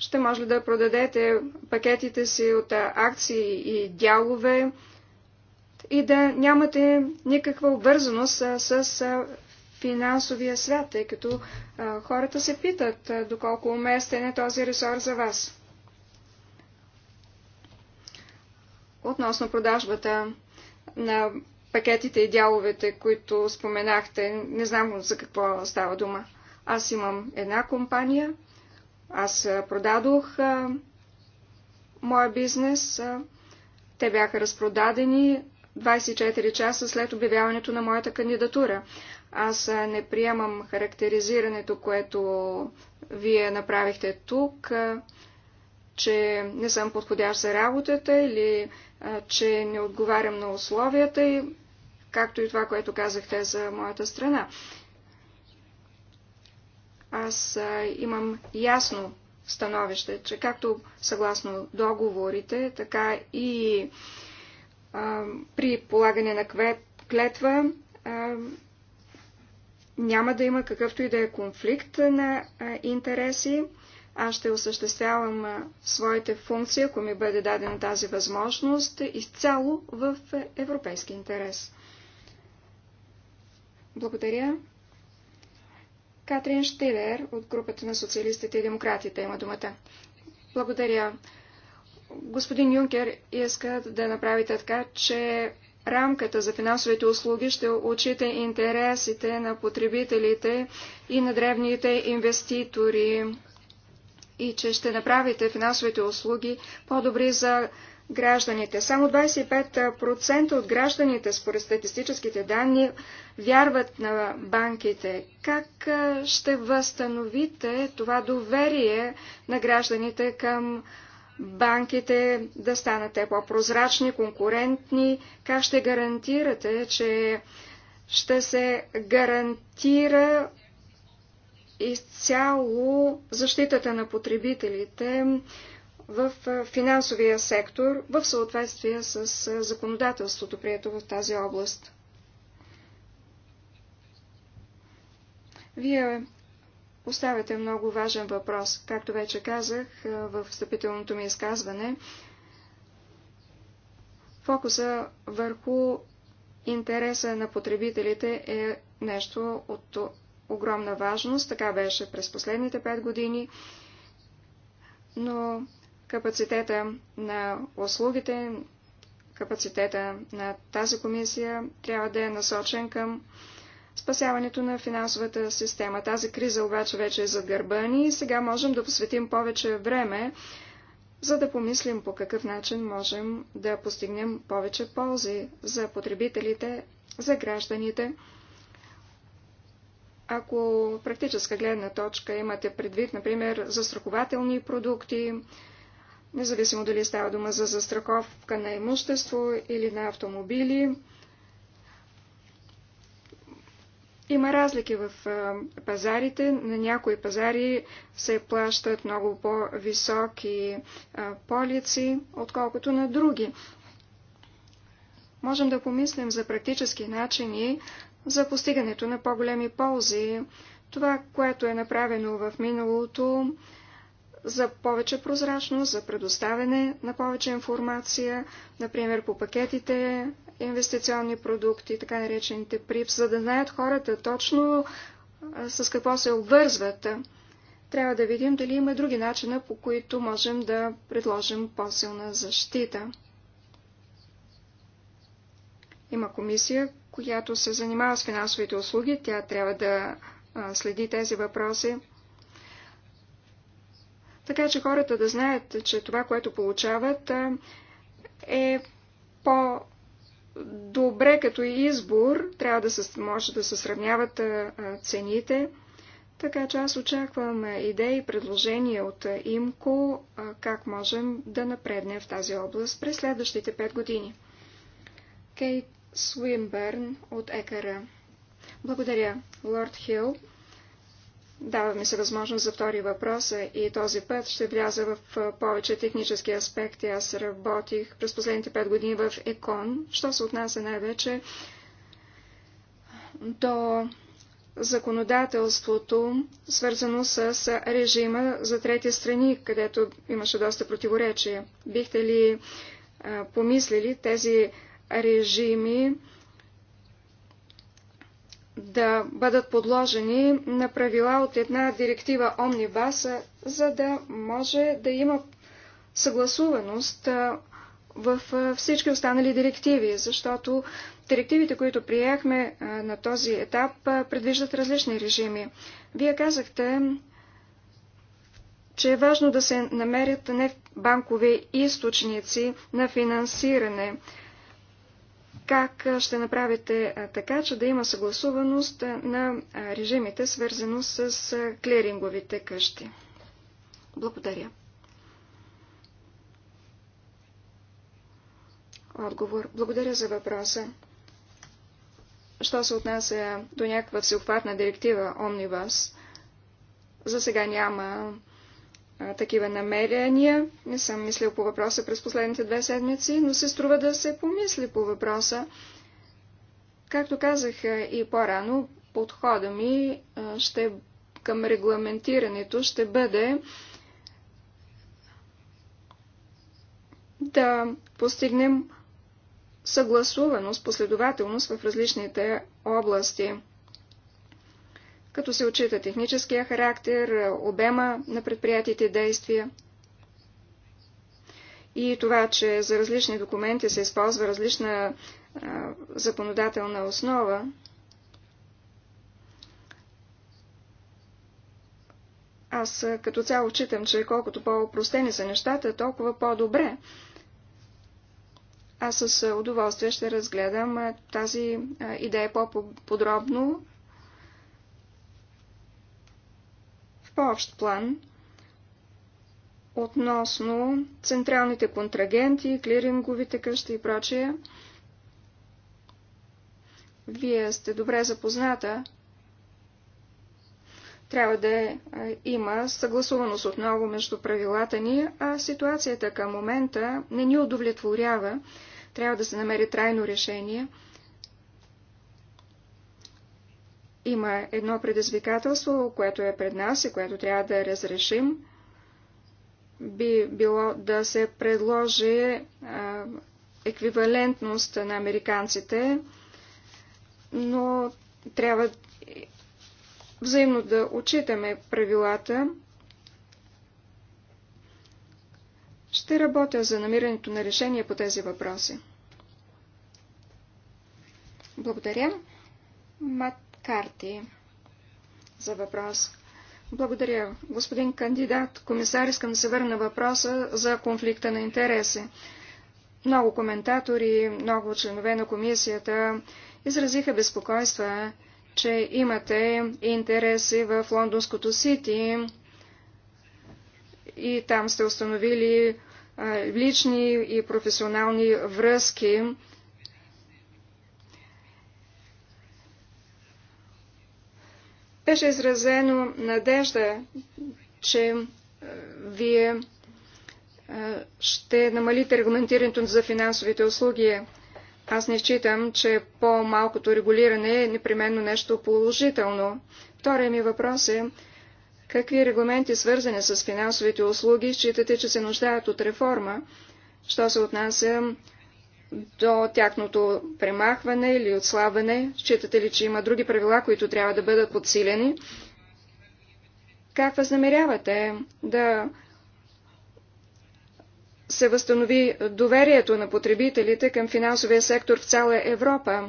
B: ще може ли да продадете пакетите си от акции и дялове и да нямате никаква обвързаност с финансовия свят, тъй като хората се питат доколко уместен е този ресор за вас. Относно продажбата на пакетите и дяловете, които споменахте, не знам за какво става дума. Аз имам една компания, аз продадох а, моя бизнес. А, те бяха разпродадени 24 часа след обявяването на моята кандидатура. Аз а, не приемам характеризирането, което вие направихте тук, а, че не съм подходящ за работата или а, че не отговарям на условията и както и това, което казахте за моята страна. А, аз имам ясно становище, че както съгласно договорите, така и а, при полагане на клетва а, няма да има какъвто и да е конфликт на а, интереси. Аз ще осъществявам а, своите функции, ако ми бъде дадена тази възможност, изцяло в европейски интерес. Благодаря. Катрин Штилер от групата на социалистите и демократите има думата. Благодаря. Господин Юнкер иска да направите така, че рамката за финансовите услуги ще отчита интересите на потребителите и на древните инвеститори и че ще направите финансовите услуги по-добри за гражданите. Само 25% от гражданите, според статистическите данни, вярват на банките. Как ще възстановите това доверие на гражданите към банките да станат те по-прозрачни, конкурентни? Как ще гарантирате, че ще се гарантира изцяло защитата на потребителите в финансовия сектор в съответствие с законодателството, прието в тази област. Вие поставяте много важен въпрос. Както вече казах в встъпителното ми изказване, фокуса върху интереса на потребителите е нещо от огромна важност. Така беше през последните пет години. Но Капацитета на услугите, капацитета на тази комисия трябва да е насочен към спасяването на финансовата система. Тази криза обаче вече е за гърба ни и сега можем да посветим повече време, за да помислим по какъв начин можем да постигнем повече ползи за потребителите, за гражданите. Ако практическа гледна точка имате предвид, например, застрахователни продукти, независимо дали става дума за застраховка на имущество или на автомобили. Има разлики в пазарите. На някои пазари се плащат много по-високи полици, отколкото на други. Можем да помислим за практически начини за постигането на по-големи ползи. Това, което е направено в миналото, за повече прозрачност, за предоставяне на повече информация, например по пакетите, инвестиционни продукти, така наречените ПРИПС, за да знаят хората точно с какво се обвързват. Трябва да видим дали има други начина, по които можем да предложим по-силна защита. Има комисия, която се занимава с финансовите услуги. Тя трябва да следи тези въпроси така че хората да знаят, че това, което получават, е по-добре като избор. Трябва да се, може да се сравняват цените. Така че аз очаквам идеи и предложения от ИМКО, как можем да напреднем в тази област през следващите 5 години. Кейт Свинбърн от ЕКР. Благодаря, Лорд Хил. Дава ми се възможност за втори въпрос и този път ще вляза в повече технически аспекти. Аз работих през последните пет години в ЕКОН, що се отнася най-вече до законодателството, свързано с режима за трети страни, където имаше доста противоречия. Бихте ли помислили тези режими да бъдат подложени на правила от една директива Омнибаса, за да може да има съгласуваност в всички останали директиви, защото директивите, които приехме на този етап, предвиждат различни режими. Вие казахте, че е важно да се намерят не банкови източници на финансиране как ще направите така, че да има съгласуваност на режимите, свързано с клиринговите къщи. Благодаря. Отговор. Благодаря за въпроса. Що се отнася до някаква всеобхватна директива Omnibus, за сега няма такива намерения. Не съм мислил по въпроса през последните две седмици, но се струва да се помисли по въпроса. Както казах и по-рано, подхода ми ще, към регламентирането ще бъде да постигнем съгласуваност, последователност в различните области като се отчита техническия характер, обема на предприятите действия и това, че за различни документи се използва различна а, законодателна основа, аз като цяло читам, че колкото по-опростени са нещата, толкова по-добре. Аз с удоволствие ще разгледам тази идея по-подробно по-общ план относно централните контрагенти, клиринговите къщи и прочие. Вие сте добре запозната. Трябва да е, има съгласуваност отново между правилата ни, а ситуацията към момента не ни удовлетворява. Трябва да се намери трайно решение – Има едно предизвикателство, което е пред нас и което трябва да разрешим. Би било да се предложи а, еквивалентност на американците, но трябва взаимно да отчитаме правилата. Ще работя за намирането на решение по тези въпроси. Благодаря. Мат карти за въпрос. Благодаря. Господин кандидат, комисар, искам да се върна въпроса за конфликта на интереси. Много коментатори, много членове на комисията изразиха безпокойства, че имате интереси в лондонското сити и там сте установили лични и професионални връзки Беше изразено надежда, че е, вие е, ще намалите регламентирането за финансовите услуги. Аз не считам, че по-малкото регулиране е непременно нещо положително. Втория ми въпрос е, какви регламенти, свързани с финансовите услуги, считате, че се нуждаят от реформа, що се отнася до тяхното премахване или отслабване? Считате ли, че има други правила, които трябва да бъдат подсилени? Как възнамерявате да се възстанови доверието на потребителите към финансовия сектор в цяла Европа?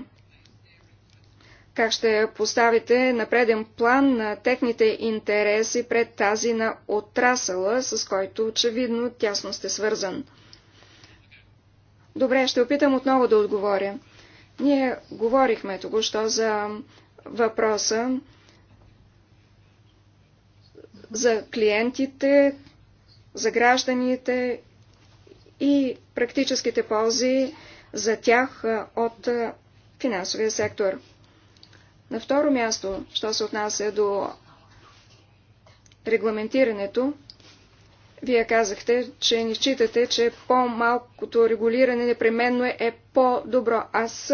B: Как ще поставите на преден план на техните интереси пред тази на отрасъла, с който очевидно тясно сте свързан? Добре, ще опитам отново да отговоря. Ние говорихме току-що за въпроса за клиентите, за гражданите и практическите ползи за тях от финансовия сектор. На второ място, що се отнася до регламентирането, вие казахте, че не считате, че по-малкото регулиране непременно е по-добро. Аз,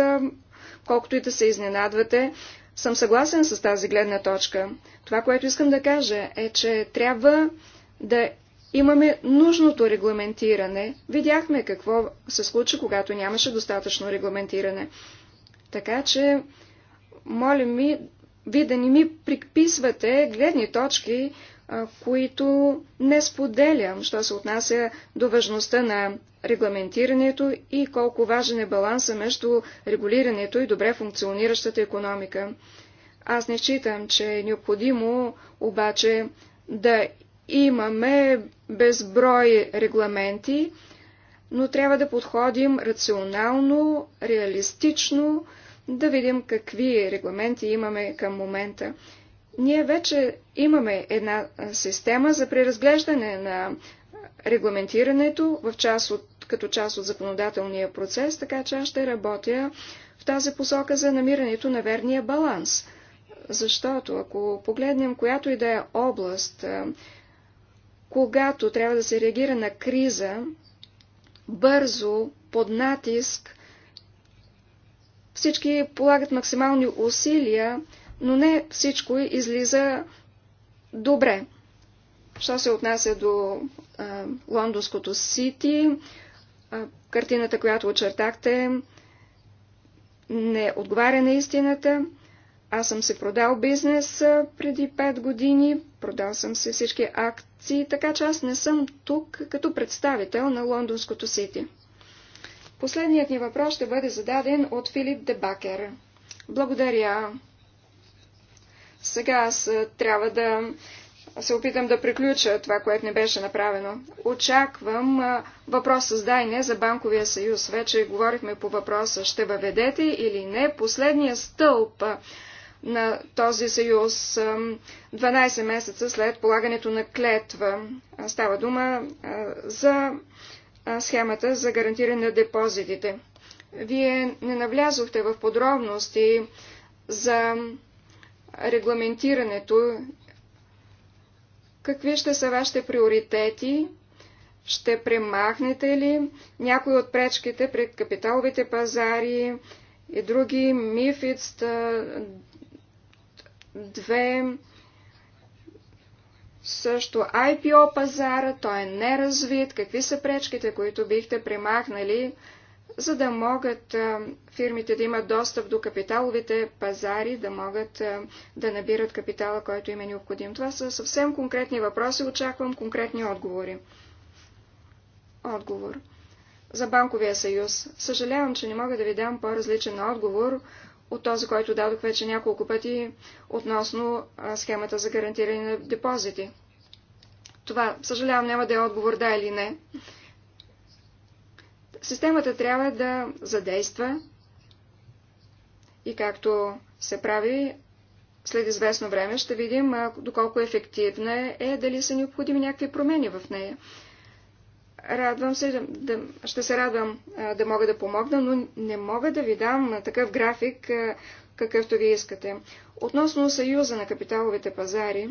B: колкото и да се изненадвате, съм съгласен с тази гледна точка. Това, което искам да кажа е, че трябва да имаме нужното регламентиране. Видяхме какво се случи, когато нямаше достатъчно регламентиране. Така че, моля ми, ви да не ми приписвате гледни точки, които не споделям, що се отнася до важността на регламентирането и колко важен е баланса между регулирането и добре функциониращата економика. Аз не считам, че е необходимо обаче да имаме безброй регламенти, но трябва да подходим рационално, реалистично, да видим какви регламенти имаме към момента. Ние вече имаме една система за преразглеждане на регламентирането в част от, като част от законодателния процес, така че аз ще работя в тази посока за намирането на верния баланс. Защото ако погледнем която и да е област, когато трябва да се реагира на криза, бързо, под натиск, всички полагат максимални усилия, но не всичко излиза добре. Що се отнася до а, лондонското Сити, а, картината, която очертахте, не отговаря на истината. Аз съм се продал бизнес преди 5 години, продал съм се всички акции, така че аз не съм тук като представител на лондонското Сити. Последният ни въпрос ще бъде зададен от Филип Дебакер. Благодаря, сега аз е, трябва да се опитам да приключа това, което не беше направено. Очаквам е, въпрос с да и не за Банковия съюз. Вече говорихме по въпроса, ще въведете или не последния стълб е, на този съюз 12 месеца след полагането на клетва. Става дума за схемата за гарантиране на депозитите. Вие не навлязохте в подробности за регламентирането, какви ще са вашите приоритети, ще премахнете ли някои от пречките пред капиталовите пазари и други мифиц, две, също IPO пазара, той е неразвит, какви са пречките, които бихте премахнали, за да могат фирмите да имат достъп до капиталовите пазари, да могат да набират капитала, който им е необходим. Това са съвсем конкретни въпроси, очаквам конкретни отговори. Отговор. За банковия съюз. Съжалявам, че не мога да ви дам по-различен отговор от този, който дадох вече няколко пъти относно схемата за гарантиране на депозити. Това, съжалявам, няма да е отговор да или не. Системата трябва да задейства и както се прави след известно време, ще видим доколко ефективна е, дали са необходими някакви промени в нея. Радвам се, да, ще се радвам да мога да помогна, но не мога да ви дам такъв график, какъвто ви искате. Относно Съюза на капиталовите пазари,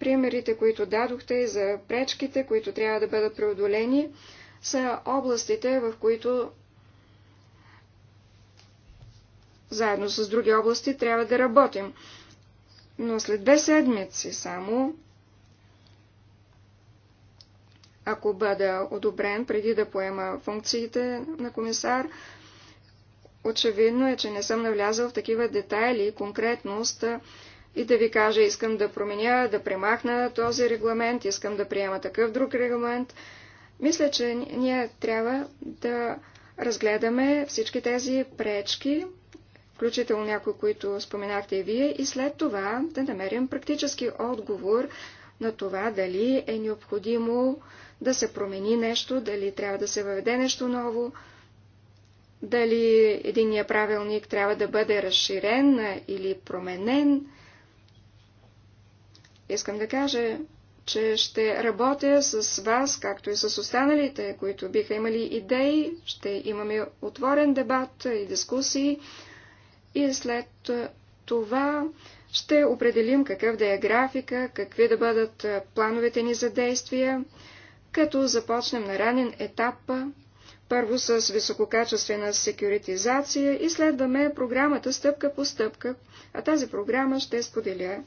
B: примерите, които дадохте и за пречките, които трябва да бъдат преодолени, са областите, в които заедно с други области трябва да работим. Но след две седмици само, ако бъда одобрен преди да поема функциите на комисар, очевидно е, че не съм навлязал в такива детайли и конкретност и да ви кажа, искам да променя, да премахна този регламент, искам да приема такъв друг регламент – мисля, че ние трябва да разгледаме всички тези пречки, включително някои, които споменахте и вие, и след това да намерим практически отговор на това дали е необходимо да се промени нещо, дали трябва да се въведе нещо ново, дали единия правилник трябва да бъде разширен или променен. Искам да кажа, че ще работя с вас, както и с останалите, които биха имали идеи. Ще имаме отворен дебат и дискусии. И след това ще определим какъв да е графика, какви да бъдат плановете ни за действия, като започнем на ранен етап, първо с висококачествена секюритизация и следваме програмата стъпка по стъпка, а тази програма ще споделя